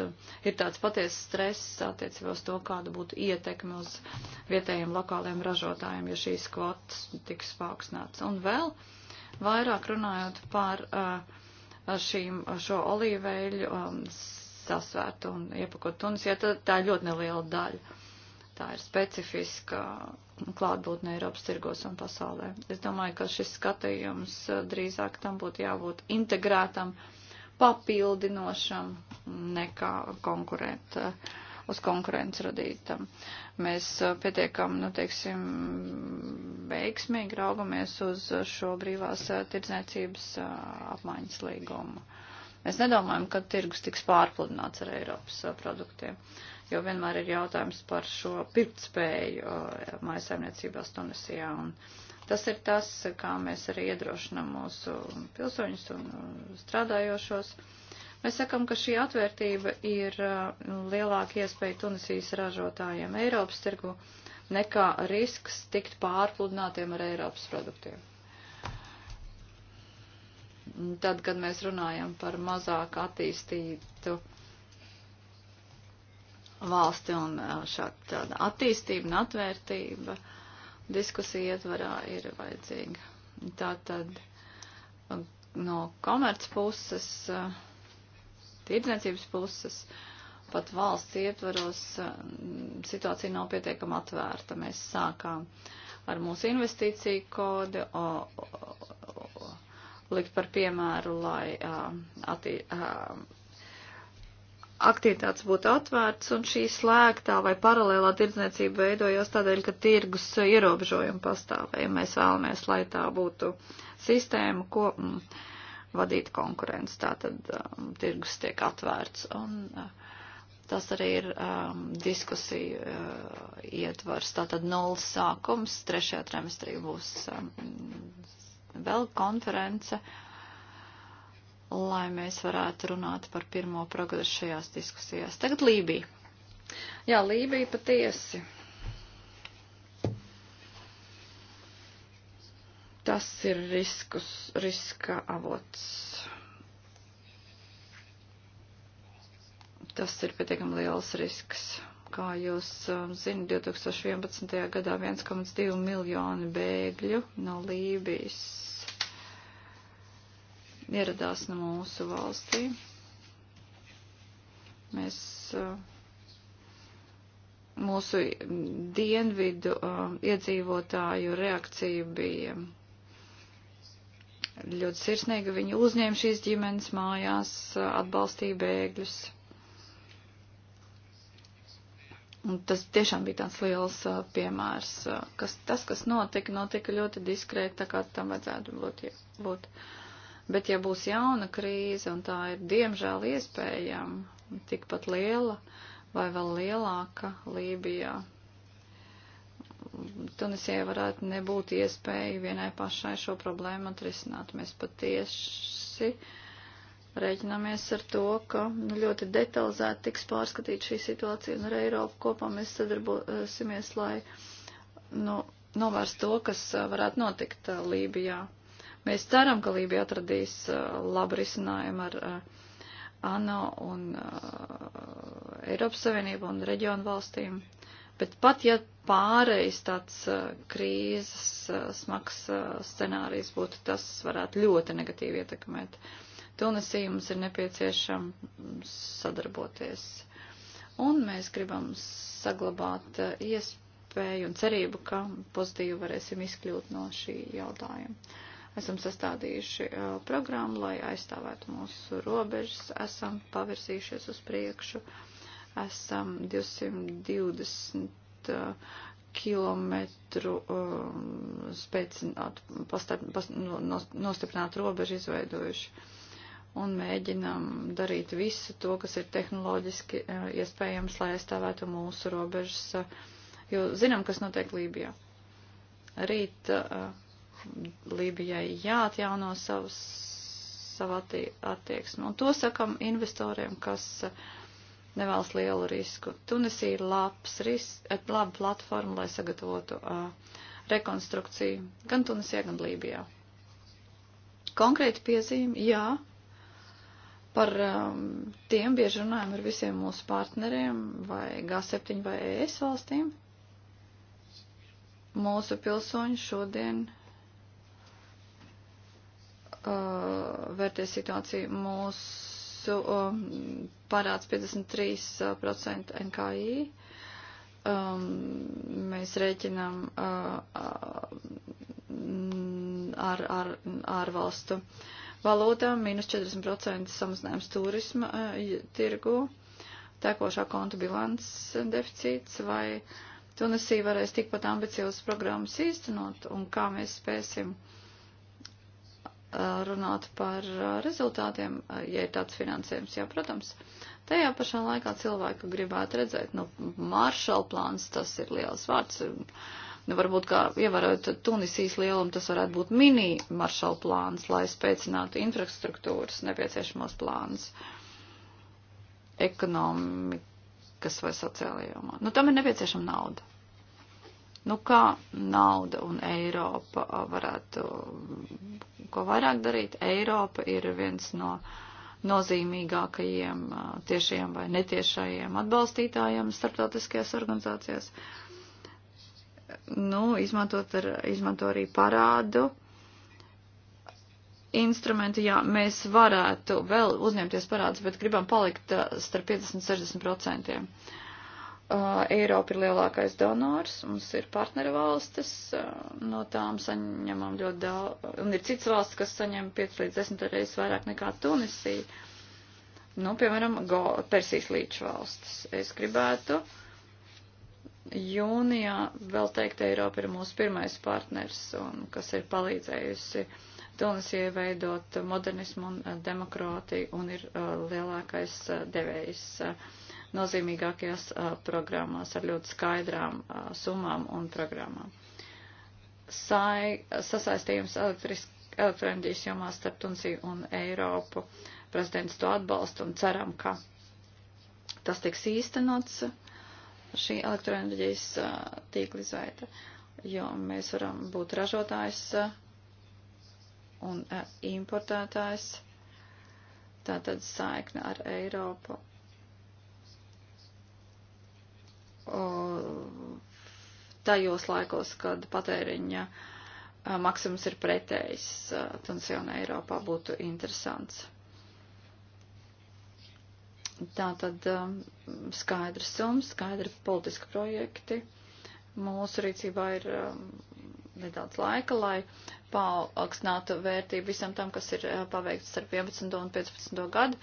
ir tāds patiesa stress attiecībā uz to, kāda būtu ietekme uz vietējiem lokāliem ražotājiem, ja šīs kvotas tiks spāksnēts. Un vēl vairāk runājot par uh, šīm, šo olīveļu um, sasvērt un iepakot Tunisijā, tad tā ir ļoti neliela daļa. Tā ir specifiska klātbūtne Eiropas tirgos un pasaulē. Es domāju, ka šis skatījums eh, drīzāk tam būtu jābūt integrētam, papildinošam, nekā konkurēt, eh, uz konkurences radītam. Mēs eh, pietiekam, nu, teiksim, veiksmīgi raugamies uz šo brīvās tirdzniecības apmaiņas līgumu. Mēs nedomājam, ka tirgus tiks pārpludināts ar Eiropas uh, produktiem, jo vienmēr ir jautājums par šo pirktspēju uh, mājasaimniecībās Tunisijā. Un tas ir tas, kā mēs arī iedrošinam mūsu pilsoņus un uh, strādājošos. Mēs sakam, ka šī atvērtība ir lielāka iespēja Tunisijas ražotājiem Eiropas tirgu nekā risks tikt pārpludinātiem ar Eiropas produktiem tad, kad mēs runājam par mazāk attīstītu valsti un šāda tāda attīstība un atvērtība diskusija ietvarā ir vajadzīga. Tā tad no komerc puses, tirdzniecības puses, pat valsts ietvaros situācija nav pietiekama atvērta. Mēs sākām ar mūsu investīciju kodu, o, o, likt par piemēru, lai attī, aktivitātes būtu atvērts un šī slēgtā vai paralēlā tirdzniecība veidojās tādēļ, ka tirgus ierobežojumi pastāvēja. Mēs vēlamies, lai tā būtu sistēma, ko m, mm, vadīt konkurence. Tātad um, tirgus tiek atvērts un uh, tas arī ir um, diskusiju uh, ietvars. Tātad nulles sākums trešajā trimestrī būs um, vēl konference, lai mēs varētu runāt par pirmo progresu šajās diskusijās. Tagad Lībija. Jā, Lībija patiesi. Tas ir riskus, riska avots. Tas ir pietiekami liels risks kā jūs um, zinat, 2011. gadā 1,2 miljoni bēgļu no Lībijas ieradās no mūsu valstī. Mēs uh, mūsu dienvidu uh, iedzīvotāju reakcija bija ļoti sirsnīga. Viņi uzņēma šīs ģimenes mājās, uh, atbalstīja bēgļus. Un tas tiešām bija tāds liels uh, piemērs, uh, kas tas, kas notika, notika ļoti diskrēti, tā kā tam vajadzētu būt. Ja, būt. Uh, Bet ja būs jauna krīze, un tā ir diemžēl iespējama, tikpat liela vai vēl lielāka Lībijā, Tunisijai varētu nebūt iespēja vienai pašai šo problēmu atrisināt. Mēs patiesi rēķināmies ar to, ka nu, ļoti detalizēti tiks pārskatīt šī situācija, un ar Eiropu kopā mēs sadarbosimies, lai nu, novērst to, kas uh, varētu notikt uh, Lībijā. Mēs ceram, ka Lībija atradīs uh, labu risinājumu ar uh, ANO un uh, Eiropas Savienību un reģionu valstīm. Bet pat ja pārējais tāds krīzes smags scenārijs būtu, tas varētu ļoti negatīvi ietekmēt. Tunisija mums ir nepieciešams sadarboties. Un mēs gribam saglabāt iespēju un cerību, ka pozitīvi varēsim izkļūt no šī jautājuma. Esam sastādījuši uh, programmu, lai aizstāvētu mūsu robežas, esam pavirsījušies uz priekšu, esam 220 uh, kilometru um, spēcināt, pastā, past, no, nostiprināt robežu izveidojuši un mēģinām darīt visu to, kas ir tehnoloģiski uh, iespējams, lai aizstāvētu mūsu robežas, uh, jo zinām, kas notiek Lībijā. Rīt uh, Lībijai jāatjauno savus, savu attie, attieksmi. Un to sakam investoriem, kas eh, nevēlas lielu risku. Tunisija ir labs ris, eh, laba platforma, lai sagatavotu uh, rekonstrukciju gan Tunisijā, gan Lībijā. Konkrēti piezīme, jā, par um, tiem bieži runājam ar visiem mūsu partneriem vai G7 vai ES valstīm. Mūsu pilsoņi šodien uh, vērties situāciju. Mūsu um, parāds 53% uh, NKI. Um, mēs rēķinām uh, uh, ar, ar, ārvalstu valūtām minus 40% samazinājums turisma uh, tirgu, tekošā konta bilants uh, deficīts vai Tunisija varēs tikpat ambiciozas programmas īstenot un kā mēs spēsim uh, runāt par rezultātiem, ja ir tāds finansējums, jā, protams. Tajā pašā laikā cilvēku gribētu redzēt, nu, maršala plāns, tas ir liels vārds. Nu, varbūt, kā ievērot Tunisijas lielumu, tas varētu būt mini maršala plāns, lai spēcinātu infrastruktūras nepieciešamos plāns ekonomikas vai sociālajā jomā. Nu, tam ir nepieciešama nauda. Nu, kā nauda un Eiropa varētu ko vairāk darīt? Eiropa ir viens no nozīmīgākajiem tiešajiem vai netiešajiem atbalstītājiem starptautiskajās organizācijās. Nu, izmantot ar, izmanto arī parādu instrumentu, jā, mēs varētu vēl uzņemties parādus, bet gribam palikt starp 50-60%. Eiropa ir lielākais donors, mums ir partneru valstis, no tām saņemam ļoti daudz, un ir citas valstis, kas saņem 5 līdz 10 reizes vairāk nekā Tunisija. Nu, piemēram, Go, Persijas līča valstis. Es gribētu jūnijā vēl teikt, Eiropa ir mūsu pirmais partners, un kas ir palīdzējusi Tunisijai veidot modernismu un demokrātiju, un ir uh, lielākais uh, devējs. Uh, nozīmīgākajās uh, programmās ar ļoti skaidrām uh, summām un programmām. Sai, sasaistījums elektroenerģijas jomā starp Tunisiju un Eiropu. Prezidents to atbalsta un ceram, ka tas tiks īstenots šī elektroenerģijas uh, tīkla izveida, jo mēs varam būt ražotājs un importētājs tātad saikne ar Eiropu tajos laikos, kad patēriņa maksimums ir pretējs tensiona Eiropā, būtu interesants. Tā tad skaidrs sums, skaidri politiski projekti. Mūsu rīcībā ir nedaudz laika, lai paaugstinātu vērtību visam tam, kas ir paveikts starp 11. un 15. gadu.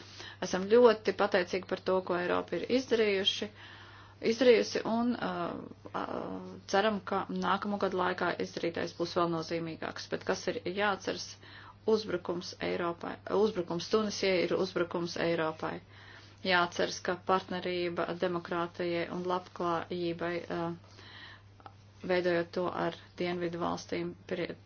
Esam ļoti pateicīgi par to, ko Eiropa ir izdarījuši. Uh, izdarījusi un uh, uh, ceram, ka nākamo gadu laikā izdarītais būs vēl nozīmīgāks. Bet kas ir jāatceras? Uzbrukums Eiropai, uzbrukums Tunisijai ir uzbrukums Eiropai. Jāatceras, ka partnerība demokrātijai un labklājībai, uh, veidojot to ar dienvidu valstīm,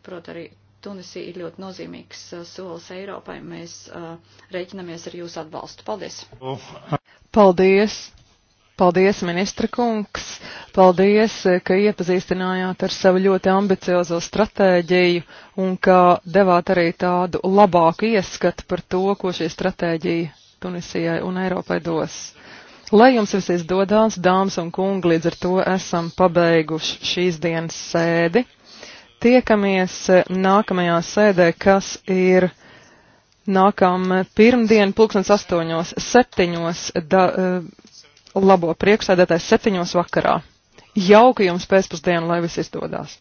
prot arī Tunisija ir ļoti nozīmīgs uh, solis Eiropai. Mēs uh, reiķinamies ar jūsu atbalstu. Paldies! Paldies! Paldies, ministra kungs! Paldies, ka iepazīstinājāt ar savu ļoti ambiciozo stratēģiju un ka devāt arī tādu labāku ieskatu par to, ko šī stratēģija Tunisijai un Eiropai dos. Lai jums viss izdodās, dāmas un kungi, līdz ar to esam pabeiguši šīs dienas sēdi. Tiekamies nākamajā sēdē, kas ir nākam pirmdien, pulkstens astoņos, septiņos. Da, eh, labo priekšsēdētājs septiņos vakarā. Jauka jums pēcpusdiena, lai viss izdodās!